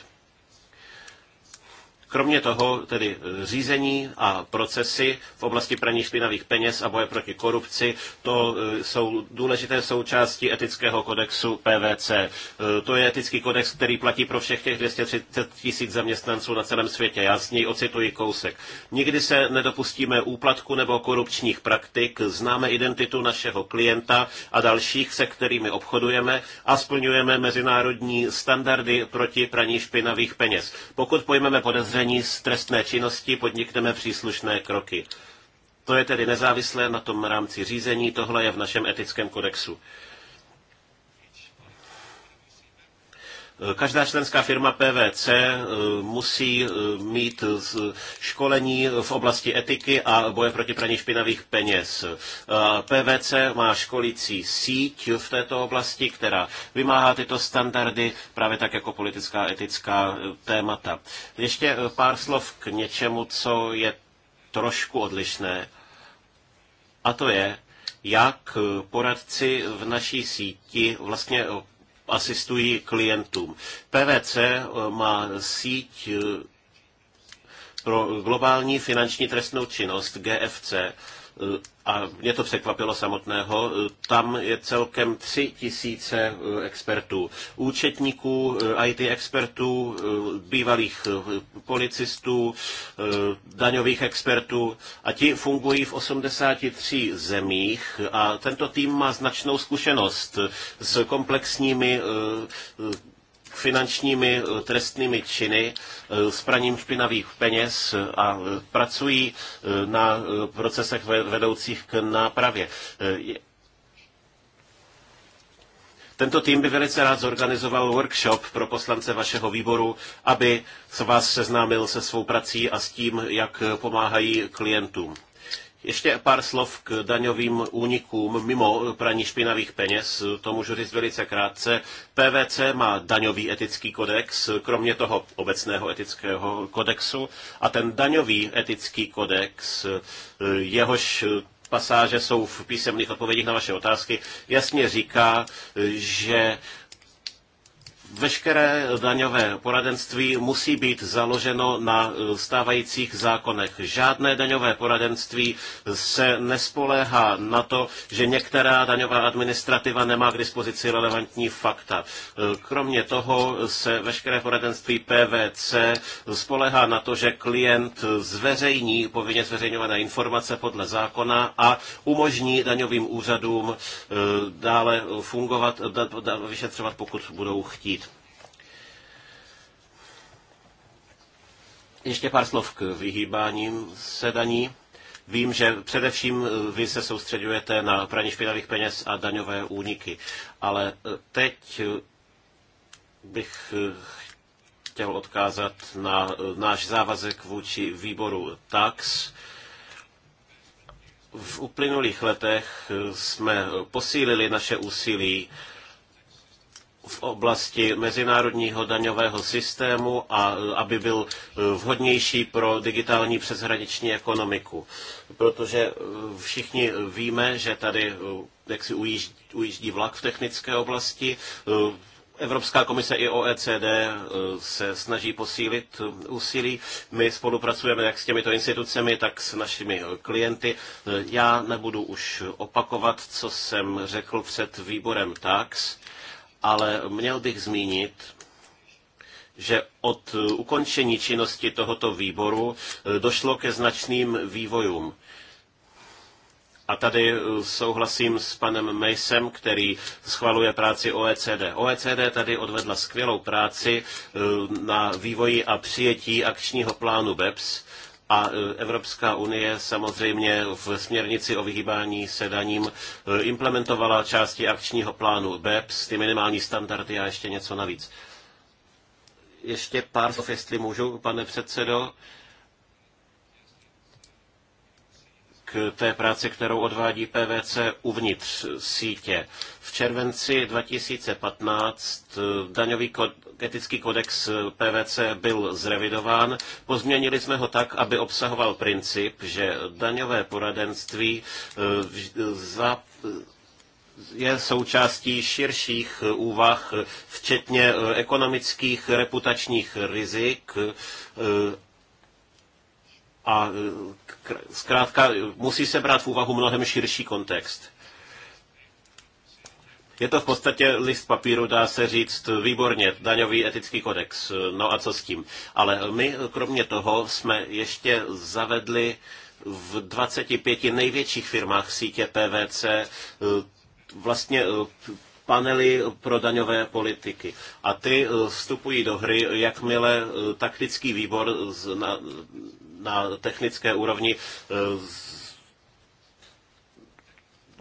Kromě toho tedy e, řízení a procesy v oblasti praní špinavých peněz a boje proti korupci, to e, jsou důležité součásti etického kodexu PVC. E, to je etický kodex, který platí pro všech těch 230 tisíc zaměstnanců na celém světě. Já s něj ocituji kousek. Nikdy se nedopustíme úplatku nebo korupčních praktik, známe identitu našeho klienta a dalších, se kterými obchodujeme a splňujeme mezinárodní standardy proti praní špinavých peněz. Pokud pojmeme podezření, podezření z trestné činnosti podnikneme příslušné kroky. To je tedy nezávislé na tom rámci řízení, tohle je v našem etickém kodexu. Každá členská firma PVC e, musí e, mít školení v oblasti etiky a boje proti praní špinavých peněz. E, PVC má školící síť v této oblasti, která vymáhá tyto standardy právě tak jako politická etická témata. Ještě pár slov k něčemu, co je trošku odlišné. A to je, jak poradci v naší síti vlastně asistují klientům. PVC eh, má síť eh, pro globální finanční trestnou činnost GFC a mě to překvapilo samotného, tam je celkem tři tisíce eh, expertů. Účetníků, eh, IT expertů, eh, bývalých policistů, daňových expertů a ti fungují v 83 zemích a tento tým má značnou zkušenost s komplexními finančními eh, trestnými činy s eh, praním špinavých peněz eh, a pracují na procesech vedoucích k nápravě. Tento tým by velice rád zorganizoval workshop pro poslance vašeho výboru, aby se vás seznámil se svou prací a s tím, jak pomáhají klientům. Ještě pár slov k daňovým únikům mimo praní špinavých peněz. To můžu říct velice krátce. PVC má daňový etický kodex, kromě toho obecného etického kodexu. A ten daňový etický kodex, jehož pasáže jsou v písemných odpovědích na vaše otázky, jasně říká, že Veškeré daňové poradenství musí být založeno na eh, stávajících zákonech. Žádné daňové poradenství se nespoléhá na to, že některá daňová administrativa nemá k dispozici relevantní fakta. Eh, kromě toho se veškeré poradenství PVC spoléhá na to, že klient zveřejní povinně zveřejňované informace podle zákona a umožní daňovým úřadům eh, dále fungovat, vyšetřovat, pokud budou chtít. Ještě pár slov k vyhýbáním se daní. Vím, že především eh, vy se soustředujete na praní špinavých peněz a daňové úniky, ale eh, teď eh, bych chtěl odkázat na náš závazek vůči výboru TAX. V uplynulých letech jsme posílili naše úsilí v oblasti mezinárodního daňového systému a aby byl e, vhodnější pro digitální přeshraniční ekonomiku. Protože e, všichni víme, že tady e, jak si ujíždí, ujíždí vlak v technické oblasti, Evropská komise i OECD se snaží posílit úsilí. My spolupracujeme jak s těmito institucemi, tak s našimi klienty. Já nebudu už opakovat, co jsem řekl před výborem TAX ale měl bych zmínit, že od ukončení činnosti tohoto výboru eh, došlo ke značným vývojům. A tady eh, souhlasím s panem Mejsem, který schvaluje práci OECD. OECD tady odvedla skvělou práci eh, na vývoji a přijetí akčního plánu BEPS, a e, Evropská unie samozřejmě v směrnici o vyhýbání se daním e, implementovala části akčního plánu BEPS, ty minimální standardy a ještě něco navíc. Ještě pár slov, jestli můžu, pane předsedo. k té práci, kterou odvádí PVC uvnitř sítě. V červenci 2015 eh, daňový kod, etický kodex eh, PVC byl zrevidován. Pozměnili jsme ho tak, aby obsahoval princip, že daňové poradenství eh, za je součástí širších úvah, včetně ekonomických reputačních rizik a e, zkrátka musí se brát v úvahu mnohem širší kontext. Je to v podstatě list papíru, dá se říct, výborně, daňový etický kodex, e, no a co s tím. Ale my kromě toho jsme ještě zavedli v 25 největších firmách sítě PVC e, vlastně panely pro daňové politiky. A ty vstupují do hry, jakmile taktický výbor na technické úrovni e,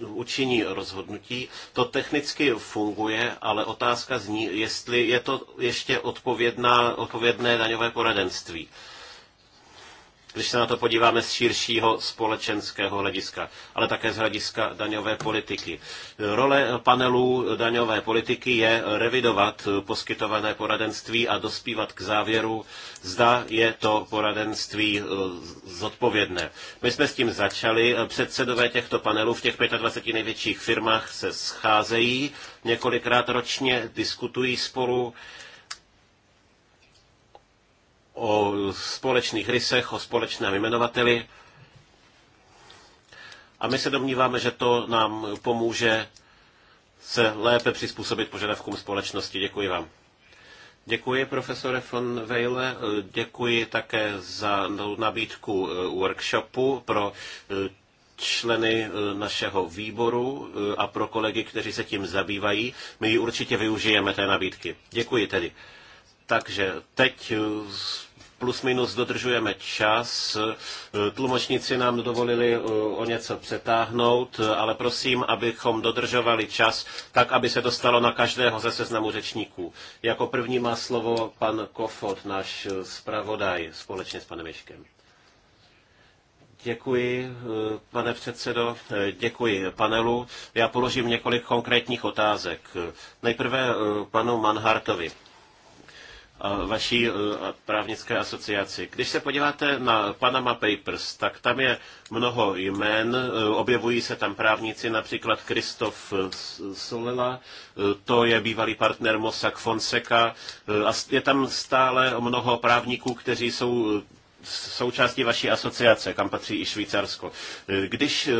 učiní rozhodnutí. To technicky funguje, ale otázka zní, jestli je to ještě odpovědná, odpovědné daňové poradenství když se na to podíváme z širšího společenského hlediska, ale také z hlediska daňové politiky. Role panelů daňové politiky je revidovat poskytované poradenství a dospívat k závěru, zda je to poradenství eh, zodpovědné. My jsme s tím začali. Předsedové těchto panelů v těch 25 největších firmách se scházejí několikrát ročně, diskutují spolu o společných rysech, o společném jmenovateli. A my se domníváme, že to nám pomůže se lépe přizpůsobit požadavkům společnosti. Děkuji vám. Děkuji, profesore von Weile. Děkuji také za nabídku eh, workshopu pro eh, členy eh, našeho výboru a pro kolegy, kteří se tím zabývají. My ji určitě využijeme té nabídky. Děkuji tedy. Takže teď eh, plus minus dodržujeme čas. Eh, tlumočníci nám dovolili eh, o něco přetáhnout, ale prosím, abychom dodržovali čas tak, aby se dostalo na každého ze seznamu řečníků. Jako první má slovo pan Kofot, náš zpravodaj, společně s panem Ješkem. Děkuji, pane předsedo, děkuji panelu. Já položím několik konkrétních otázek. Nejprve panu Manhartovi vaší e, právnické asociaci. Když se podíváte na Panama Papers, tak tam je mnoho jmén, e, objevují se tam právníci, například Kristof Solela, e, to je bývalý partner Mossack Fonseca a je tam stále mnoho právníků, kteří jsou součástí vaší asociace, kam patří i Švýcarsko. Když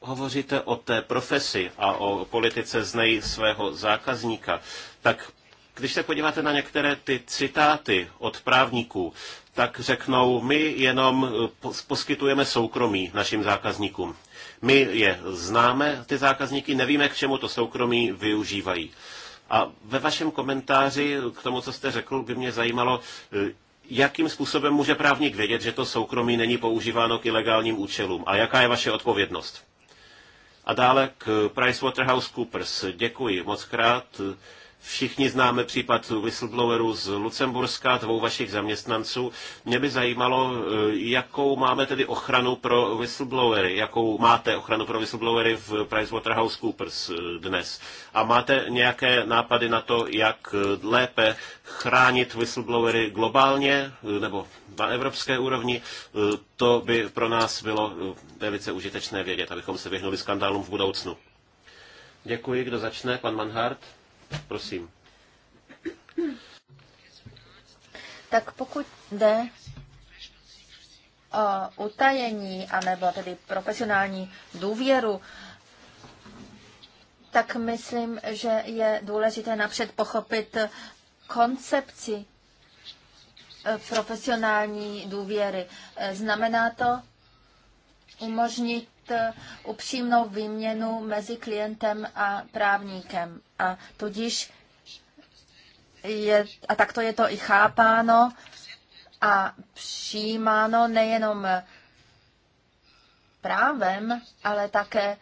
hovoříte o té profesi a o politice znej svého zákazníka, tak když se podíváte na některé ty citáty od právníků, tak řeknou, my jenom eh, poskytujeme soukromí našim zákazníkům. My je známe, ty zákazníky, nevíme, k čemu to soukromí využívají. A ve vašem komentáři k tomu, co jste řekl, by mě zajímalo, eh, jakým způsobem může právník vědět, že to soukromí není používáno k ilegálním účelům a jaká je vaše odpovědnost? A dále k PricewaterhouseCoopers. Děkuji moc krát Všichni známe případ whistleblowerů z Lucemburska, dvou vašich zaměstnanců. Mě by zajímalo, eh, jakou máme tedy ochranu pro whistleblowery, jakou máte ochranu pro whistleblowery v PricewaterhouseCoopers eh, dnes. A máte nějaké nápady na to, jak eh, lépe chránit whistleblowery globálně nebo na evropské úrovni? To by pro nás bylo velice užitečné vědět, abychom se vyhnuli skandálům v budoucnu. Děkuji, kdo začne, pan Manhart. Prosím. Tak pokud jde o utajení, anebo tedy profesionální důvěru, tak myslím, že je důležité napřed pochopit koncepci eh, profesionální důvěry. Eh, znamená to umožnit Eh, upřímnou výměnu mezi klientem a právníkem. A tudíž je, a takto je to i chápáno a přijímáno nejenom právem, ale také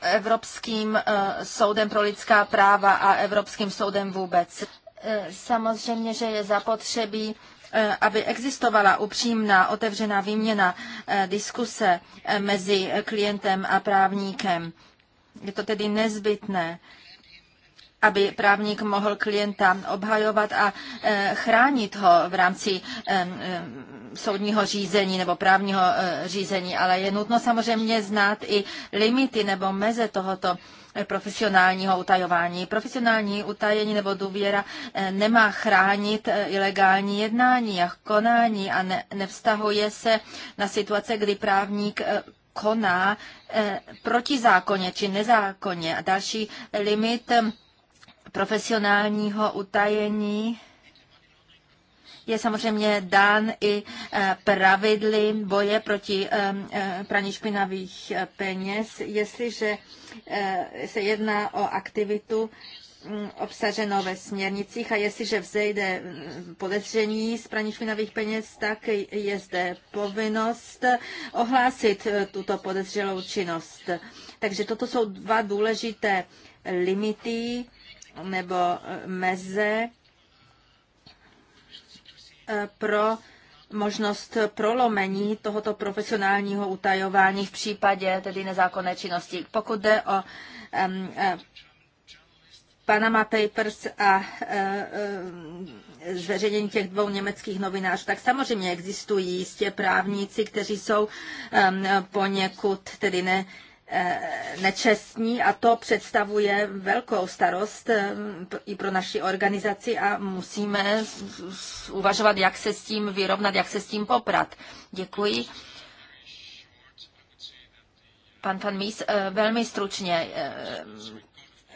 Evropským eh, soudem pro lidská práva a Evropským soudem vůbec. Eh, samozřejmě, že je zapotřebí Eh, aby existovala upřímná, otevřená výměna eh, diskuse eh, mezi klientem a právníkem. Je to tedy nezbytné aby právník mohl klienta obhajovat a eh, chránit ho v rámci soudního řízení nebo právního eh, řízení, ale je nutno samozřejmě znát i limity nebo meze tohoto eh, profesionálního utajování. Profesionální utajení nebo důvěra nemá chránit ilegální jednání a konání a ne, nevztahuje se na situace, kdy právník koná protizákonně či nezákonně. A další limit profesionálního utajení je samozřejmě dán i eh, pravidly boje proti eh, eh, praní špinavých peněz, jestliže se jedná o aktivitu mm, obsaženo ve směrnicích a jestliže vzejde mm, podezření z praní špinavých peněz, tak je zde povinnost ohlásit tuto podezřelou činnost. Takže toto jsou dva důležité limity nebo eh, meze eh, pro možnost prolomení tohoto profesionálního utajování v případě tedy nezákonné činnosti. Pokud jde o um, Panama Papers a zveřejnění těch dvou německých novinářů, tak samozřejmě existují jistě právníci, kteří jsou poněkud tedy ne Eh, nečestní a to představuje velkou starost eh, i pro naši organizaci a musíme uvažovat, jak se s tím vyrovnat, jak se s tím poprat. Děkuji. Pan Van Mies, eh, velmi stručně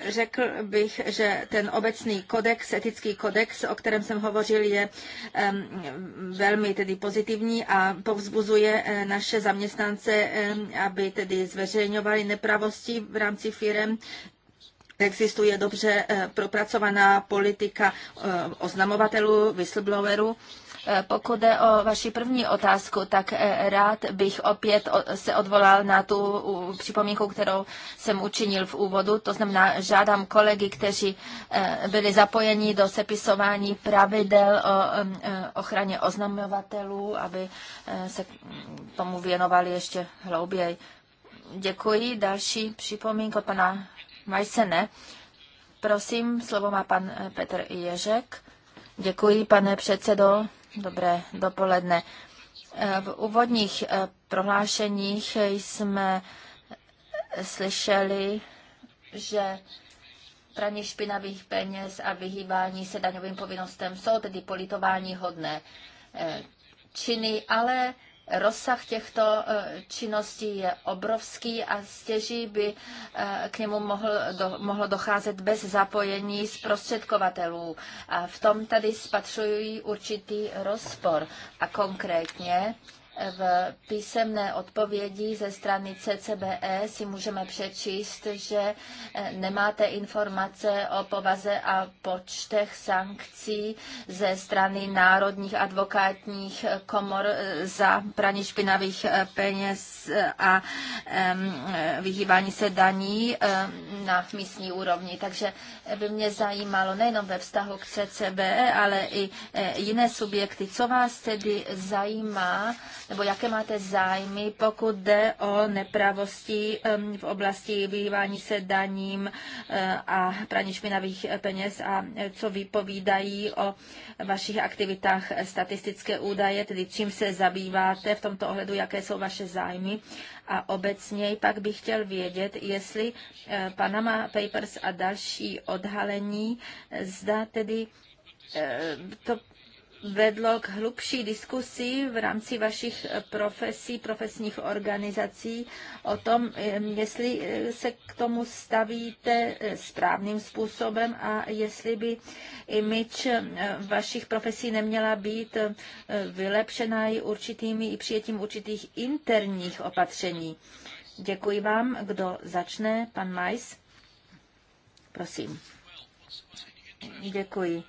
Řekl bych, že ten obecný kodex, etický kodex, o kterém jsem hovořil, je velmi tedy pozitivní a povzbuzuje eh, naše zaměstnance, aby tedy zveřejňovali nepravosti v rámci firem, existuje dobře eh, propracovaná politika eh, oznamovatelů, whistleblowerů E, pokud jde o vaši první otázku, tak e, rád bych opět se odvolal na tu připomínku, kterou jsem učinil v úvodu. To znamená, žádám kolegy, kteří e, byli zapojeni do sepisování pravidel o ochraně oznamovatelů, aby se tomu věnovali ještě hlouběji. Děkuji. Další připomínka pana Majsene. Prosím, slovo má pan Petr Ježek. Děkuji, pane předsedo. Dobré dopoledne. E, v úvodních e, prohlášeních jsme slyšeli, že praní špinavých peněz a vyhýbání se daňovým povinnostem jsou tedy politování hodné e, činy, ale Rozsah těchto e, činností je obrovský a stěží by e, k němu mohl, do, mohlo docházet bez zapojení zprostředkovatelů. A v tom tady spatřují určitý rozpor. A konkrétně v písemné odpovědi ze strany CCBE si můžeme přečíst, že eh, nemáte informace o povaze a počtech sankcí ze strany národních advokátních eh, komor eh, za praní špinavých peněz a vyhýbání se daní na místní úrovni. Takže by mě zajímalo nejenom ve vztahu k CCBE, ale i jiné subjekty, co vás tedy zajímá nebo jaké máte zájmy, pokud jde o nepravosti v oblasti vyhývání se daním eh, a praní špinavých peněz a eh, co vypovídají o vašich aktivitách statistické údaje, tedy čím se zabýváte v tomto ohledu, jaké jsou vaše zájmy. A obecně pak bych chtěl vědět, jestli eh, Panama Papers a další odhalení, zda tedy to vedlo k hlubší diskusi v rámci vašich eh, profesí, profesních organizací o tom, eh, jestli eh, se k tomu stavíte správným způsobem a jestli by imič vašich profesí neměla být vylepšena i určitými i přijetím určitých interních opatření. Děkuji vám. Kdo začne? Pan Majs. Prosím. Děkuji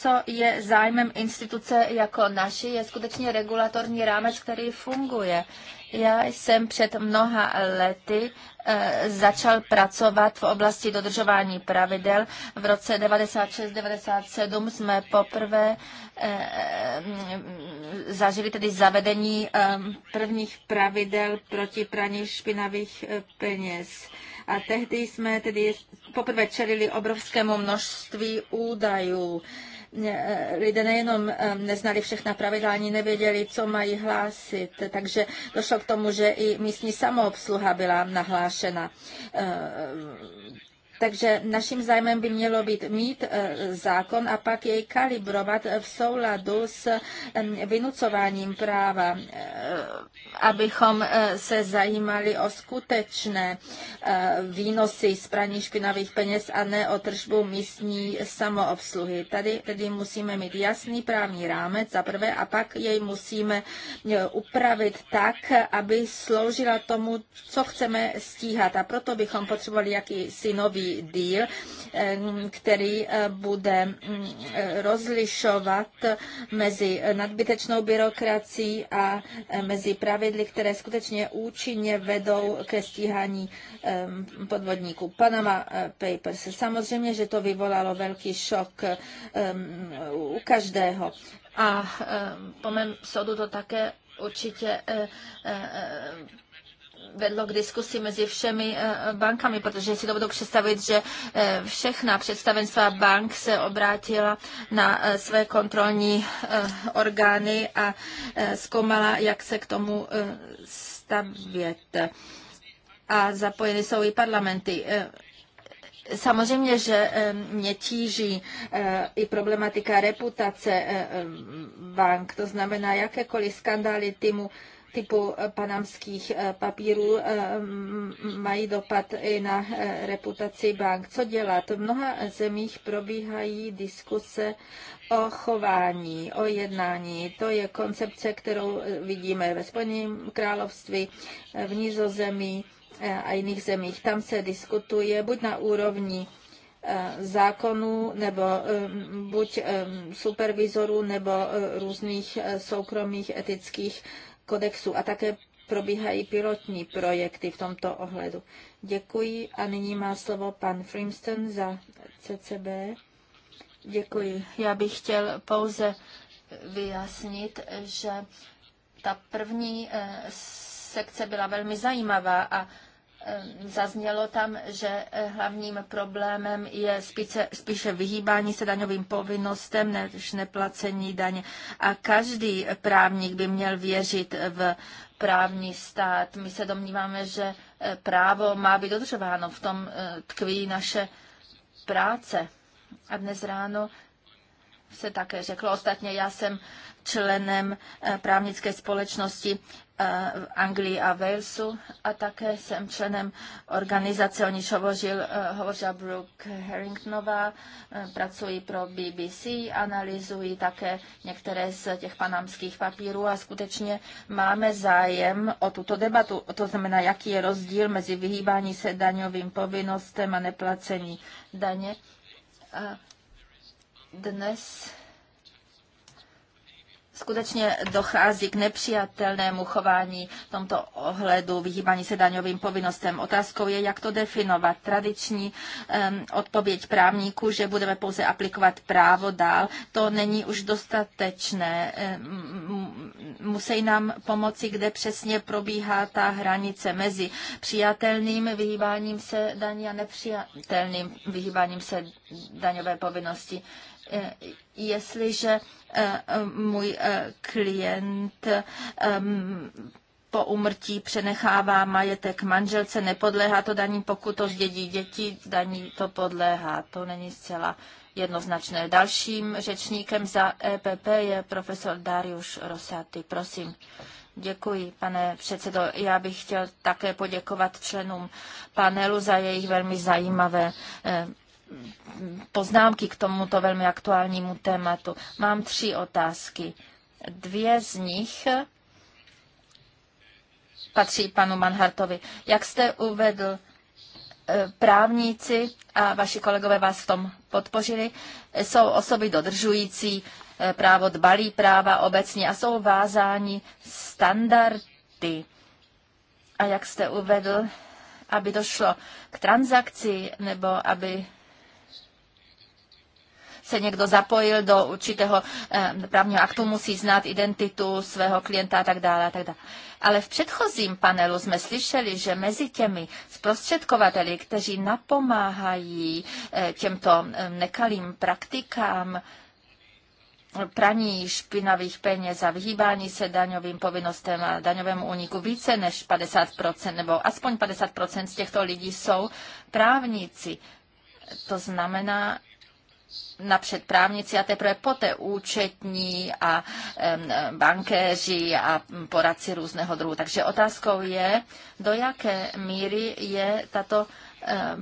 co je zájmem instituce jako naší, je skutečně regulatorní rámec, který funguje. Já jsem před mnoha lety eh, začal pracovat v oblasti dodržování pravidel. V roce 96-97 jsme poprvé eh, mm, zažili tedy zavedení eh, prvních pravidel proti praní špinavých peněz. A tehdy jsme tedy poprvé čelili obrovskému množství údajů Eh, lidé nejenom eh, neznali všechna pravidla, ani nevěděli, co mají hlásit, takže došlo k tomu, že i místní samoobsluha byla nahlášena eh, takže naším zájmem by mělo být mít eh, zákon a pak jej kalibrovat v souladu s vynucováním práva, eh, abychom eh, se zajímali o skutečné výnosy z praní špinavých peněz a ne o tržbu místní samoobsluhy. Tady tedy musíme mít jasný právní rámec za prvé a pak jej musíme upravit tak, aby sloužila tomu, co chceme stíhat. A proto bychom potřebovali jakýsi nový deal, díl, který eh, bude mm, rozlišovat mezi nadbytečnou byrokracií a eh, mezi pravidly, které skutečně účinně vedou ke stíhání podvodníků. Panama eh, Papers. Samozřejmě, že to vyvolalo velký šok u každého. A po mém soudu to také určitě vedlo k diskusi mezi všemi eh, bankami, protože si to budou představit, že eh, všechna představenstva bank se obrátila na eh, své kontrolní orgány a zkoumala, jak se k tomu stavět. A zapojeny jsou i parlamenty. Samozřejmě, že mě tíží i problematika reputace bank, to znamená jakékoliv skandály týmu typu eh, panamských eh, papírů eh, mají dopad i na reputaci bank. Co dělat? V mnoha zemích probíhají diskuse o chování, o jednání. To je koncepce, kterou vidíme ve Spojeném království, v Nizozemí a jiných zemích. Tam se diskutuje buď na úrovni zákonů nebo buď supervizorů nebo různých soukromých etických kodexu a také probíhají pilotní projekty v tomto ohledu. Děkuji a nyní má slovo pan Frimston za CCB. Děkuji. Já bych chtěl pouze vyjasnit, že ta první eh, sekce byla velmi zajímavá a Ehm, zaznělo tam, že eh, hlavním problémem je spíše, spíše vyhýbání se daňovým povinnostem než neplacení daně. A každý právník by měl věřit v právní stát. My se domníváme, že eh, právo má být dodržováno. V tom eh, tkví naše práce. A dnes ráno se také řeklo. Ostatně já jsem členem právnické společnosti Eh, v Anglii a Walesu a také jsem členem organizace, o níž hovořil, eh, hovořila Brooke Harringtonová, eh, pracuji pro BBC, analyzuji také některé z těch panamských papírů a skutečně máme zájem o tuto debatu, to znamená, jaký je rozdíl mezi vyhýbání se daňovým povinnostem a neplacení daně. A dnes skutečně dochází k nepřijatelnému chování v tomto ohledu vyhýbání se daňovým povinnostem. Otázkou je, jak to definovat. Tradiční um, odpověď právníků, že budeme pouze aplikovat právo dál, to není už dostatečné. musí nám pomoci, kde přesně probíhá ta hranice mezi přijatelným vyhýbáním se daní a nepřijatelným vyhýbáním se daňové povinnosti. Eh, jestliže eh, můj eh, klient ehm, po umrtí přenechává majetek manželce, nepodléhá to daní, pokud to zdědí děti, daní to podléhá. To není zcela jednoznačné. Dalším řečníkem za EPP je profesor Darius Rosati. Prosím. Děkuji, pane předsedo. Já bych chtěl také poděkovat členům panelu za jejich velmi zajímavé poznámky k tomuto velmi aktuálnímu tématu. Mám tři otázky. Dvě z nich patří panu Manhartovi. Jak jste uvedl, e, právníci a vaši kolegové vás v tom podpořili, jsou osoby dodržující e, právo, dbalí práva obecně a jsou vázáni standardy. A jak jste uvedl, aby došlo k transakci nebo aby se někdo zapojil do určitého eh, právního aktu, musí znát identitu svého klienta a tak dále a tak dále. Ale v předchozím panelu jsme slyšeli, že mezi těmi zprostředkovateli, kteří napomáhají eh, těmto eh, nekalým praktikám, praní špinavých peněz a vyhýbání se daňovým povinnostem a daňovému úniku více než 50%, nebo aspoň 50% z těchto lidí jsou právníci. To znamená, napřed právnici a teprve poté účetní a bankéři a poradci různého druhu. Takže otázkou je, do jaké míry je tato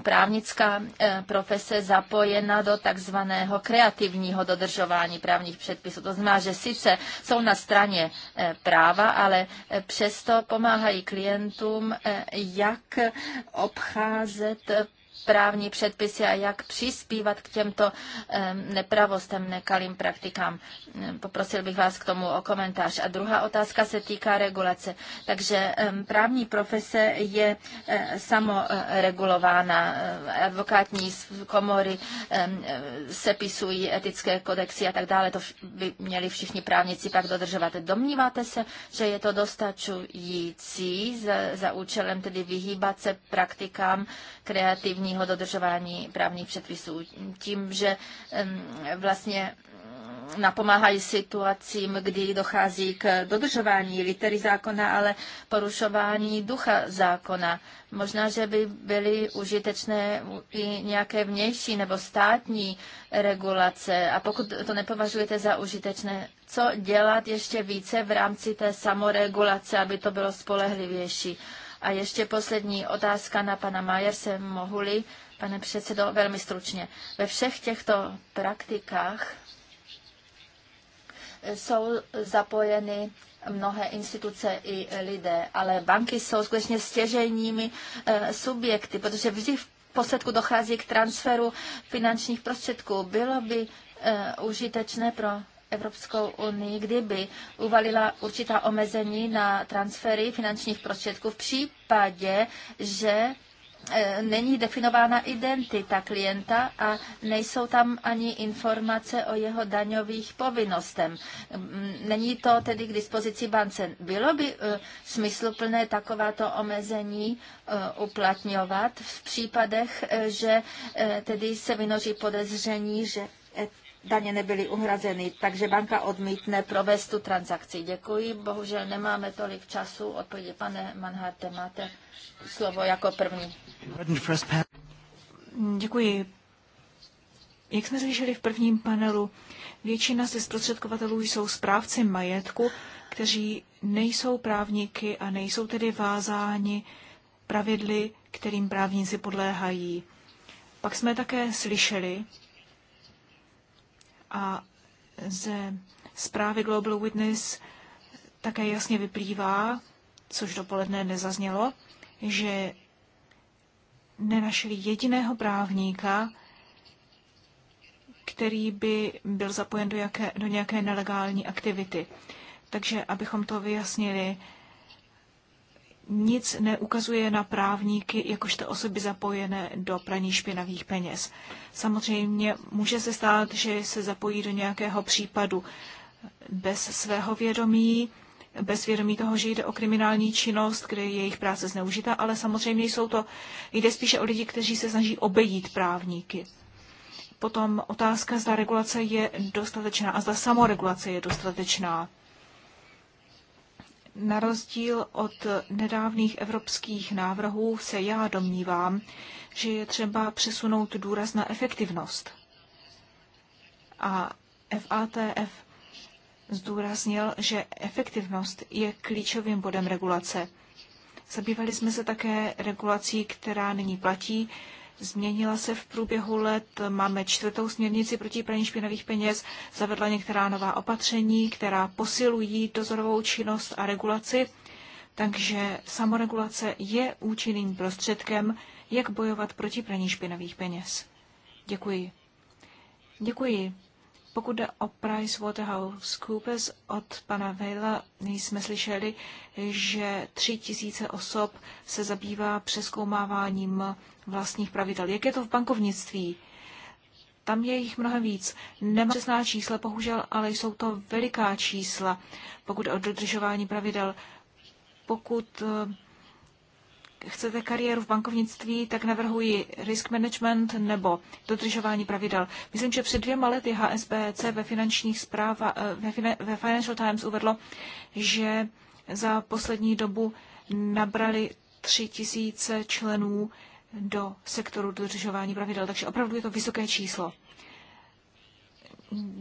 právnická profese zapojena do takzvaného kreativního dodržování právních předpisů. To znamená, že sice jsou na straně e, práva, ale e, přesto pomáhají klientům, e, jak obcházet právní předpisy a jak přispívat k těmto nepravostem, nekalým praktikám. Poprosil bych vás k tomu o komentář. A druhá otázka se týká regulace. Takže právní profese je e, samoregulována. E, e, advokátní komory sepisují etické kodexy a tak dále. To by měli všichni právníci pak dodržovat. Domníváte se, že je to dostačující za, za účelem tedy vyhýbat se praktikám kreativního striktního dodržování právních předpisů. Tím, že vlastně napomáhají situacím, kdy dochází k dodržování litery zákona, ale porušování ducha zákona. Možná, že by byly užitečné i nějaké vnější nebo státní regulace. A pokud to nepovažujete za užitečné, co dělat ještě více v rámci té samoregulace, aby to bylo spolehlivější? A ještě poslední otázka na pana Majerse, mohu-li, pane předsedo, velmi stručně. Ve všech těchto praktikách jsou zapojeny mnohé instituce i lidé, ale banky jsou skutečně stěžejními eh, subjekty, protože vždy v posledku dochází k transferu finančních prostředků. Bylo by eh, užitečné pro Evropskou unii, kdyby uvalila určitá omezení na transfery finančních prostředků v případě, že e, není definována identita klienta a nejsou tam ani informace o jeho daňových povinnostem. Není to tedy k dispozici bance. Bylo by e, smysluplné takováto omezení e, uplatňovat v případech, že tedy se vynoří podezření, že daně nebyly uhrazeny, takže banka odmítne provést tu transakci. Děkuji, bohužel nemáme tolik času. Odpovědě, pane Manharte, máte slovo jako první. Děkuji. Jak jsme slyšeli v prvním panelu, většina ze zprostředkovatelů jsou správci majetku, kteří nejsou právníky a nejsou tedy vázáni pravidly, kterým právníci podléhají. Pak jsme také slyšeli, a ze zprávy Global Witness také jasně vyplývá, což dopoledne nezaznělo, že nenašli jediného právníka, který by byl zapojen do, jaké, do nějaké nelegální aktivity. Takže abychom to vyjasnili, nic neukazuje na právníky jakožto osoby zapojené do praní špinavých peněz. Samozřejmě může se stát, že se zapojí do nějakého případu bez svého vědomí, bez vědomí toho, že jde o kriminální činnost, kde je jejich práce zneužita, ale samozřejmě jsou to, jde spíše o lidi, kteří se snaží obejít právníky. Potom otázka, zda regulace je dostatečná a zda samoregulace je dostatečná na rozdíl od nedávných evropských návrhů se já domnívám, že je třeba přesunout důraz na efektivnost. A FATF zdůraznil, že efektivnost je klíčovým bodem regulace. Zabývali jsme se také regulací, která nyní platí, Změnila se v průběhu let, máme čtvrtou směrnici proti praní špinavých peněz, zavedla některá nová opatření, která posilují dozorovou činnost a regulaci, takže samoregulace je účinným prostředkem, jak bojovat proti praní špinavých peněz. Děkuji. Děkuji. Pokud jde o PricewaterhouseCoopers, od pana Vejla jsme slyšeli, že tři tisíce osob se zabývá přeskoumáváním vlastních pravidel. Jak je to v bankovnictví? Tam je jich mnohem víc. Nemám přesná čísla, bohužel, ale jsou to veliká čísla, pokud o dodržování pravidel. Pokud eh, chcete kariéru v bankovnictví, tak navrhuji risk management nebo dodržování pravidel. Myslím, že před dvěma lety HSBC ve, finančních zpráva, eh, ve, ve Financial Times uvedlo, že za poslední dobu nabrali tři tisíce členů do sektoru dodržování pravidel, takže opravdu je to vysoké číslo.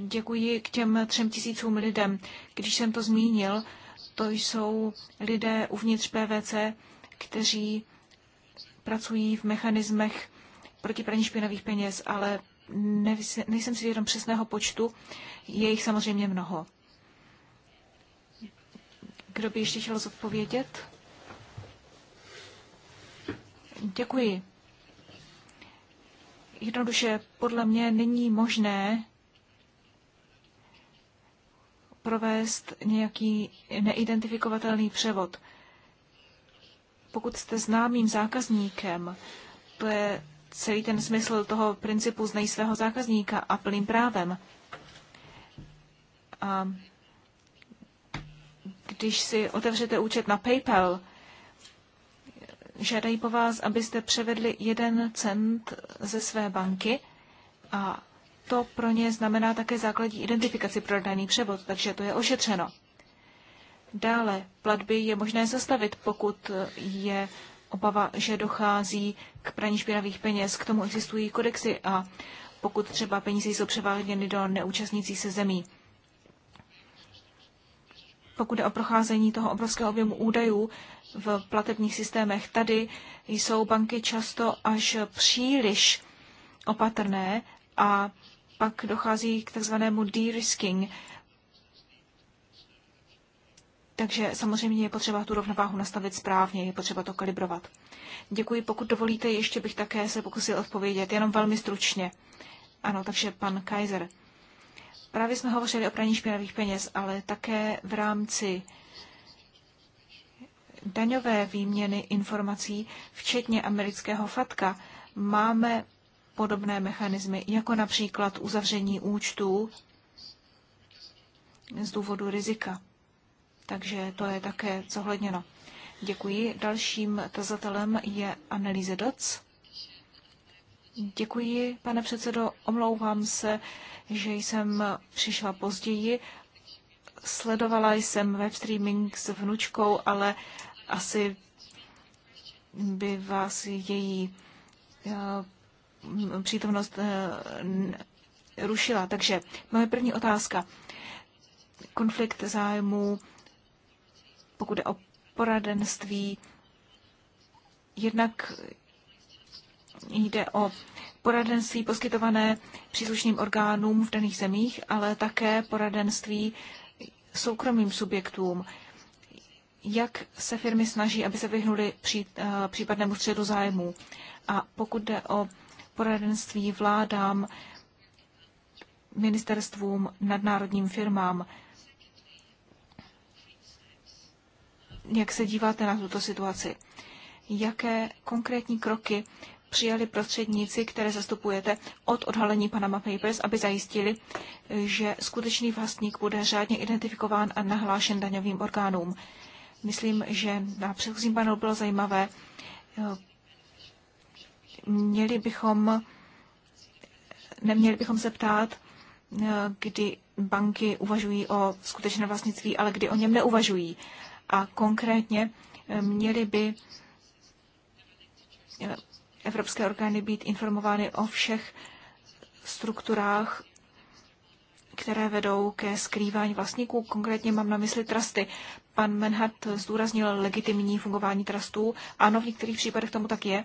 Děkuji k těm třem tisícům lidem. Když jsem to zmínil, to jsou lidé uvnitř PVC, kteří pracují v mechanismech proti praní špinavých peněz, ale nejsem si vědom přesného počtu, je jich samozřejmě mnoho. Kdo by ještě chtěl zodpovědět? Děkuji. Jednoduše, podle mě není možné provést nějaký neidentifikovatelný převod pokud jste známým zákazníkem, to je celý ten smysl toho principu znej svého zákazníka a plným právem. A když si otevřete účet na PayPal, žádají po vás, abyste převedli jeden cent ze své banky a to pro ně znamená také základní identifikaci pro daný převod, takže to je ošetřeno. Dále platby je možné zastavit, pokud je obava, že dochází k praní špinavých peněz. K tomu existují kodexy a pokud třeba peníze jsou převáděny do neúčastnící se zemí. Pokud je o procházení toho obrovského objemu údajů v platebních systémech, tady jsou banky často až příliš opatrné a pak dochází k takzvanému de-risking, takže samozřejmě je potřeba tu rovnováhu nastavit správně, je potřeba to kalibrovat. Děkuji, pokud dovolíte, ještě bych také se pokusil odpovědět, jenom velmi stručně. Ano, takže pan Kaiser. Právě jsme hovořili o praní špinavých peněz, ale také v rámci daňové výměny informací, včetně amerického FATKA, máme podobné mechanismy, jako například uzavření účtů z důvodu rizika takže to je také zohledněno. Děkuji. Dalším tazatelem je Annelise Doc. Děkuji, pane předsedo. Omlouvám se, že jsem přišla později. Sledovala jsem web streaming s vnučkou, ale asi by vás její eh, přítomnost eh, rušila. Takže moje první otázka. Konflikt zájmů pokud je o poradenství, jednak jde o poradenství poskytované příslušným orgánům v daných zemích, ale také poradenství soukromým subjektům. Jak se firmy snaží, aby se vyhnuli pří, eh, případnému středu zájmu, A pokud jde o poradenství vládám, ministerstvům, nadnárodním firmám, jak se díváte na tuto situaci? Jaké konkrétní kroky přijali prostředníci, které zastupujete od odhalení Panama Papers, aby zajistili, že skutečný vlastník bude řádně identifikován a nahlášen daňovým orgánům. Myslím, že na předchozím panelu bylo zajímavé. Měli bychom, neměli bychom se ptát, kdy banky uvažují o skutečné vlastnictví, ale kdy o něm neuvažují a konkrétně eh, měly by eh, evropské orgány být informovány o všech strukturách, které vedou ke skrývání vlastníků. Konkrétně mám na mysli trusty. Pan Menhardt zdůraznil legitimní fungování trustů. Ano, v některých případech tomu tak je,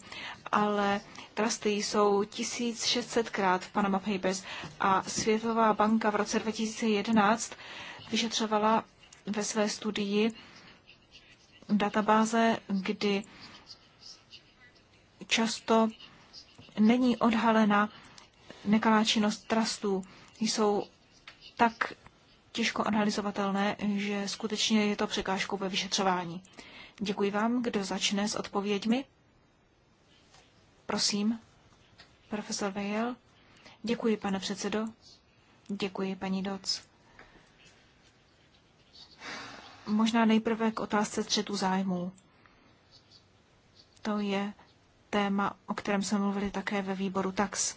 ale trusty jsou 1600krát v Panama Papers a Světová banka v roce 2011 vyšetřovala ve své studii databáze, kdy často není odhalena nekalá činnost trustů. Jsou tak těžko analyzovatelné, že skutečně je to překážkou ve vyšetřování. Děkuji vám, kdo začne s odpověďmi. Prosím, profesor Vejel. Děkuji, pane předsedo. Děkuji, paní Doc. Možná nejprve k otázce střetu zájmů. To je téma, o kterém jsme mluvili také ve výboru TAX.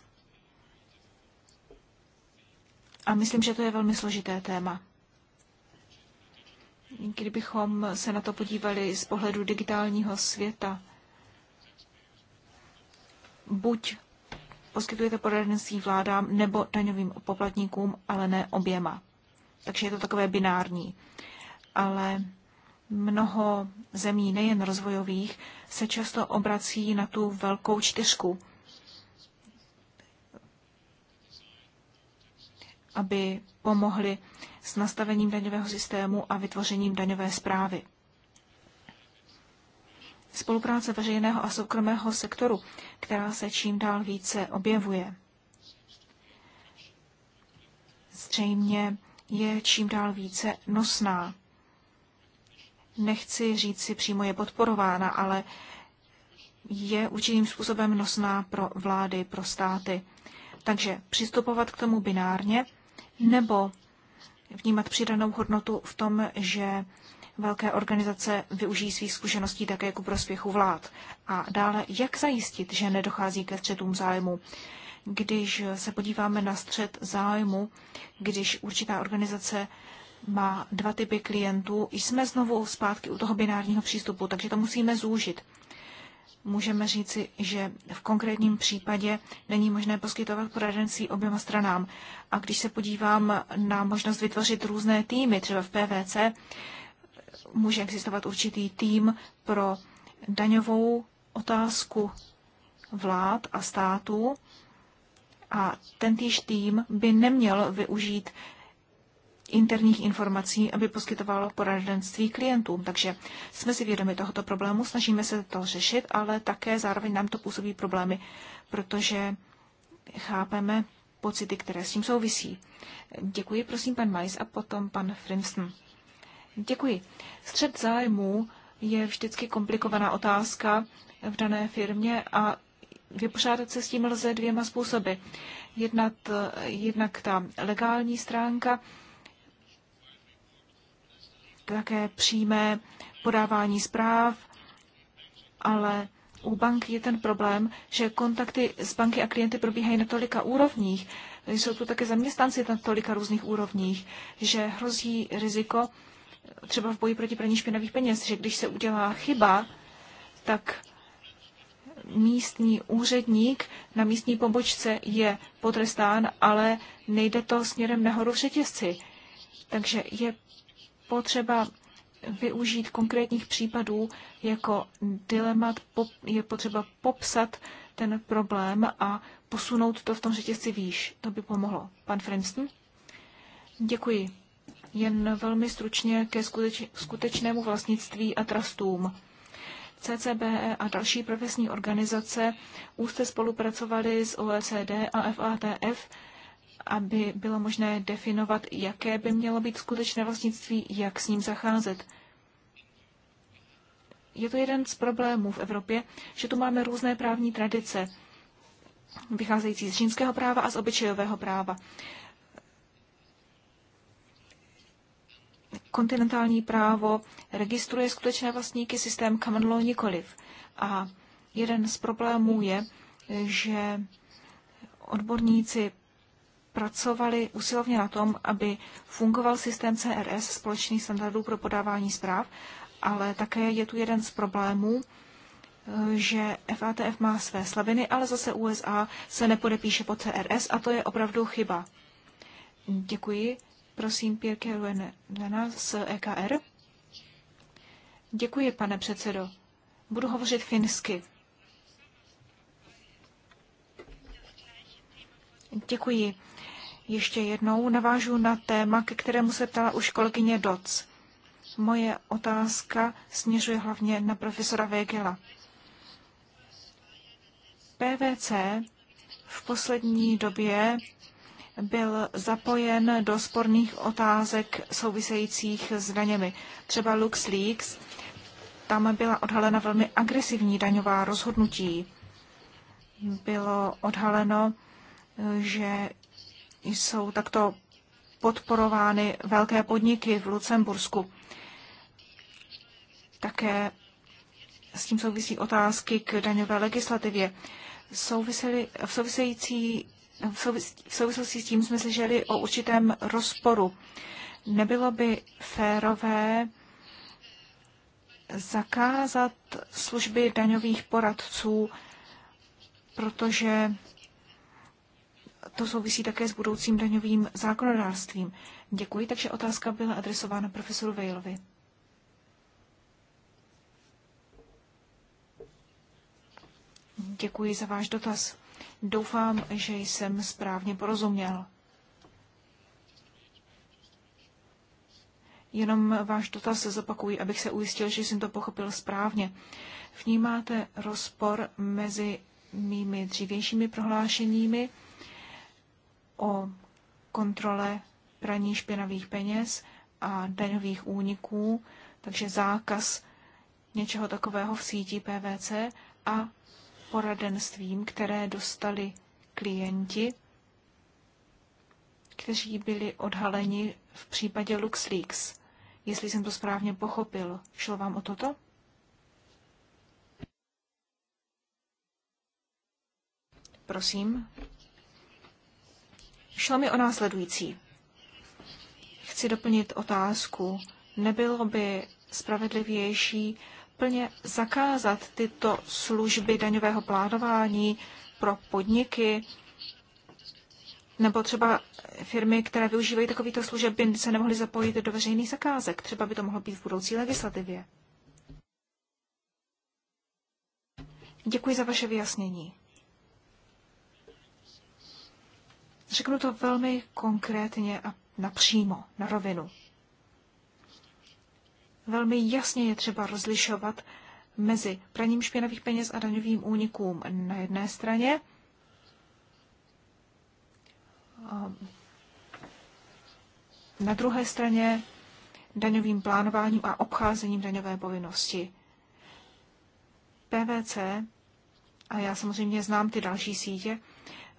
A myslím, že to je velmi složité téma. Kdybychom se na to podívali z pohledu digitálního světa, buď poskytujete poradenství vládám nebo daňovým poplatníkům, ale ne oběma. Takže je to takové binární ale mnoho zemí, nejen rozvojových, se často obrací na tu velkou čtyřku, aby pomohli s nastavením daňového systému a vytvořením daňové zprávy. Spolupráce veřejného a soukromého sektoru, která se čím dál více objevuje. Zřejmě je čím dál více nosná nechci říct si přímo je podporována, ale je určitým způsobem nosná pro vlády, pro státy. Takže přistupovat k tomu binárně nebo vnímat přidanou hodnotu v tom, že velké organizace využijí svých zkušeností také ku prospěchu vlád. A dále, jak zajistit, že nedochází ke střetům zájmu? Když se podíváme na střet zájmu, když určitá organizace má dva typy klientů, jsme znovu zpátky u toho binárního přístupu, takže to musíme zúžit. Můžeme říci, že v konkrétním případě není možné poskytovat poradenství oběma stranám. A když se podívám na možnost vytvořit různé týmy, třeba v PVC, může existovat určitý tým pro daňovou otázku vlád a států a tentýž tým by neměl využít interních informací, aby poskytovalo poradenství klientům. Takže jsme si vědomi tohoto problému, snažíme se to řešit, ale také zároveň nám to působí problémy, protože chápeme pocity, které s tím souvisí. Děkuji, prosím, pan Majs a potom pan Frimston. Děkuji. Střed zájmu je vždycky komplikovaná otázka v dané firmě a vypořádat se s tím lze dvěma způsoby. Jednat, eh, jednak ta legální stránka, také přímé podávání zpráv, ale u bank je ten problém, že kontakty s banky a klienty probíhají na tolika úrovních, jsou tu také zaměstnanci na tolika různých úrovních, že hrozí riziko třeba v boji proti praní špinavých peněz, že když se udělá chyba, tak místní úředník na místní pobočce je potrestán, ale nejde to směrem nahoru v řetězci. Takže je potřeba využít konkrétních případů jako dilemat, je potřeba popsat ten problém a posunout to v tom řetězci výš. To by pomohlo. Pan Fremston? Děkuji. Jen velmi stručně ke skuteč, skutečnému vlastnictví a trustům. CCB e a další profesní organizace úzce spolupracovaly s OECD a FATF aby bylo možné definovat, jaké by mělo být skutečné vlastnictví, jak s ním zacházet. Je to jeden z problémů v Evropě, že tu máme různé právní tradice, vycházející z římského práva a z obyčejového práva. Kontinentální právo registruje skutečné vlastníky, systém common law nikoliv. A jeden z problémů je, že odborníci pracovali usilovně na tom, aby fungoval systém CRS, společných standardů pro podávání zpráv, ale také je tu jeden z problémů, že FATF má své slabiny, ale zase USA se nepodepíše po CRS a to je opravdu chyba. Děkuji. Prosím, Pírke Ruenena z EKR. Děkuji, pane předsedo. Budu hovořit finsky. Děkuji ještě jednou navážu na téma, ke kterému se ptala už kolegyně Doc. Moje otázka směřuje hlavně na profesora Vegela. PVC v poslední době byl zapojen do sporných otázek souvisejících s daněmi. Třeba LuxLeaks, tam byla odhalena velmi agresivní daňová rozhodnutí. Bylo odhaleno, že jsou takto podporovány velké podniky v Lucembursku. Také s tím souvisí otázky k daňové legislativě. v, související, v, souvis, v souvislosti s tím jsme slyšeli o určitém rozporu. Nebylo by férové zakázat služby daňových poradců, protože to souvisí také s budoucím daňovým zákonodárstvím. Děkuji, takže otázka byla adresována profesoru Vejlovi. Děkuji za váš dotaz. Doufám, že jsem správně porozuměl. Jenom váš dotaz zopakuji, abych se ujistil, že jsem to pochopil správně. Vnímáte rozpor mezi mými dřívějšími prohlášeními o kontrole praní špinavých peněz a daňových úniků, takže zákaz něčeho takového v síti PVC a poradenstvím, které dostali klienti, kteří byli odhaleni v případě LuxLeaks. Jestli jsem to správně pochopil, šlo vám o toto? Prosím. Šlo mi o následující. Chci doplnit otázku. Nebylo by spravedlivější plně zakázat tyto služby daňového plánování pro podniky, nebo třeba firmy, které využívají takovýto služeb, by se nemohly zapojit do veřejných zakázek. Třeba by to mohlo být v budoucí legislativě. Děkuji za vaše vyjasnění. Řeknu to velmi konkrétně a napřímo, na rovinu. Velmi jasně je třeba rozlišovat mezi praním špinavých peněz a daňovým únikům na jedné straně, eh, na druhé straně daňovým plánováním a obcházením daňové povinnosti. PVC, a já samozřejmě znám ty další sítě,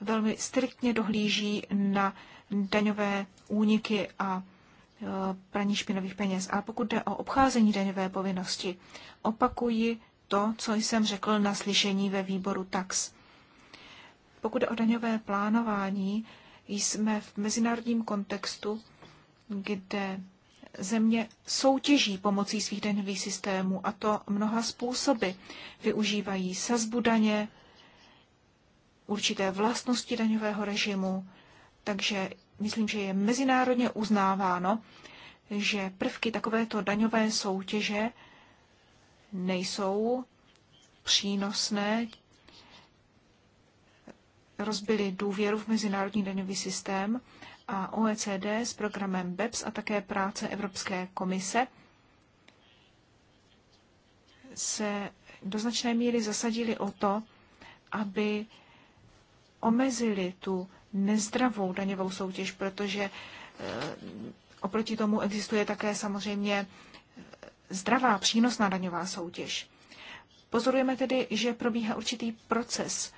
velmi striktně dohlíží na daňové úniky a e, praní špinavých peněz. A pokud jde o obcházení daňové povinnosti, opakuji to, co jsem řekl na slyšení ve výboru TAX. Pokud jde o daňové plánování, jsme v mezinárodním kontextu, kde země soutěží pomocí svých daňových systémů a to mnoha způsoby. Využívají sazbu daně, určité vlastnosti daňového režimu, takže myslím, že je mezinárodně uznáváno, že prvky takovéto daňové soutěže nejsou přínosné, rozbili důvěru v mezinárodní daňový systém a OECD s programem BEPS a také práce Evropské komise se do značné míry zasadili o to, aby omezili tu nezdravou daňovou soutěž, protože eh, oproti tomu existuje také samozřejmě eh, zdravá, přínosná daňová soutěž. Pozorujeme tedy, že probíhá určitý proces.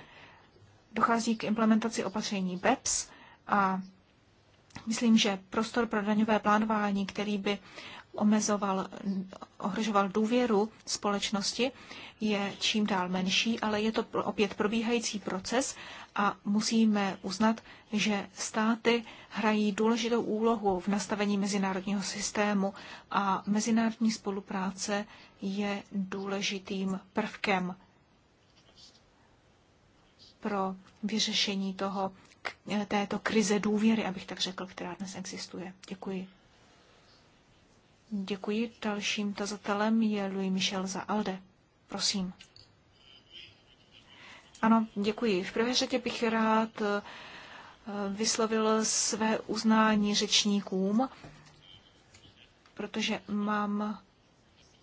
Dochází k implementaci opatření BEPS a myslím, že prostor pro daňové plánování, který by omezoval, ohrožoval důvěru společnosti, je čím dál menší, ale je to opět probíhající proces a musíme uznat, že státy hrají důležitou úlohu v nastavení mezinárodního systému a mezinárodní spolupráce je důležitým prvkem pro vyřešení toho, této krize důvěry, abych tak řekl, která dnes existuje. Děkuji. Děkuji. Dalším tazatelem je Louis Michel za Alde. Prosím. Ano, děkuji. V prvé řadě bych rád eh, vyslovil své uznání řečníkům, protože mám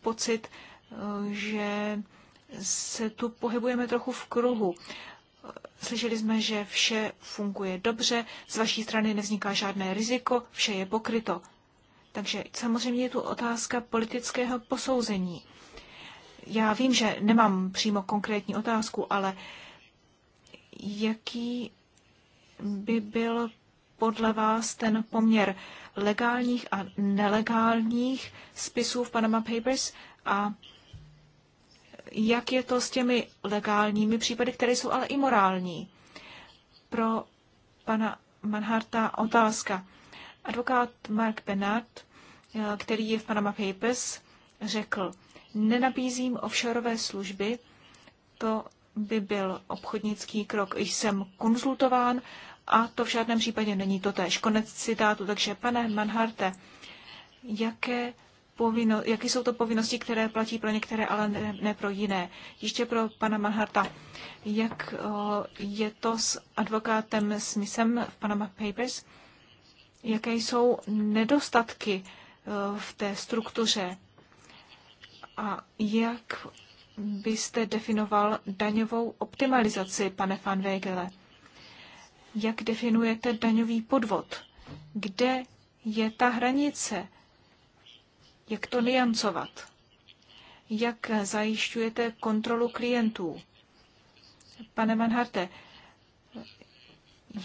pocit, eh, že se tu pohybujeme trochu v kruhu. Slyšeli jsme, že vše funguje dobře, z vaší strany nevzniká žádné riziko, vše je pokryto. Takže samozřejmě je tu otázka politického posouzení. Já vím, že nemám přímo konkrétní otázku, ale jaký by byl podle vás ten poměr legálních a nelegálních spisů v Panama Papers a jak je to s těmi legálními případy, které jsou ale i morální. Pro pana Manharta otázka. Advokát Mark Bernard, eh, který je v Panama Papers, řekl, nenabízím offshoreové služby, to by byl obchodnický krok. Jsem konzultován a to v žádném případě není to též. Konec citátu. Takže, pane Manharte, jaké povinno, jaké jsou to povinnosti, které platí pro některé, ale ne, ne pro jiné. Ještě pro pana Manharta. Jak o, eh, je to s advokátem Smithem v Panama Papers? jaké jsou nedostatky eh, v té struktuře a jak byste definoval daňovou optimalizaci, pane van Wegele? Jak definujete daňový podvod? Kde je ta hranice? Jak to niancovat? Jak zajišťujete kontrolu klientů? Pane Manharte,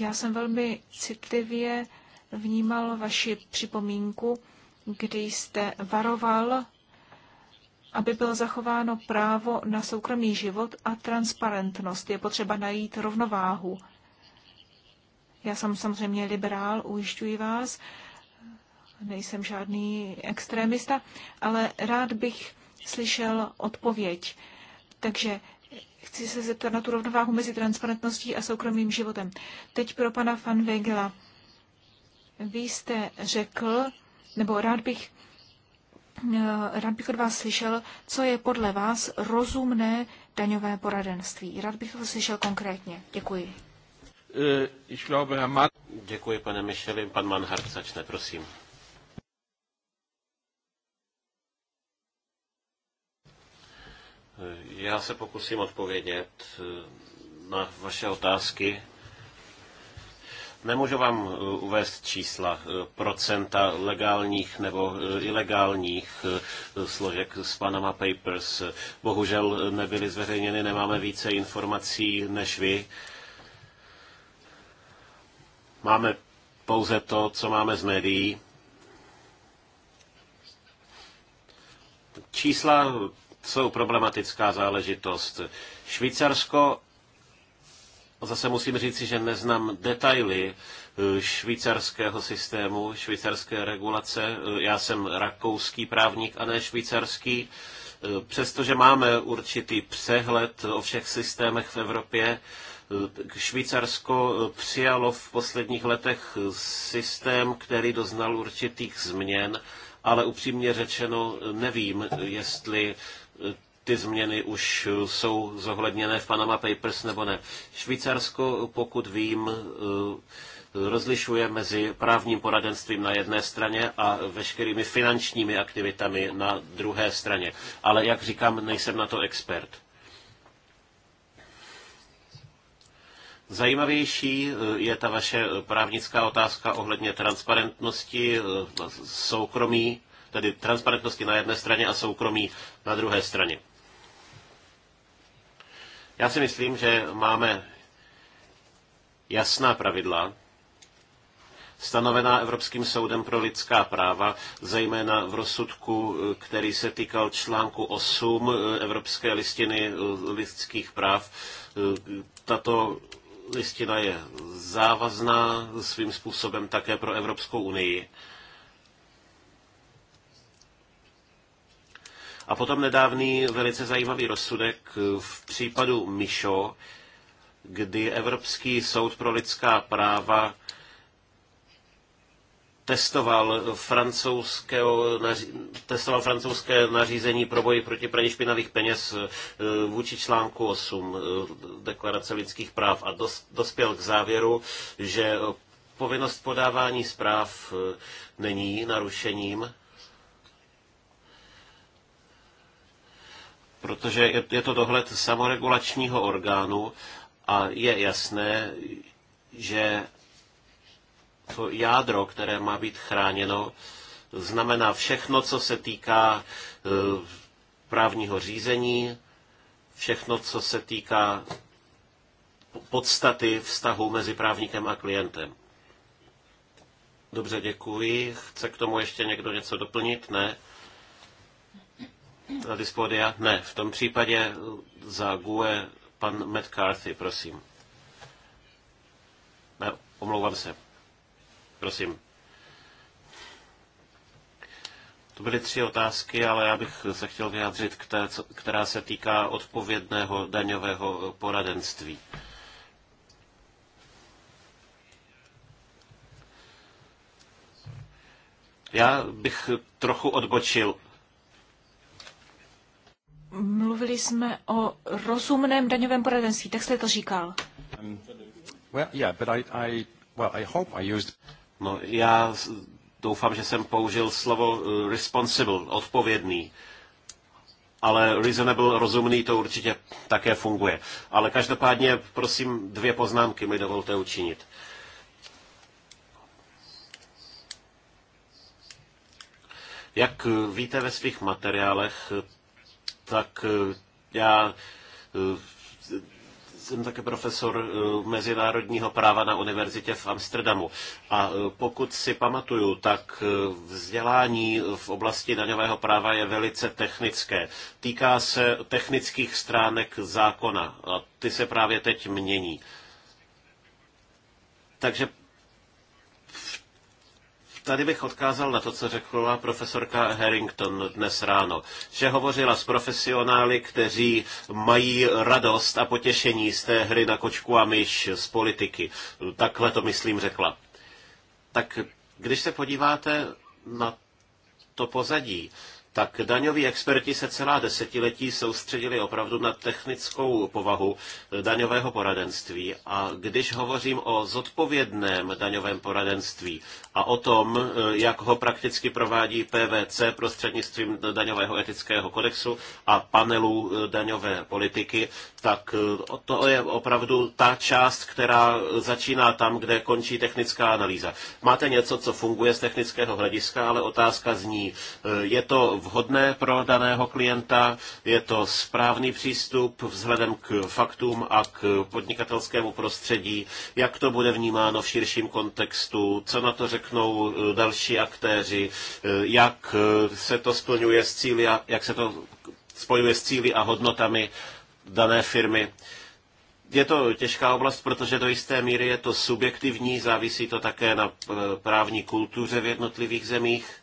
já jsem velmi citlivě vnímal vaši připomínku, kdy jste varoval, aby bylo zachováno právo na soukromý život a transparentnost. Je potřeba najít rovnováhu. Já jsem samozřejmě liberál, ujišťuji vás, nejsem žádný extrémista, ale rád bych slyšel odpověď. Takže chci se zeptat na tu rovnováhu mezi transparentností a soukromým životem. Teď pro pana Van Wegela. Vy jste řekl, nebo rád bych, eh, rád bych od vás slyšel, co je podle vás rozumné daňové poradenství. Rád bych to slyšel konkrétně. Děkuji. Eh, Děkuji, pane Micheli. Pan Manhart začne, prosím. Eh, já se pokusím odpovědět na vaše otázky. Nemůžu vám eh, uvést čísla eh, procenta legálních nebo eh, ilegálních složek z Panama Papers. Bohužel nebyly zveřejněny, nemáme více informací než vy. Máme pouze to, co máme z médií. Čísla jsou problematická záležitost. Švýcarsko Zase musím říci, že neznám detaily eh, švýcarského systému, švýcarské regulace. Eh, já jsem rakouský právník a ne švýcarský. Eh, přestože máme určitý přehled o všech systémech v Evropě, Švýcarsko přijalo v posledních letech systém, který doznal určitých změn, ale upřímně řečeno nevím, jestli ty změny už jsou zohledněné v Panama Papers nebo ne. Švýcarsko, pokud vím, eh, rozlišuje mezi právním poradenstvím na jedné straně a veškerými finančními aktivitami na druhé straně. Ale jak říkám, nejsem na to expert. Zajímavější eh, je ta vaše právnická otázka ohledně transparentnosti eh, soukromí, tedy transparentnosti na jedné straně a soukromí na druhé straně. Já si myslím, že máme jasná pravidla, stanovená Evropským soudem pro lidská práva, zejména v rozsudku, který se týkal článku 8 eh, Evropské listiny eh, lidských práv. Eh, tato listina je závazná svým způsobem také pro Evropskou unii A potom nedávný velice zajímavý rozsudek v případu Mišo, kdy Evropský soud pro lidská práva testoval, testoval francouzské nařízení pro boji proti praní špinavých peněz eh, vůči článku 8 eh, Deklarace lidských práv a dospěl k závěru, že povinnost podávání zpráv eh, není narušením protože je, je to dohled samoregulačního orgánu a je jasné, že to jádro, které má být chráněno, znamená všechno, co se týká e, právního řízení, všechno, co se týká podstaty vztahu mezi právníkem a klientem. Dobře, děkuji. Chce k tomu ještě někdo něco doplnit? Ne na Dispodia? Ne, v tom případě za GUE pan Carthy, prosím. Ne, omlouvám se. Prosím. To byly tři otázky, ale já bych se chtěl vyjádřit k té, která se týká odpovědného daňového poradenství. Já bych trochu odbočil Mluvili jsme o rozumném daňovém poradenství, tak jste to říkal. Um, no, já doufám, že jsem použil slovo uh, responsible, odpovědný. Ale reasonable, rozumný, to určitě také funguje. Ale každopádně, prosím, dvě poznámky mi dovolte učinit. Jak uh, víte ve svých materiálech, tak eh, já eh, jsem také profesor eh, mezinárodního práva na univerzitě v Amsterdamu. A pokud si pamatuju, tak vzdělání v oblasti daňového práva je velice technické. Týká se technických stránek zákona a ty se právě teď mění. Takže Tady bych odkázal na to, co řekla profesorka Harrington dnes ráno, že hovořila s profesionály, kteří mají radost a potěšení z té hry na kočku a myš z politiky. Takhle to, myslím, řekla. Tak když se podíváte na to pozadí, tak daňoví experti se celá desetiletí soustředili opravdu na technickou povahu eh, daňového poradenství. A když hovořím o zodpovědném daňovém poradenství a o tom, eh, jak ho prakticky provádí PVC prostřednictvím daňového etického kodexu a panelů eh, daňové politiky, tak to je opravdu ta část, která začíná tam, kde končí technická analýza. Máte něco, co funguje z technického hlediska, ale otázka zní, je to vhodné pro daného klienta, je to správný přístup vzhledem k faktům a k podnikatelskému prostředí, jak to bude vnímáno v širším kontextu, co na to řeknou eh, další aktéři, eh, jak eh, se to splňuje s cíly a jak se to spojuje s cíly a hodnotami dané firmy. Je to těžká oblast, protože do jisté míry je to subjektivní, závisí to také na právní kultuře v jednotlivých zemích.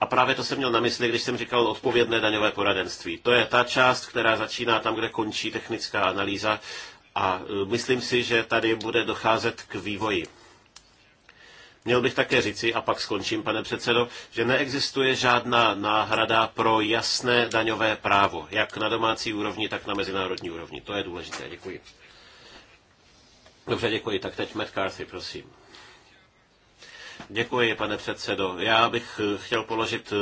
A právě to jsem měl na mysli, když jsem říkal odpovědné daňové poradenství. To je ta část, která začíná tam, kde končí technická analýza a e, myslím si, že tady bude docházet k vývoji. Měl bych také říci, a pak skončím, pane předsedo, že neexistuje žádná náhrada pro jasné daňové právo, jak na domácí úrovni, tak na mezinárodní úrovni. To je důležité. Děkuji. Dobře, děkuji. Tak teď Matt prosím. Děkuji, pane předsedo. Já bych eh, chtěl položit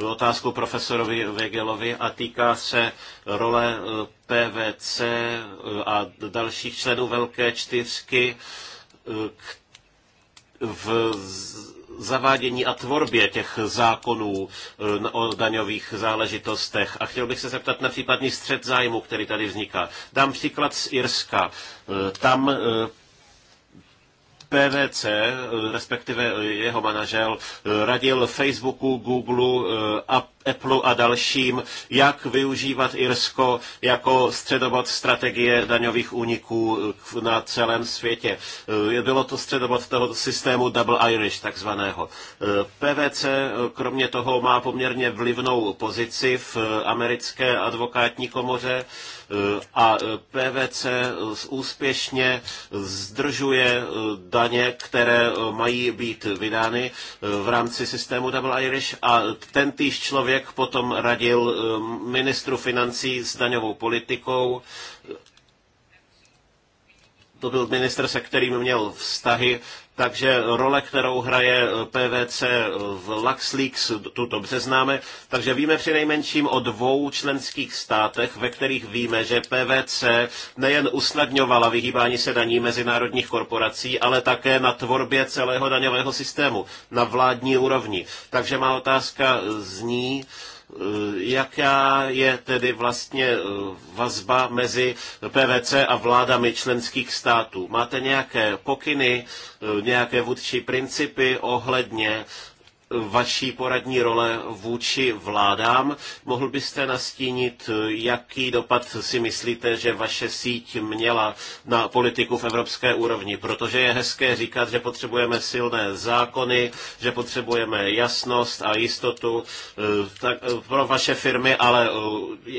eh, otázku profesorovi Vegelovi a týká se role eh, PVC a dalších členů Velké čtyřky v zavádění a tvorbě těch zákonů o daňových záležitostech. A chtěl bych se zeptat na případný střed zájmu, který tady vzniká. Dám příklad z Irska. Tam PVC, eh, respektive eh, jeho manažel eh, radil Facebooku, Googleu, Apple a dalším, jak využívat Irsko jako středobod strategie daňových úniků na celém světě. Bylo to středobod toho systému Double Irish takzvaného. PVC kromě toho má poměrně vlivnou pozici v americké advokátní komoře. Eh, a eh, PVC eh, úspěšně zdržuje daně, které mají být vydány v rámci systému Double Irish a ten týž člověk potom radil ministru financí s daňovou politikou to byl minister, se kterým měl vztahy takže role, kterou hraje eh, PVC v eh, LuxLeaks, tu dobře známe, takže víme při nejmenším o dvou členských státech, ve kterých víme, že PVC nejen usnadňovala vyhýbání se daní mezinárodních korporací, ale také na tvorbě celého daňového systému na vládní úrovni. Takže má otázka zní, Eh, jaká je tedy vlastně eh, vazba mezi PVC a vládami členských států? Máte nějaké pokyny, eh, nějaké vůdčí principy ohledně vaší poradní role vůči vládám. Mohl byste nastínit, jaký dopad si myslíte, že vaše síť měla na politiku v evropské úrovni? Protože je hezké říkat, že potřebujeme silné zákony, že potřebujeme jasnost a jistotu eh, tak, eh, pro vaše firmy, ale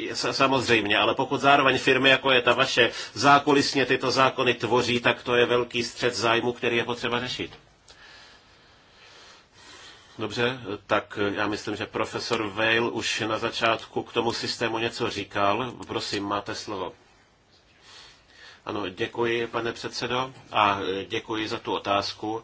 eh, samozřejmě, ale pokud zároveň firmy, jako je ta vaše, zákulisně tyto zákony tvoří, tak to je velký střed zájmu, který je potřeba řešit. Dobře, tak já myslím, že profesor Vail už na začátku k tomu systému něco říkal. Prosím, máte slovo. Ano, děkuji, pane předsedo, a děkuji za tu otázku.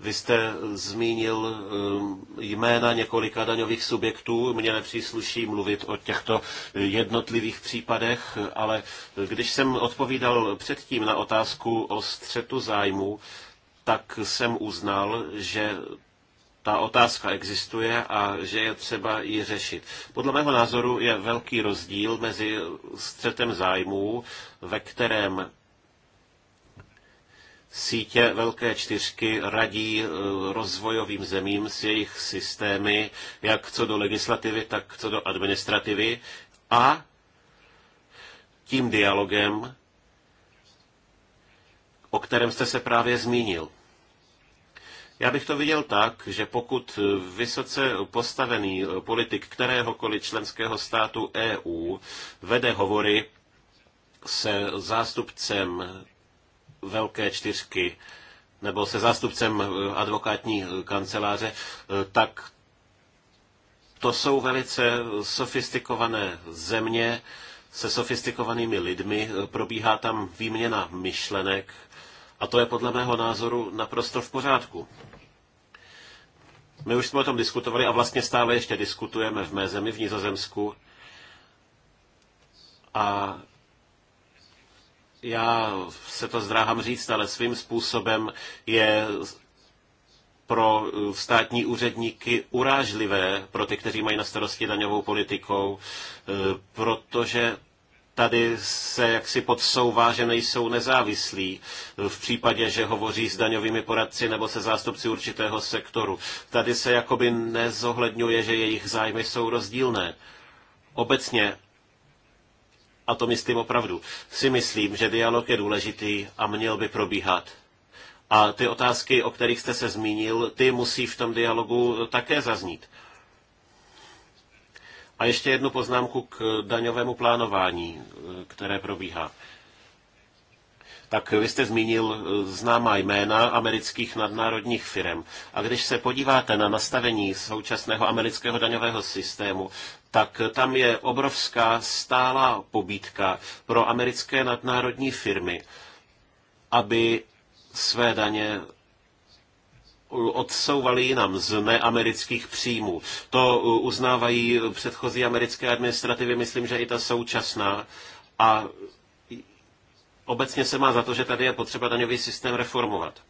Vy jste zmínil um, jména několika daňových subjektů. Mně nepřísluší mluvit o těchto jednotlivých případech, ale když jsem odpovídal předtím na otázku o střetu zájmů, tak jsem uznal, že ta otázka existuje a že je třeba ji řešit. Podle mého názoru je velký rozdíl mezi střetem zájmů, ve kterém sítě Velké čtyřky radí eh, rozvojovým zemím s jejich systémy, jak co do legislativy, tak co do administrativy a tím dialogem, o kterém jste se právě zmínil. Já bych to viděl tak, že pokud vysoce postavený politik kteréhokoliv členského státu EU vede hovory se zástupcem Velké čtyřky nebo se zástupcem advokátní kanceláře, tak to jsou velice sofistikované země se sofistikovanými lidmi, probíhá tam výměna myšlenek a to je podle mého názoru naprosto v pořádku. My už jsme o tom diskutovali a vlastně stále ještě diskutujeme v mé zemi, v Nizozemsku. A já se to zdráhám říct, ale svým způsobem je pro státní úředníky urážlivé, pro ty, kteří mají na starosti daňovou politikou, eh, protože tady se jaksi podsouvá, že nejsou nezávislí v případě, že hovoří s daňovými poradci nebo se zástupci určitého sektoru. Tady se jakoby nezohledňuje, že jejich zájmy jsou rozdílné. Obecně, a to myslím opravdu, si myslím, že dialog je důležitý a měl by probíhat. A ty otázky, o kterých jste se zmínil, ty musí v tom dialogu také zaznít. A ještě jednu poznámku k daňovému plánování, které probíhá. Tak vy jste zmínil eh, známá jména amerických nadnárodních firm. A když se podíváte na nastavení současného amerického daňového systému, tak tam je obrovská stálá pobídka pro americké nadnárodní firmy, aby své daně odsouvali jinam z neamerických příjmů. To uznávají předchozí americké administrativy, myslím, že i ta současná. A obecně se má za to, že tady je potřeba daňový systém reformovat.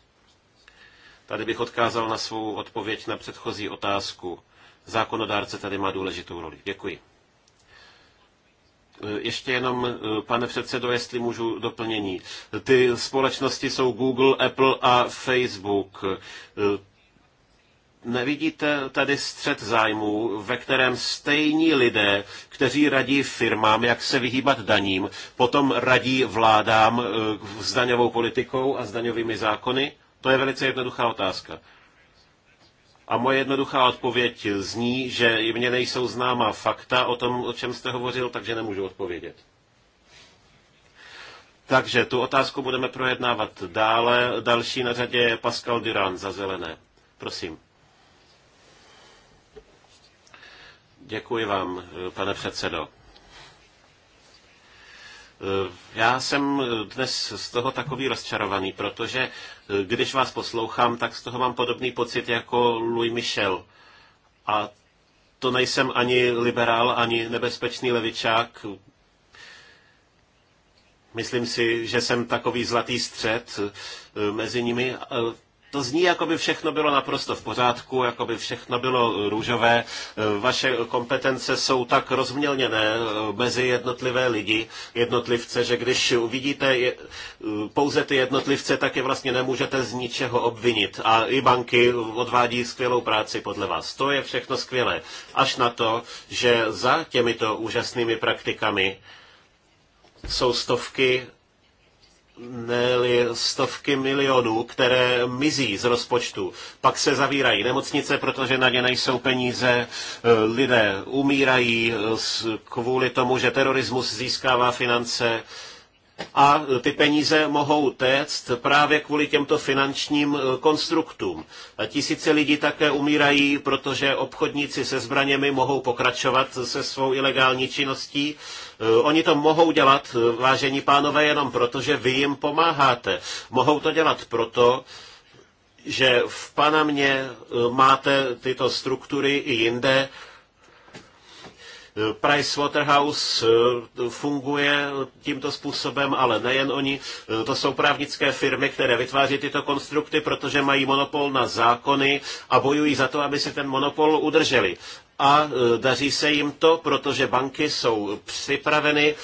Tady bych odkázal na svou odpověď na předchozí otázku. Zákonodárce tady má důležitou roli. Děkuji. Eh, ještě jenom, eh, pane předsedo, jestli můžu doplnění. Ty společnosti jsou Google, Apple a Facebook. Eh, nevidíte tady střed zájmů, ve kterém stejní lidé, kteří radí firmám, jak se vyhýbat daním, potom radí vládám s daňovou politikou a s daňovými zákony? To je velice jednoduchá otázka. A moje jednoduchá odpověď zní, že mně nejsou známa fakta o tom, o čem jste hovořil, takže nemůžu odpovědět. Takže tu otázku budeme projednávat dále. Další na řadě je Pascal Duran za zelené. Prosím. Děkuji vám, pane předsedo. Eh, já jsem eh, dnes z toho takový rozčarovaný, protože eh, když vás poslouchám, tak z toho mám podobný pocit jako Louis Michel. A to nejsem ani liberál, ani nebezpečný levičák. Myslím si, že jsem takový zlatý střed mezi nimi. To zní, jako by všechno bylo naprosto v pořádku, jako by všechno bylo eh, růžové. Eh, vaše kompetence jsou tak rozmělněné eh, mezi jednotlivé lidi, jednotlivce, že když uvidíte pouze ty jednotlivce, tak je vlastně nemůžete z ničeho obvinit. A i banky odvádí skvělou práci podle vás. To je všechno skvělé. Až na to, že za těmito úžasnými praktikami jsou stovky ne stovky milionů, které mizí z rozpočtu. Pak se zavírají nemocnice, protože na ně nejsou peníze, e, lidé umírají e, kvůli tomu, že terorismus získává finance. A ty peníze mohou téct právě kvůli těmto finančním e, konstruktům. A tisíce lidí také umírají, protože obchodníci se zbraněmi mohou pokračovat se svou ilegální činností Eh, oni to mohou dělat, eh, vážení pánové, jenom proto, že vy jim pomáháte. Mohou to dělat proto, že v Panamě eh, máte tyto struktury i jinde, Pricewaterhouse funguje tímto způsobem, ale nejen oni. To jsou právnické firmy, které vytváří tyto konstrukty, protože mají monopol na zákony a bojují za to, aby si ten monopol udrželi a e, daří se jim to, protože banky jsou připraveny e,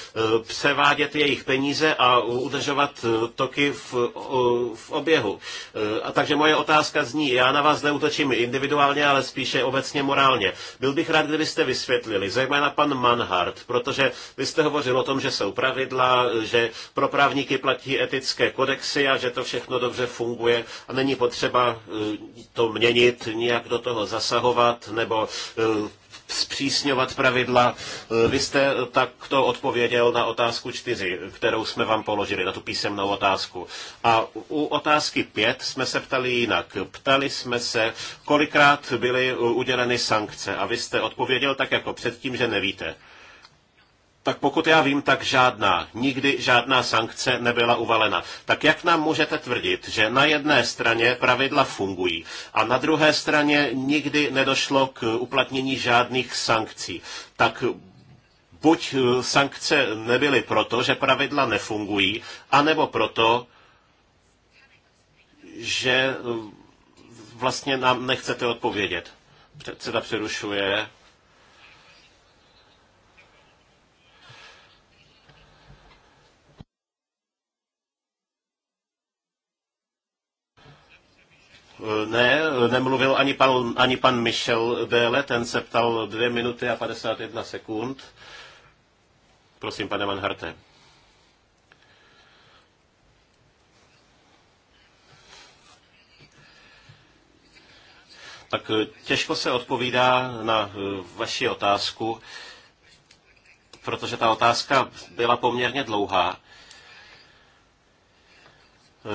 převádět jejich peníze a udržovat e, toky v, v oběhu. A takže moje otázka zní, já na vás neutočím individuálně, ale spíše obecně morálně. Byl bych rád, kdybyste vysvětlili, zejména pan Manhart, protože vy jste hovořil o tom, že jsou pravidla, že pro právníky platí etické kodexy a že to všechno dobře funguje a není potřeba to měnit, nijak do toho zasahovat nebo zpřísňovat pravidla. Eh, vy jste eh, takto odpověděl na otázku 4, kterou jsme vám položili, na tu písemnou otázku. A u otázky 5 jsme se ptali jinak. Ptali jsme se, kolikrát byly eh, uděleny sankce. A vy jste odpověděl tak jako předtím, že nevíte tak pokud já vím, tak žádná, nikdy žádná sankce nebyla uvalena. Tak jak nám můžete tvrdit, že na jedné straně pravidla fungují a na druhé straně nikdy nedošlo k uplatnění žádných sankcí? Tak buď eh, sankce nebyly proto, že pravidla nefungují, anebo proto, že eh, vlastně nám nechcete odpovědět. Předseda přerušuje. Eh, ne, nemluvil ani pan, ani pan Michel déle, ten se ptal 2 minuty a 51 sekund. Prosím, pane Manharte. Tak eh, těžko se odpovídá na eh, vaši otázku, protože ta otázka byla poměrně dlouhá.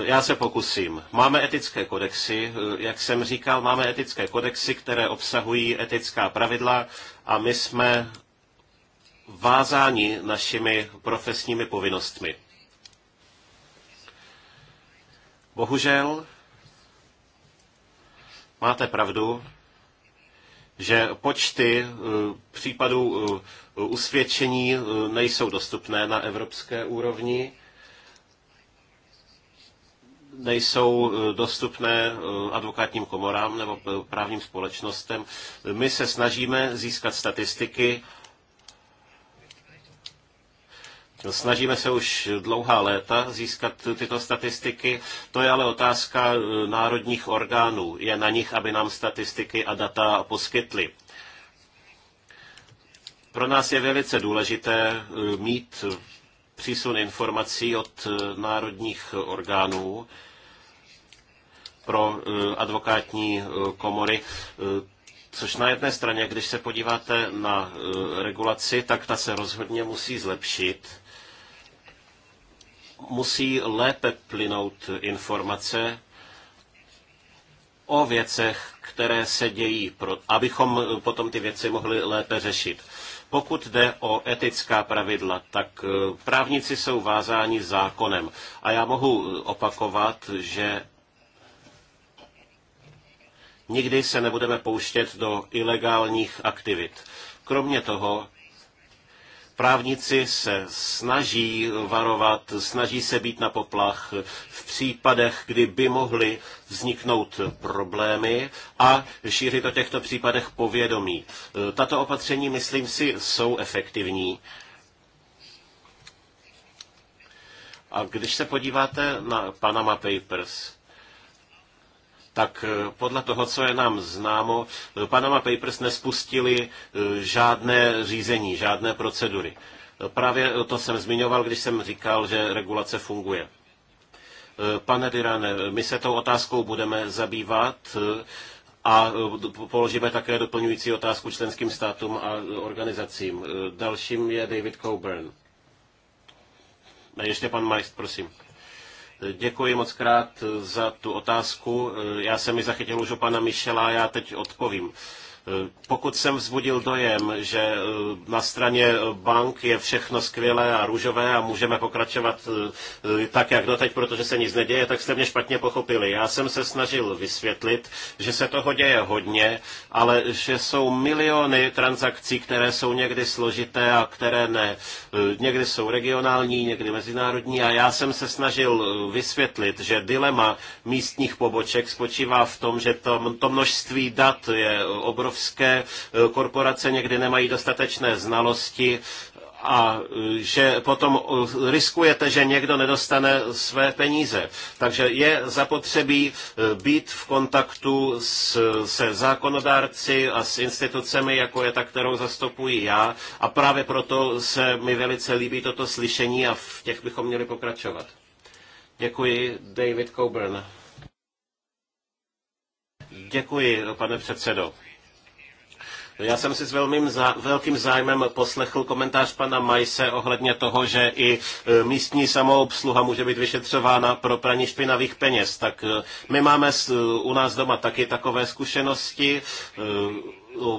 Já se pokusím. Máme etické kodexy, jak jsem říkal, máme etické kodexy, které obsahují etická pravidla a my jsme vázáni našimi profesními povinnostmi. Bohužel, máte pravdu, že počty e, případů e, usvědčení e, nejsou dostupné na evropské úrovni nejsou eh, dostupné eh, advokátním komorám nebo eh, právním společnostem. My se snažíme získat statistiky, Snažíme se už dlouhá léta získat tyto statistiky. To je ale otázka národních orgánů. Je na nich, aby nám statistiky a data poskytly. Pro nás je velice důležité mít přísun informací od národních orgánů, pro eh, advokátní eh, komory eh, Což na jedné straně, když se podíváte na regulaci, tak ta se rozhodně musí zlepšit. Musí lépe plynout informace o věcech, které se dějí, abychom potom ty věci mohli lépe řešit. Pokud jde o etická pravidla, tak právníci jsou vázáni zákonem. A já mohu opakovat, že Nikdy se nebudeme pouštět do ilegálních aktivit. Kromě toho, Právníci se snaží varovat, snaží se být na poplach v případech, kdy by mohly vzniknout problémy a šířit o těchto případech povědomí. Tato opatření, myslím si, jsou efektivní. A když se podíváte na Panama Papers, tak eh, podle toho, co je nám známo, eh, Panama Papers nespustili eh, žádné řízení, žádné procedury. Právě to jsem zmiňoval, když jsem říkal, že regulace funguje. Pane Dirane, my se tou otázkou budeme zabývat a položíme také doplňující otázku členským státům a organizacím. Dalším je David Coburn. A ještě pan Majst, prosím. Děkuji moc krát za tu otázku. Já jsem ji zachytil už u pana Michela, já teď odpovím. Pokud jsem vzbudil dojem, že eh, na straně bank je všechno skvělé a růžové a můžeme pokračovat eh, tak, jak doteď, protože se nic neděje, tak jste mě špatně pochopili. Já jsem se snažil vysvětlit, že se toho děje hodně, ale že jsou miliony transakcí, které jsou někdy složité a které ne. Eh, někdy jsou regionální, někdy mezinárodní a já jsem se snažil vysvětlit, že dilema místních poboček spočívá v tom, že to, to množství dat je obrovské obrovské eh, korporace někdy nemají dostatečné znalosti a eh, že potom eh, riskujete, že někdo nedostane své peníze. Takže je zapotřebí být v kontaktu s, se zákonodárci a s institucemi, jako je ta, kterou zastupuji já. A právě proto se mi velice líbí toto slyšení a v těch bychom měli pokračovat. Děkuji, David Coburn. Děkuji, pane předsedo. Já jsem si s velmi zá, velkým zájmem poslechl komentář pana Majse ohledně toho, že i e, místní samoobsluha může být vyšetřována pro praní špinavých peněz. Tak e, my máme e, u nás doma taky takové zkušenosti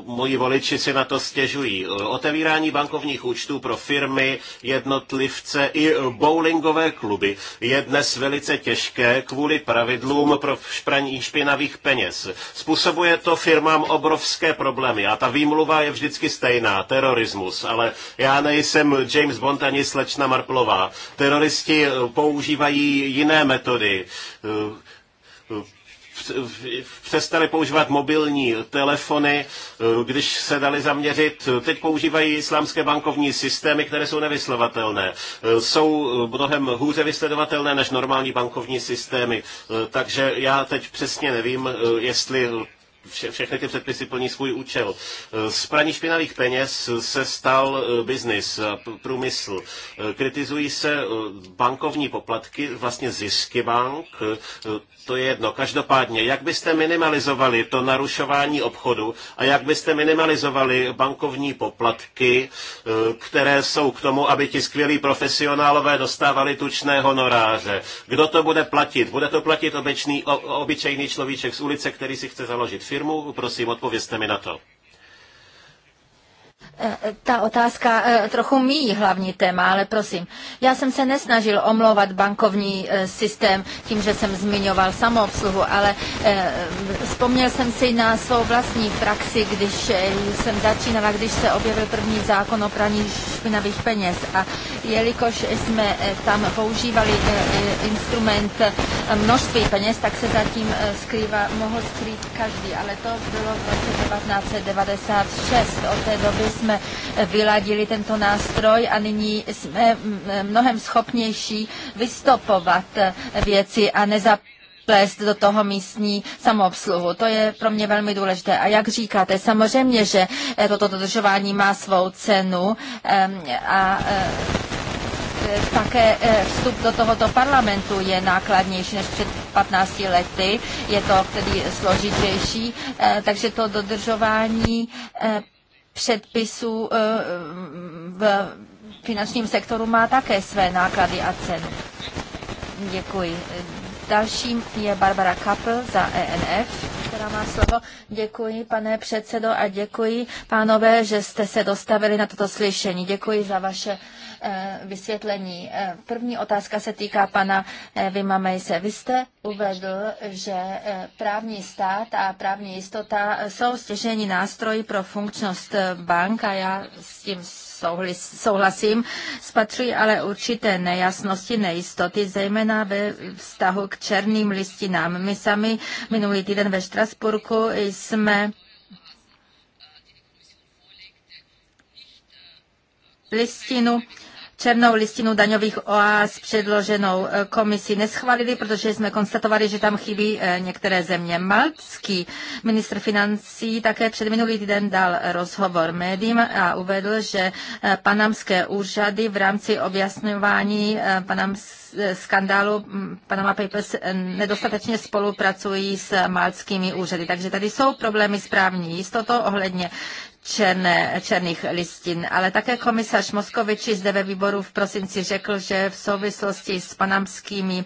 moji voliči si na to stěžují. Otevírání bankovních účtů pro firmy, jednotlivce i bowlingové kluby je dnes velice těžké kvůli pravidlům pro špraní špinavých peněz. Způsobuje to firmám obrovské problémy a ta výmluva je vždycky stejná, terorismus, ale já nejsem James Bond ani slečna Marplová. Teroristi používají jiné metody přestali používat mobilní telefony, eh, když se dali zaměřit. Eh, teď používají islámské bankovní systémy, které jsou nevyslovatelné. Eh, jsou mnohem hůře vysledovatelné než normální bankovní systémy. Takže já teď přesně nevím, jestli vše, všechny ty předpisy plní svůj účel. Z praní špinavých peněz se stal eh, biznis, průmysl. Eh, kritizují se eh, bankovní poplatky, vlastně zisky bank, to je jedno. Každopádně, jak byste minimalizovali to narušování obchodu a jak byste minimalizovali bankovní poplatky, které jsou k tomu, aby ti skvělí profesionálové dostávali tučné honoráře? Kdo to bude platit? Bude to platit obyčný, obyčejný človíček z ulice, který si chce založit firmu? firmu? Prosím, odpovězte mi na to ta otázka eh, trochu míjí hlavní téma, ale prosím. Já jsem se nesnažil omlouvat bankovní eh, systém tím, že jsem zmiňoval samoobsluhu, ale eh, vzpomněl jsem si na svou vlastní praxi, když jsem začínala, když se objevil první zákon o praní špinavých peněz. A jelikož jsme tam používali instrument množství peněz, tak se zatím skrývá, mohl skrýt každý, ale to bylo v roce 1996. Od té doby jsme jsme vyladili tento nástroj a nyní jsme mnohem schopnější vystopovat věci a nezapomínat plést do toho místní samoobsluhu. To je pro mě velmi důležité. A jak říkáte, samozřejmě, že toto dodržování má svou cenu a eh, také eh, vstup do tohoto parlamentu je nákladnější než před 15 lety, je to tedy složitější, eh, takže to dodržování předpisů eh, v finančním sektoru má také své náklady a cenu. Děkuji. Dalším je Barbara Kapl za ENF, která má slovo. Děkuji, pane předsedo, a děkuji, pánové, že jste se dostavili na toto slyšení. Děkuji za vaše eh, vysvětlení. Eh, první otázka se týká pana eh, Vima Mejse. Vy jste uvedl, že právní stát a právní jistota jsou stěžení nástroji pro funkčnost bank a já s tím souhlasím, spatřují ale určité nejasnosti, nejistoty, zejména ve vztahu k černým listinám. My sami minulý týden ve Štrasburku jsme listinu černou listinu daňových oáz předloženou eh, komisí neschválili, protože jsme konstatovali, že tam chybí eh, některé země. Maltský ministr financí také před minulý týden dal eh, rozhovor médiím a uvedl, že panamské úřady v rámci objasňování panamské skandálu mm, Panama Papers nedostatečně spolupracují s malckými úřady. Takže tady jsou problémy s právní jistotou ohledně černé, černých listin. Ale také komisař Moskoviči zde ve výboru v prosinci řekl, že v souvislosti s panamskými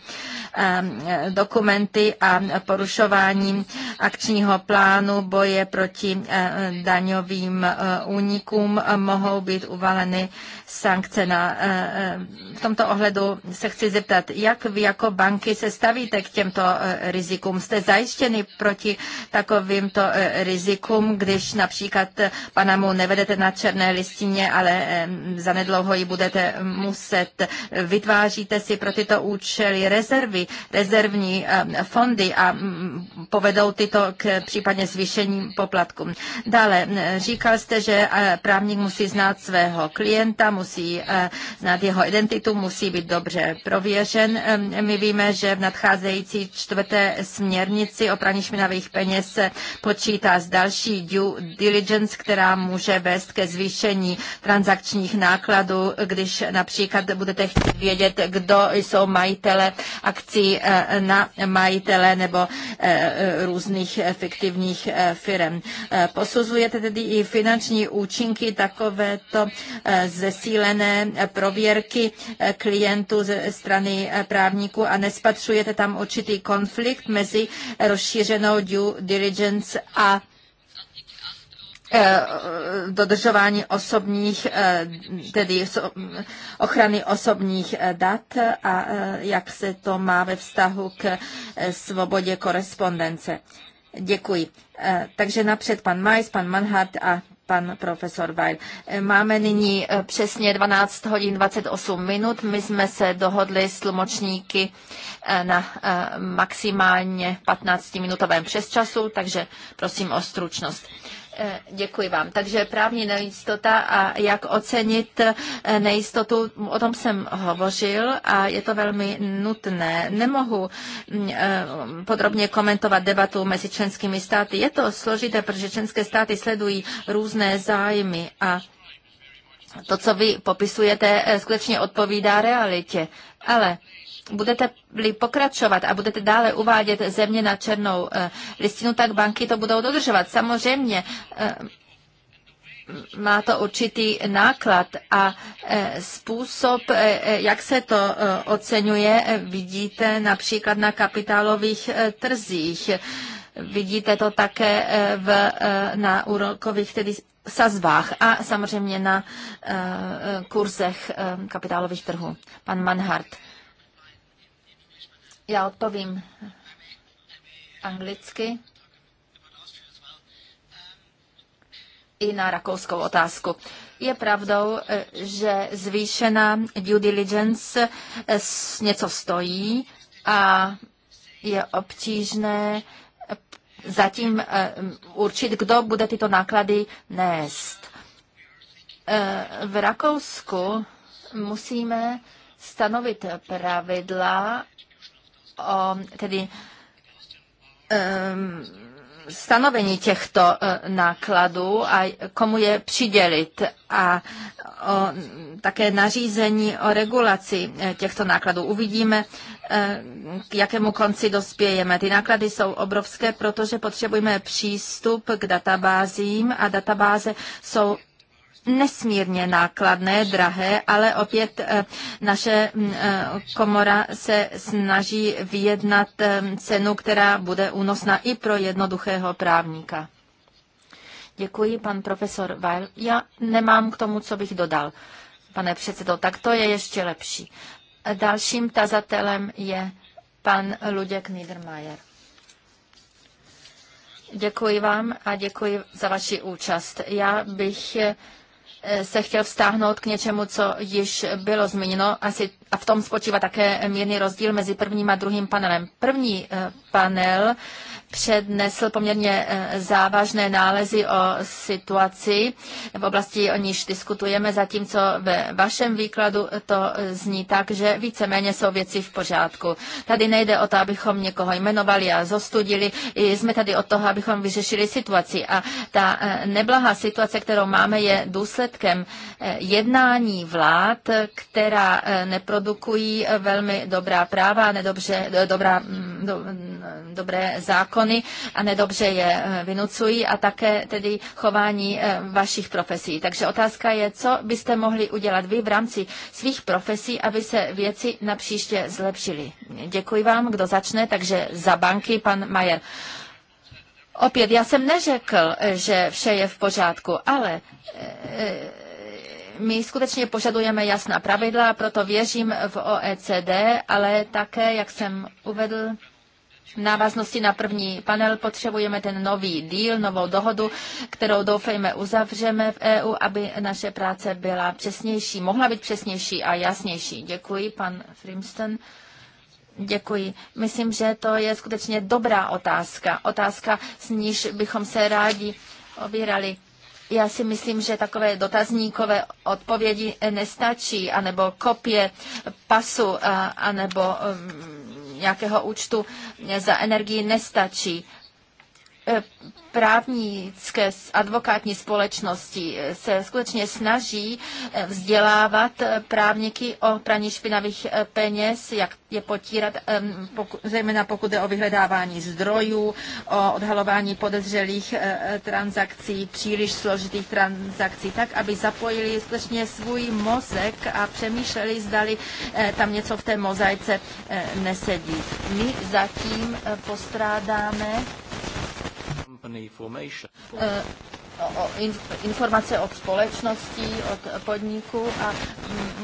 dokumenty a porušováním akčního plánu boje proti e, daňovým e, únikům mohou být uvaleny sankce. Na, e, v tomto ohledu se chci zeptat, jak vy jako banky se stavíte k těmto rizikům? Jste zajištěni proti takovýmto rizikům, když například Panamu nevedete na černé listině, ale zanedlouho ji budete muset. Vytváříte si pro tyto účely rezervy, rezervní fondy a povedou tyto k případně zvýšením poplatku. Dále, říkal jste, že právník musí znát svého klienta, musí e, znát jeho identitu, musí být dobře prověřen. My víme, že v nadcházející čtvrté směrnici o praní špinavých peněz počítá s další due diligence, která může vést ke zvýšení transakčních nákladů, když například budete chtít vědět, kdo jsou majitele akcí eh, na majitele nebo eh, eh, různých fiktivních firm. Posuzujete tedy i finanční účinky takovéto zesílené prověrky klientů ze strany právníků a nespatřujete tam určitý konflikt mezi rozšířenou due diligence a Eh, dodržování osobních, eh, tedy ochrany osobních eh, dat a jak se to má ve vztahu k svobodě korespondence. Děkuji. Takže napřed pan Majs, pan Manhart a pan profesor Weil. Máme nyní přesně 12 hodin 28 minut. My jsme se dohodli s tlumočníky na maximálně 15-minutovém přesčasu, takže prosím o stručnost. Eh, děkuji vám. Takže právní nejistota a jak ocenit eh, nejistotu, o tom jsem hovořil a je to velmi nutné. Nemohu mm, eh, podrobně komentovat debatu mezi členskými státy. Je to složité, protože členské státy sledují různé zájmy a to, co vy popisujete, skutečně odpovídá realitě. Ale budete-li pokračovat a budete dále uvádět země na černou eh, listinu, tak banky to budou dodržovat. Samozřejmě eh, má to určitý náklad a eh, způsob, jak se to oceňuje, vidíte například na kapitálových trzích. Vidíte to také v, na úrokových tedy sazbách a samozřejmě na kurzech kapitálových trhů. Pan Manhart. Já odpovím anglicky i na rakouskou otázku. Je pravdou, že zvýšená due diligence eh, něco stojí a je obtížné zatím eh, určit, kdo bude tyto náklady nést. Eh, v Rakousku musíme stanovit pravidla o um, tedy um, stanovení těchto uh, nákladů a komu je přidělit a o, také nařízení o regulaci uh, těchto nákladů. Uvidíme, uh, k jakému konci dospějeme. Ty náklady jsou obrovské, protože potřebujeme přístup k databázím a databáze jsou nesmírně nákladné, drahé, ale opět eh, naše mm, eh, komora se snaží vyjednat eh, cenu, která bude únosná i pro jednoduchého právníka. Děkuji, pan profesor Weil. Já nemám k tomu, co bych dodal, pane předsedo, tak to je ještě lepší. Dalším tazatelem je pan Luděk Niedermayer. Děkuji vám a děkuji za vaši účast. Já bych se chtěl vztáhnout k něčemu, co již bylo zmíněno, asi a v tom spočívá také mírný rozdíl mezi prvním a druhým panelem. První eh, panel přednesl poměrně eh, závažné nálezy o situaci v oblasti, o níž diskutujeme, zatímco ve vašem výkladu to zní tak, že víceméně jsou věci v pořádku. Tady nejde o to, abychom někoho jmenovali a zostudili, jsme tady o toho, abychom vyřešili situaci. A ta eh, neblahá situace, kterou máme, je důsledkem eh, jednání vlád, která neprodukují velmi dobrá práva, nedobře, dobrá, mm, do, mm, dobré zákony zákony a nedobře je eh, vynucují a také tedy chování eh, vašich profesí. Takže otázka je, co byste mohli udělat vy v rámci svých profesí, aby se věci na příště zlepšily. Děkuji vám, kdo začne, takže za banky pan Majer. Opět, já jsem neřekl, že vše je v pořádku, ale eh, my skutečně požadujeme jasná pravidla, proto věřím v OECD, ale také, jak jsem uvedl, návaznosti na první panel potřebujeme ten nový díl, novou dohodu, kterou doufejme uzavřeme v EU, aby naše práce byla přesnější, mohla být přesnější a jasnější. Děkuji, pan Frimston. Děkuji. Myslím, že to je skutečně dobrá otázka. Otázka, s níž bychom se rádi obírali. Já si myslím, že takové dotazníkové odpovědi nestačí, anebo kopie pasu, anebo um, nějakého účtu za energii nestačí. Eh, právnické advokátní společnosti eh, se skutečně snaží eh, vzdělávat právníky o praní špinavých peněz, jak je potírat, zejména pokud jde o vyhledávání zdrojů, o odhalování podezřelých transakcí, příliš složitých transakcí, tak, aby zapojili skutečně svůj mozek a přemýšleli, zdali tam něco v té mozaice nesedí. My zatím postrádáme Eh, informace od společností, od podniků a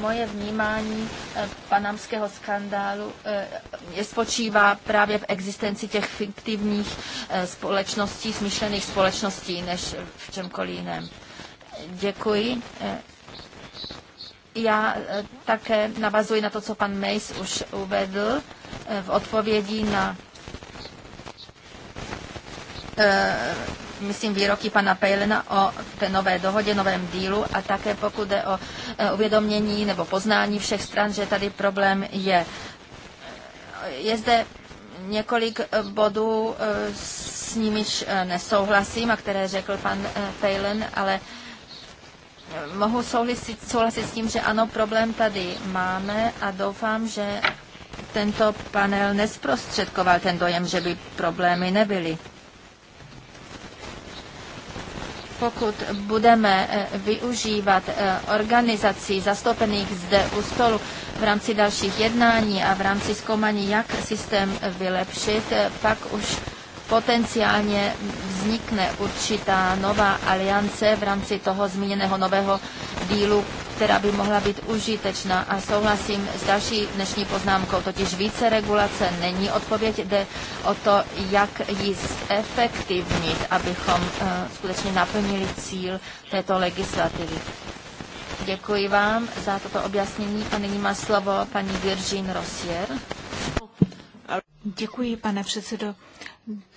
moje vnímání eh, panamského skandálu eh, je spočívá právě v existenci těch fiktivních společností, smyšlených společností, než v čemkoliv jiném. Děkuji. Já také navazuji na to, co pan Mays už uvedl v odpovědi na Eh, myslím, výroky pana Pejlena o té nové dohodě, novém dílu a také pokud jde o eh, uvědomění nebo poznání všech stran, že tady problém je. Eh, je zde několik bodů, s nimiž nesouhlasím a které řekl pan Pejlen, ale mohu souhlasit, souhlasit s tím, že ano, problém tady máme a doufám, že tento panel nesprostředkoval ten dojem, že by problémy nebyly pokud budeme eh, využívat eh, organizací zastoupených zde u stolu v rámci dalších jednání a v rámci zkoumání, jak systém vylepšit, eh, pak už potenciálně vznikne určitá nová aliance v rámci toho zmíněného nového dílu která by mohla být užitečná a souhlasím s další dnešní poznámkou, totiž více regulace není odpověď, jde o to, jak ji zefektivnit, abychom uh, skutečně naplnili cíl této legislativy. Děkuji vám za toto objasnění a nyní má slovo paní Virgin Rosier. Děkuji, pane předsedo.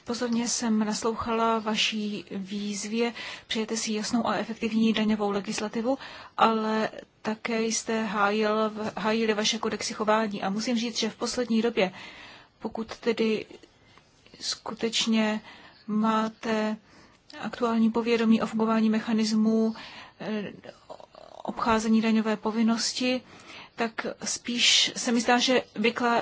Pozorně jsem naslouchala vaší výzvě, přijete si jasnou a efektivní daňovou legislativu, ale také jste hájil, hájili vaše kodexy chování. A musím říct, že v poslední době, pokud tedy skutečně máte aktuální povědomí o fungování mechanismů eh, obcházení daňové povinnosti, tak spíš se mi zdá, že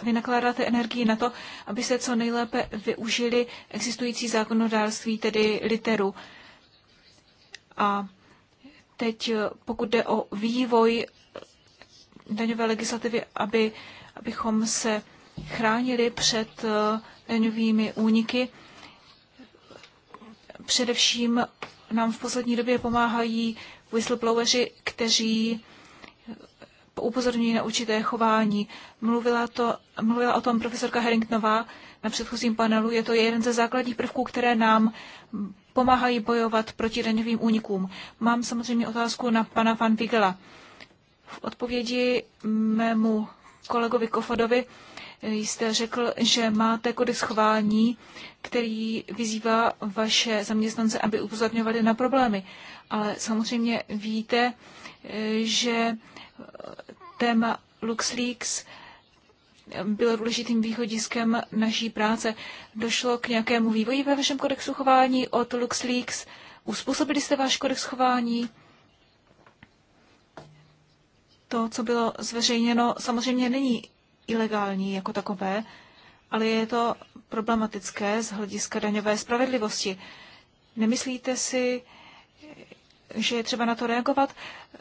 vynakládáte energii na to, aby se co nejlépe využili existující zákonodárství, tedy literu. A teď pokud jde o vývoj daňové legislativy, aby, abychom se chránili před eh, daňovými úniky, především nám v poslední době pomáhají whistlebloweri, kteří Upozornění na určité chování. Mluvila, to, mluvila o tom profesorka Herringtonová na předchozím panelu. Je to jeden ze základních prvků, které nám pomáhají bojovat proti daňovým únikům. Mám samozřejmě otázku na pana Van Vigela. V odpovědi mému kolegovi Kofodovi jste řekl, že máte kodex chování, který vyzývá vaše zaměstnance, aby upozorňovali na problémy. Ale samozřejmě víte, že téma LuxLeaks bylo důležitým východiskem naší práce. Došlo k nějakému vývoji ve vašem kodexu chování od LuxLeaks? Uspůsobili jste váš kodex chování? To, co bylo zveřejněno, samozřejmě není ilegální jako takové, ale je to problematické z hlediska daňové spravedlivosti. Nemyslíte si, že je třeba na to reagovat.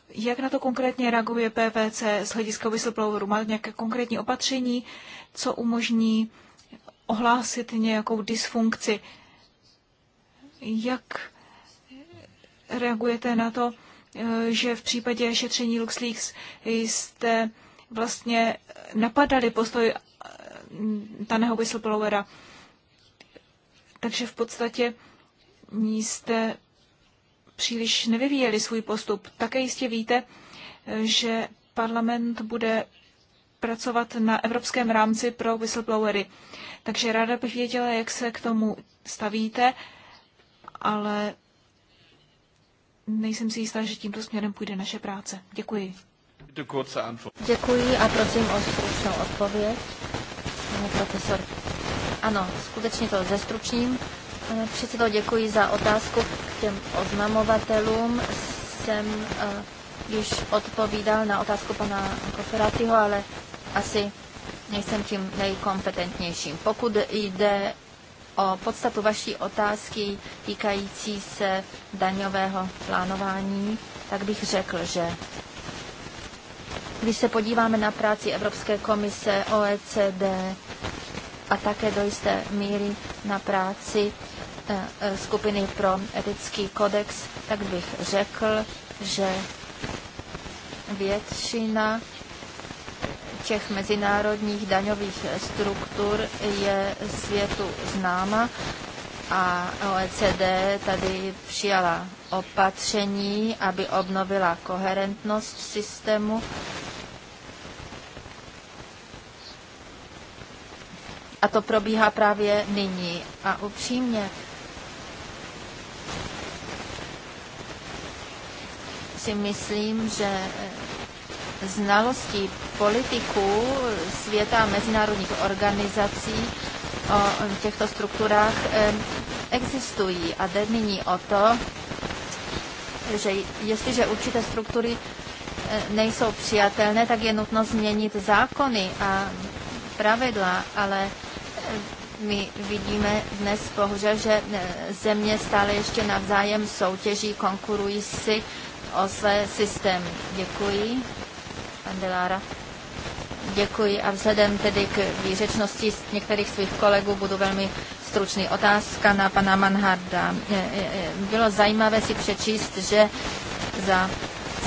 Jak na to konkrétně reaguje PVC z hlediska whistleblowerů? Má nějaké konkrétní opatření, co umožní ohlásit nějakou dysfunkci? Jak reagujete na to, že v případě šetření LuxLeaks jste vlastně napadali postoj eh, daného whistleblowera? Takže v podstatě jste příliš nevyvíjeli svůj postup. Také jistě víte, že parlament bude pracovat na evropském rámci pro whistleblowery. Takže ráda bych věděla, jak se k tomu stavíte, ale nejsem si jistá, že tímto směrem půjde naše práce. Děkuji. Děkuji a prosím o stručnou odpověď, pane profesor. Ano, skutečně to zestručním. Pane předsedo, děkuji za otázku k těm oznamovatelům. Jsem uh, již odpovídal na otázku pana Koferatyho, ale asi nejsem tím nejkompetentnějším. Pokud jde o podstatu vaší otázky týkající se daňového plánování, tak bych řekl, že když se podíváme na práci Evropské komise, OECD a také do jisté míry na práci E, skupiny pro etický kodex, tak bych řekl, že většina těch mezinárodních daňových struktur je světu známa a OECD tady přijala opatření, aby obnovila koherentnost systému. A to probíhá právě nyní. A upřímně, si myslím, že eh, znalostí politiků světa a mezinárodních organizací o těchto strukturách eh, existují. A jde nyní o to, že jestliže určité struktury eh, nejsou přijatelné, tak je nutno změnit zákony a pravidla, ale my vidíme dnes bohužel, že země stále ještě navzájem soutěží, konkurují si o své systémy. Děkuji, pan Delára. Děkuji a vzhledem tedy k výřečnosti některých svých kolegů budu velmi stručný. Otázka na pana Manharda. Bylo zajímavé si přečíst, že za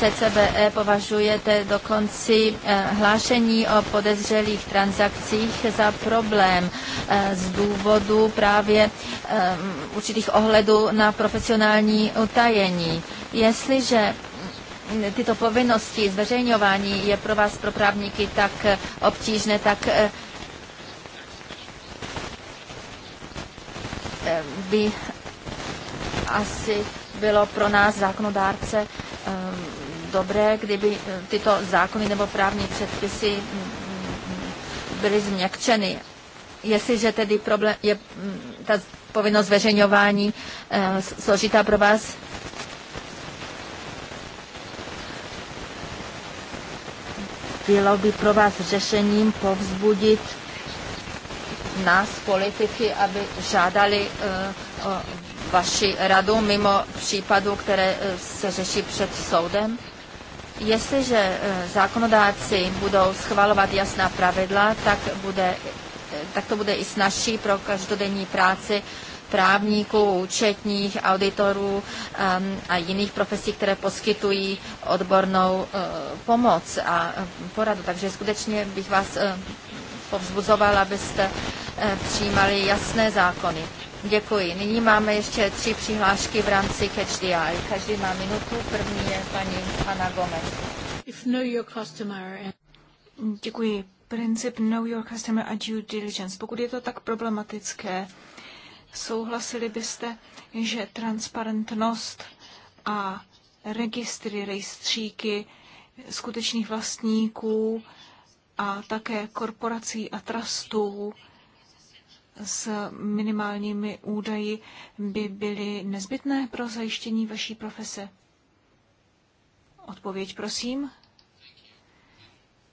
CCBE považujete dokonci eh, hlášení o podezřelých transakcích za problém eh, z důvodu právě eh, určitých ohledů na profesionální utajení. Jestliže mm, tyto povinnosti zveřejňování je pro vás, pro právníky, tak obtížné, tak by asi bylo pro nás zákonodárce ehm, dobré, kdyby eh, tyto zákony nebo právní předpisy mm, mm, mm, byly změkčeny. Jestliže tedy problém, je ta povinnost zveřejňování eh, složitá pro vás, bylo by pro vás řešením povzbudit nás, politiky, aby žádali uh, o vaši radu mimo případů, které se řeší před soudem? Jestliže eh, zákonodáci budou schvalovat jasná pravidla, tak, bude, eh, tak to bude i snažší pro každodenní práci právníků, účetních, auditorů ehm, a jiných profesí, které poskytují odbornou eh, pomoc a poradu. Takže skutečně bych vás povzbuzovala, abyste přijímali jasné zákony. Děkuji. Nyní máme ještě tři přihlášky v rámci Catch the Eye. Každý má minutu. První je paní Anna Gomez. Děkuji. Princip Know Your Customer a Due Diligence. Pokud je to tak problematické, souhlasili byste, že transparentnost a registry, rejstříky skutečných vlastníků a také korporací a trustů s minimálními údaji by byly nezbytné pro zajištění vaší profese? Odpověď, prosím.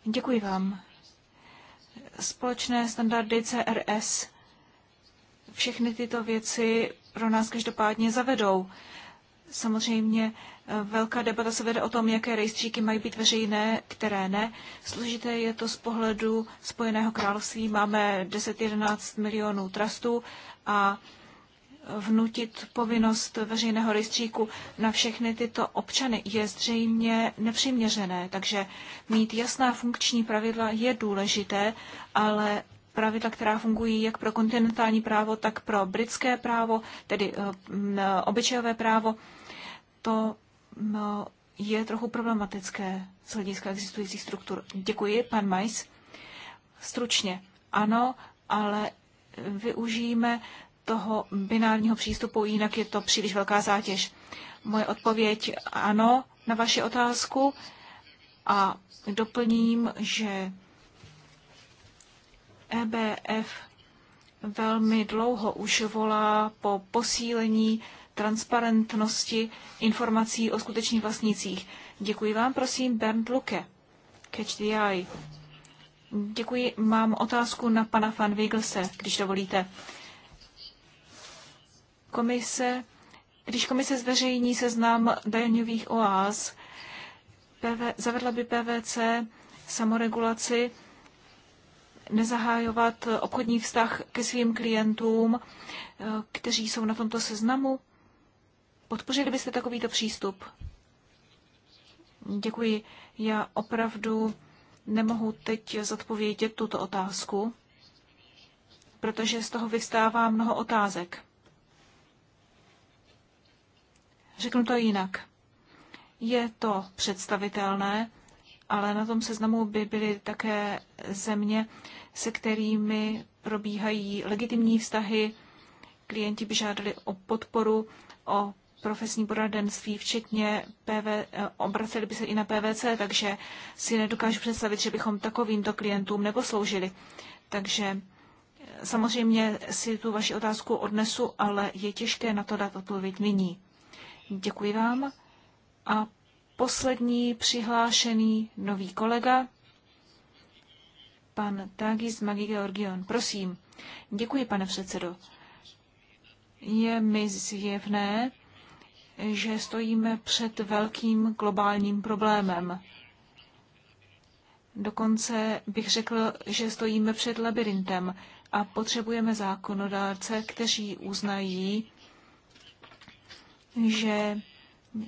Děkuji vám. Společné standardy CRS všechny tyto věci pro nás každopádně zavedou. Samozřejmě Velká debata se vede o tom, jaké rejstříky mají být veřejné, které ne. Složité je to z pohledu Spojeného království. Máme 10-11 milionů trustů a vnutit povinnost veřejného rejstříku na všechny tyto občany je zřejmě nepřiměřené. Takže mít jasná funkční pravidla je důležité, ale pravidla, která fungují jak pro kontinentální právo, tak pro britské právo, tedy eh, eh, obyčejové právo, to No, je trochu problematické z hlediska existujících struktur. Děkuji, pan Majs. Stručně, ano, ale využijeme toho binárního přístupu, jinak je to příliš velká zátěž. Moje odpověď ano na vaši otázku a doplním, že EBF velmi dlouho už volá po posílení transparentnosti informací o skutečných vlastnících. Děkuji vám, prosím, Bernd Luke. Catch the eye. Děkuji, mám otázku na pana van Wiegelse, když dovolíte. Komise, když komise zveřejní seznam daňových oáz, PV, zavedla by PVC samoregulaci, nezahájovat obchodní vztah ke svým klientům, eh, kteří jsou na tomto seznamu? Podpořili byste takovýto přístup? Děkuji. Já opravdu nemohu teď zodpovědět tuto otázku, protože z toho vystává mnoho otázek. Řeknu to jinak. Je to představitelné, ale na tom seznamu by byly také země, se kterými probíhají legitimní vztahy. Klienti by žádali o podporu, o profesní poradenství, včetně PV, eh, obraceli by se i na PVC, takže si nedokážu představit, že bychom takovýmto klientům neposloužili. Takže eh, samozřejmě si tu vaši otázku odnesu, ale je těžké na to dát odpověď nyní. Děkuji vám. A poslední přihlášený nový kolega, pan Tagis Magi Georgion. Prosím. Děkuji, pane předsedo. Je mi zjevné, že stojíme před velkým globálním problémem. Dokonce bych řekl, že stojíme před labirintem a potřebujeme zákonodárce, kteří uznají, že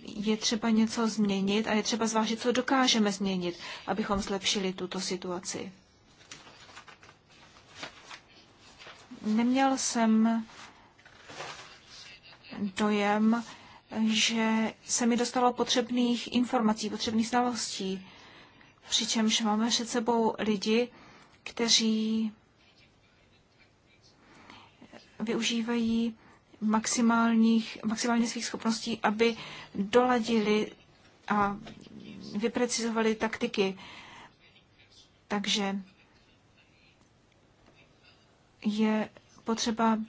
je třeba něco změnit a je třeba zvážit, co dokážeme změnit, abychom zlepšili tuto situaci. Neměl jsem dojem, že se mi dostalo potřebných informací, potřebných znalostí. Přičemž máme před sebou lidi, kteří využívají maximálních, maximálně svých schopností, aby doladili a vyprecizovali taktiky. Takže je potřeba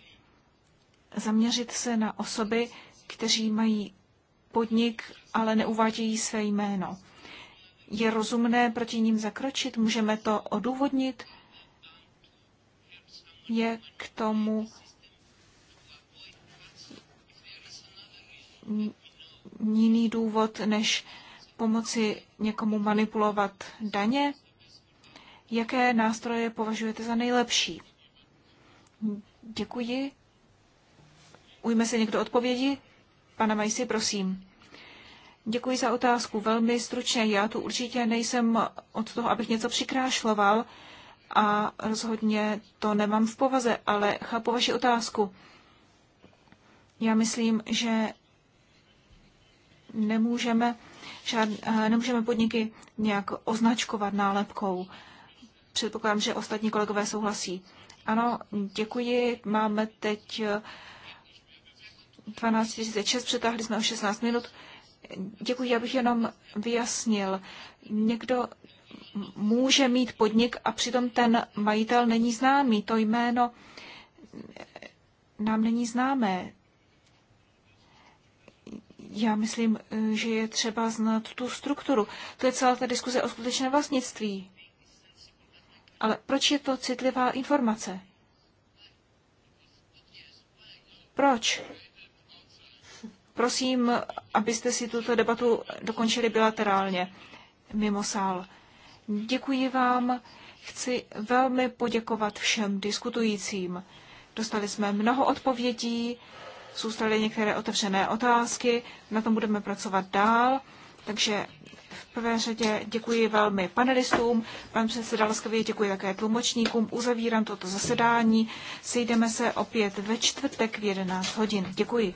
zaměřit se na osoby, kteří mají podnik, ale neuvádějí své jméno. Je rozumné proti ním zakročit? Můžeme to odůvodnit? Je k tomu jiný důvod, než pomoci někomu manipulovat daně? Jaké nástroje považujete za nejlepší? Děkuji. Ujme se někdo odpovědi? Pane Majsi, prosím. Děkuji za otázku. Velmi stručně. Já tu určitě nejsem od toho, abych něco přikrášloval a rozhodně to nemám v povaze, ale chápu vaši otázku. Já myslím, že nemůžeme, žád, eh, nemůžeme podniky nějak označkovat nálepkou. Předpokládám, že ostatní kolegové souhlasí. Ano, děkuji. Máme teď eh, 12.46, přetáhli jsme o 16 minut. Děkuji, já bych jenom vyjasnil. Někdo může mít podnik a přitom ten majitel není známý. To jméno nám není známé. Já myslím, že je třeba znát tu strukturu. To je celá ta diskuze o skutečné vlastnictví. Ale proč je to citlivá informace? Proč? Prosím, abyste si tuto debatu dokončili bilaterálně mimo sál. Děkuji vám. Chci velmi poděkovat všem diskutujícím. Dostali jsme mnoho odpovědí, zůstaly některé otevřené otázky, na tom budeme pracovat dál. Takže v prvé řadě děkuji velmi panelistům, pan předseda Laskavě děkuji také tlumočníkům, uzavírám toto zasedání, sejdeme se opět ve čtvrtek v 11 hodin. Děkuji.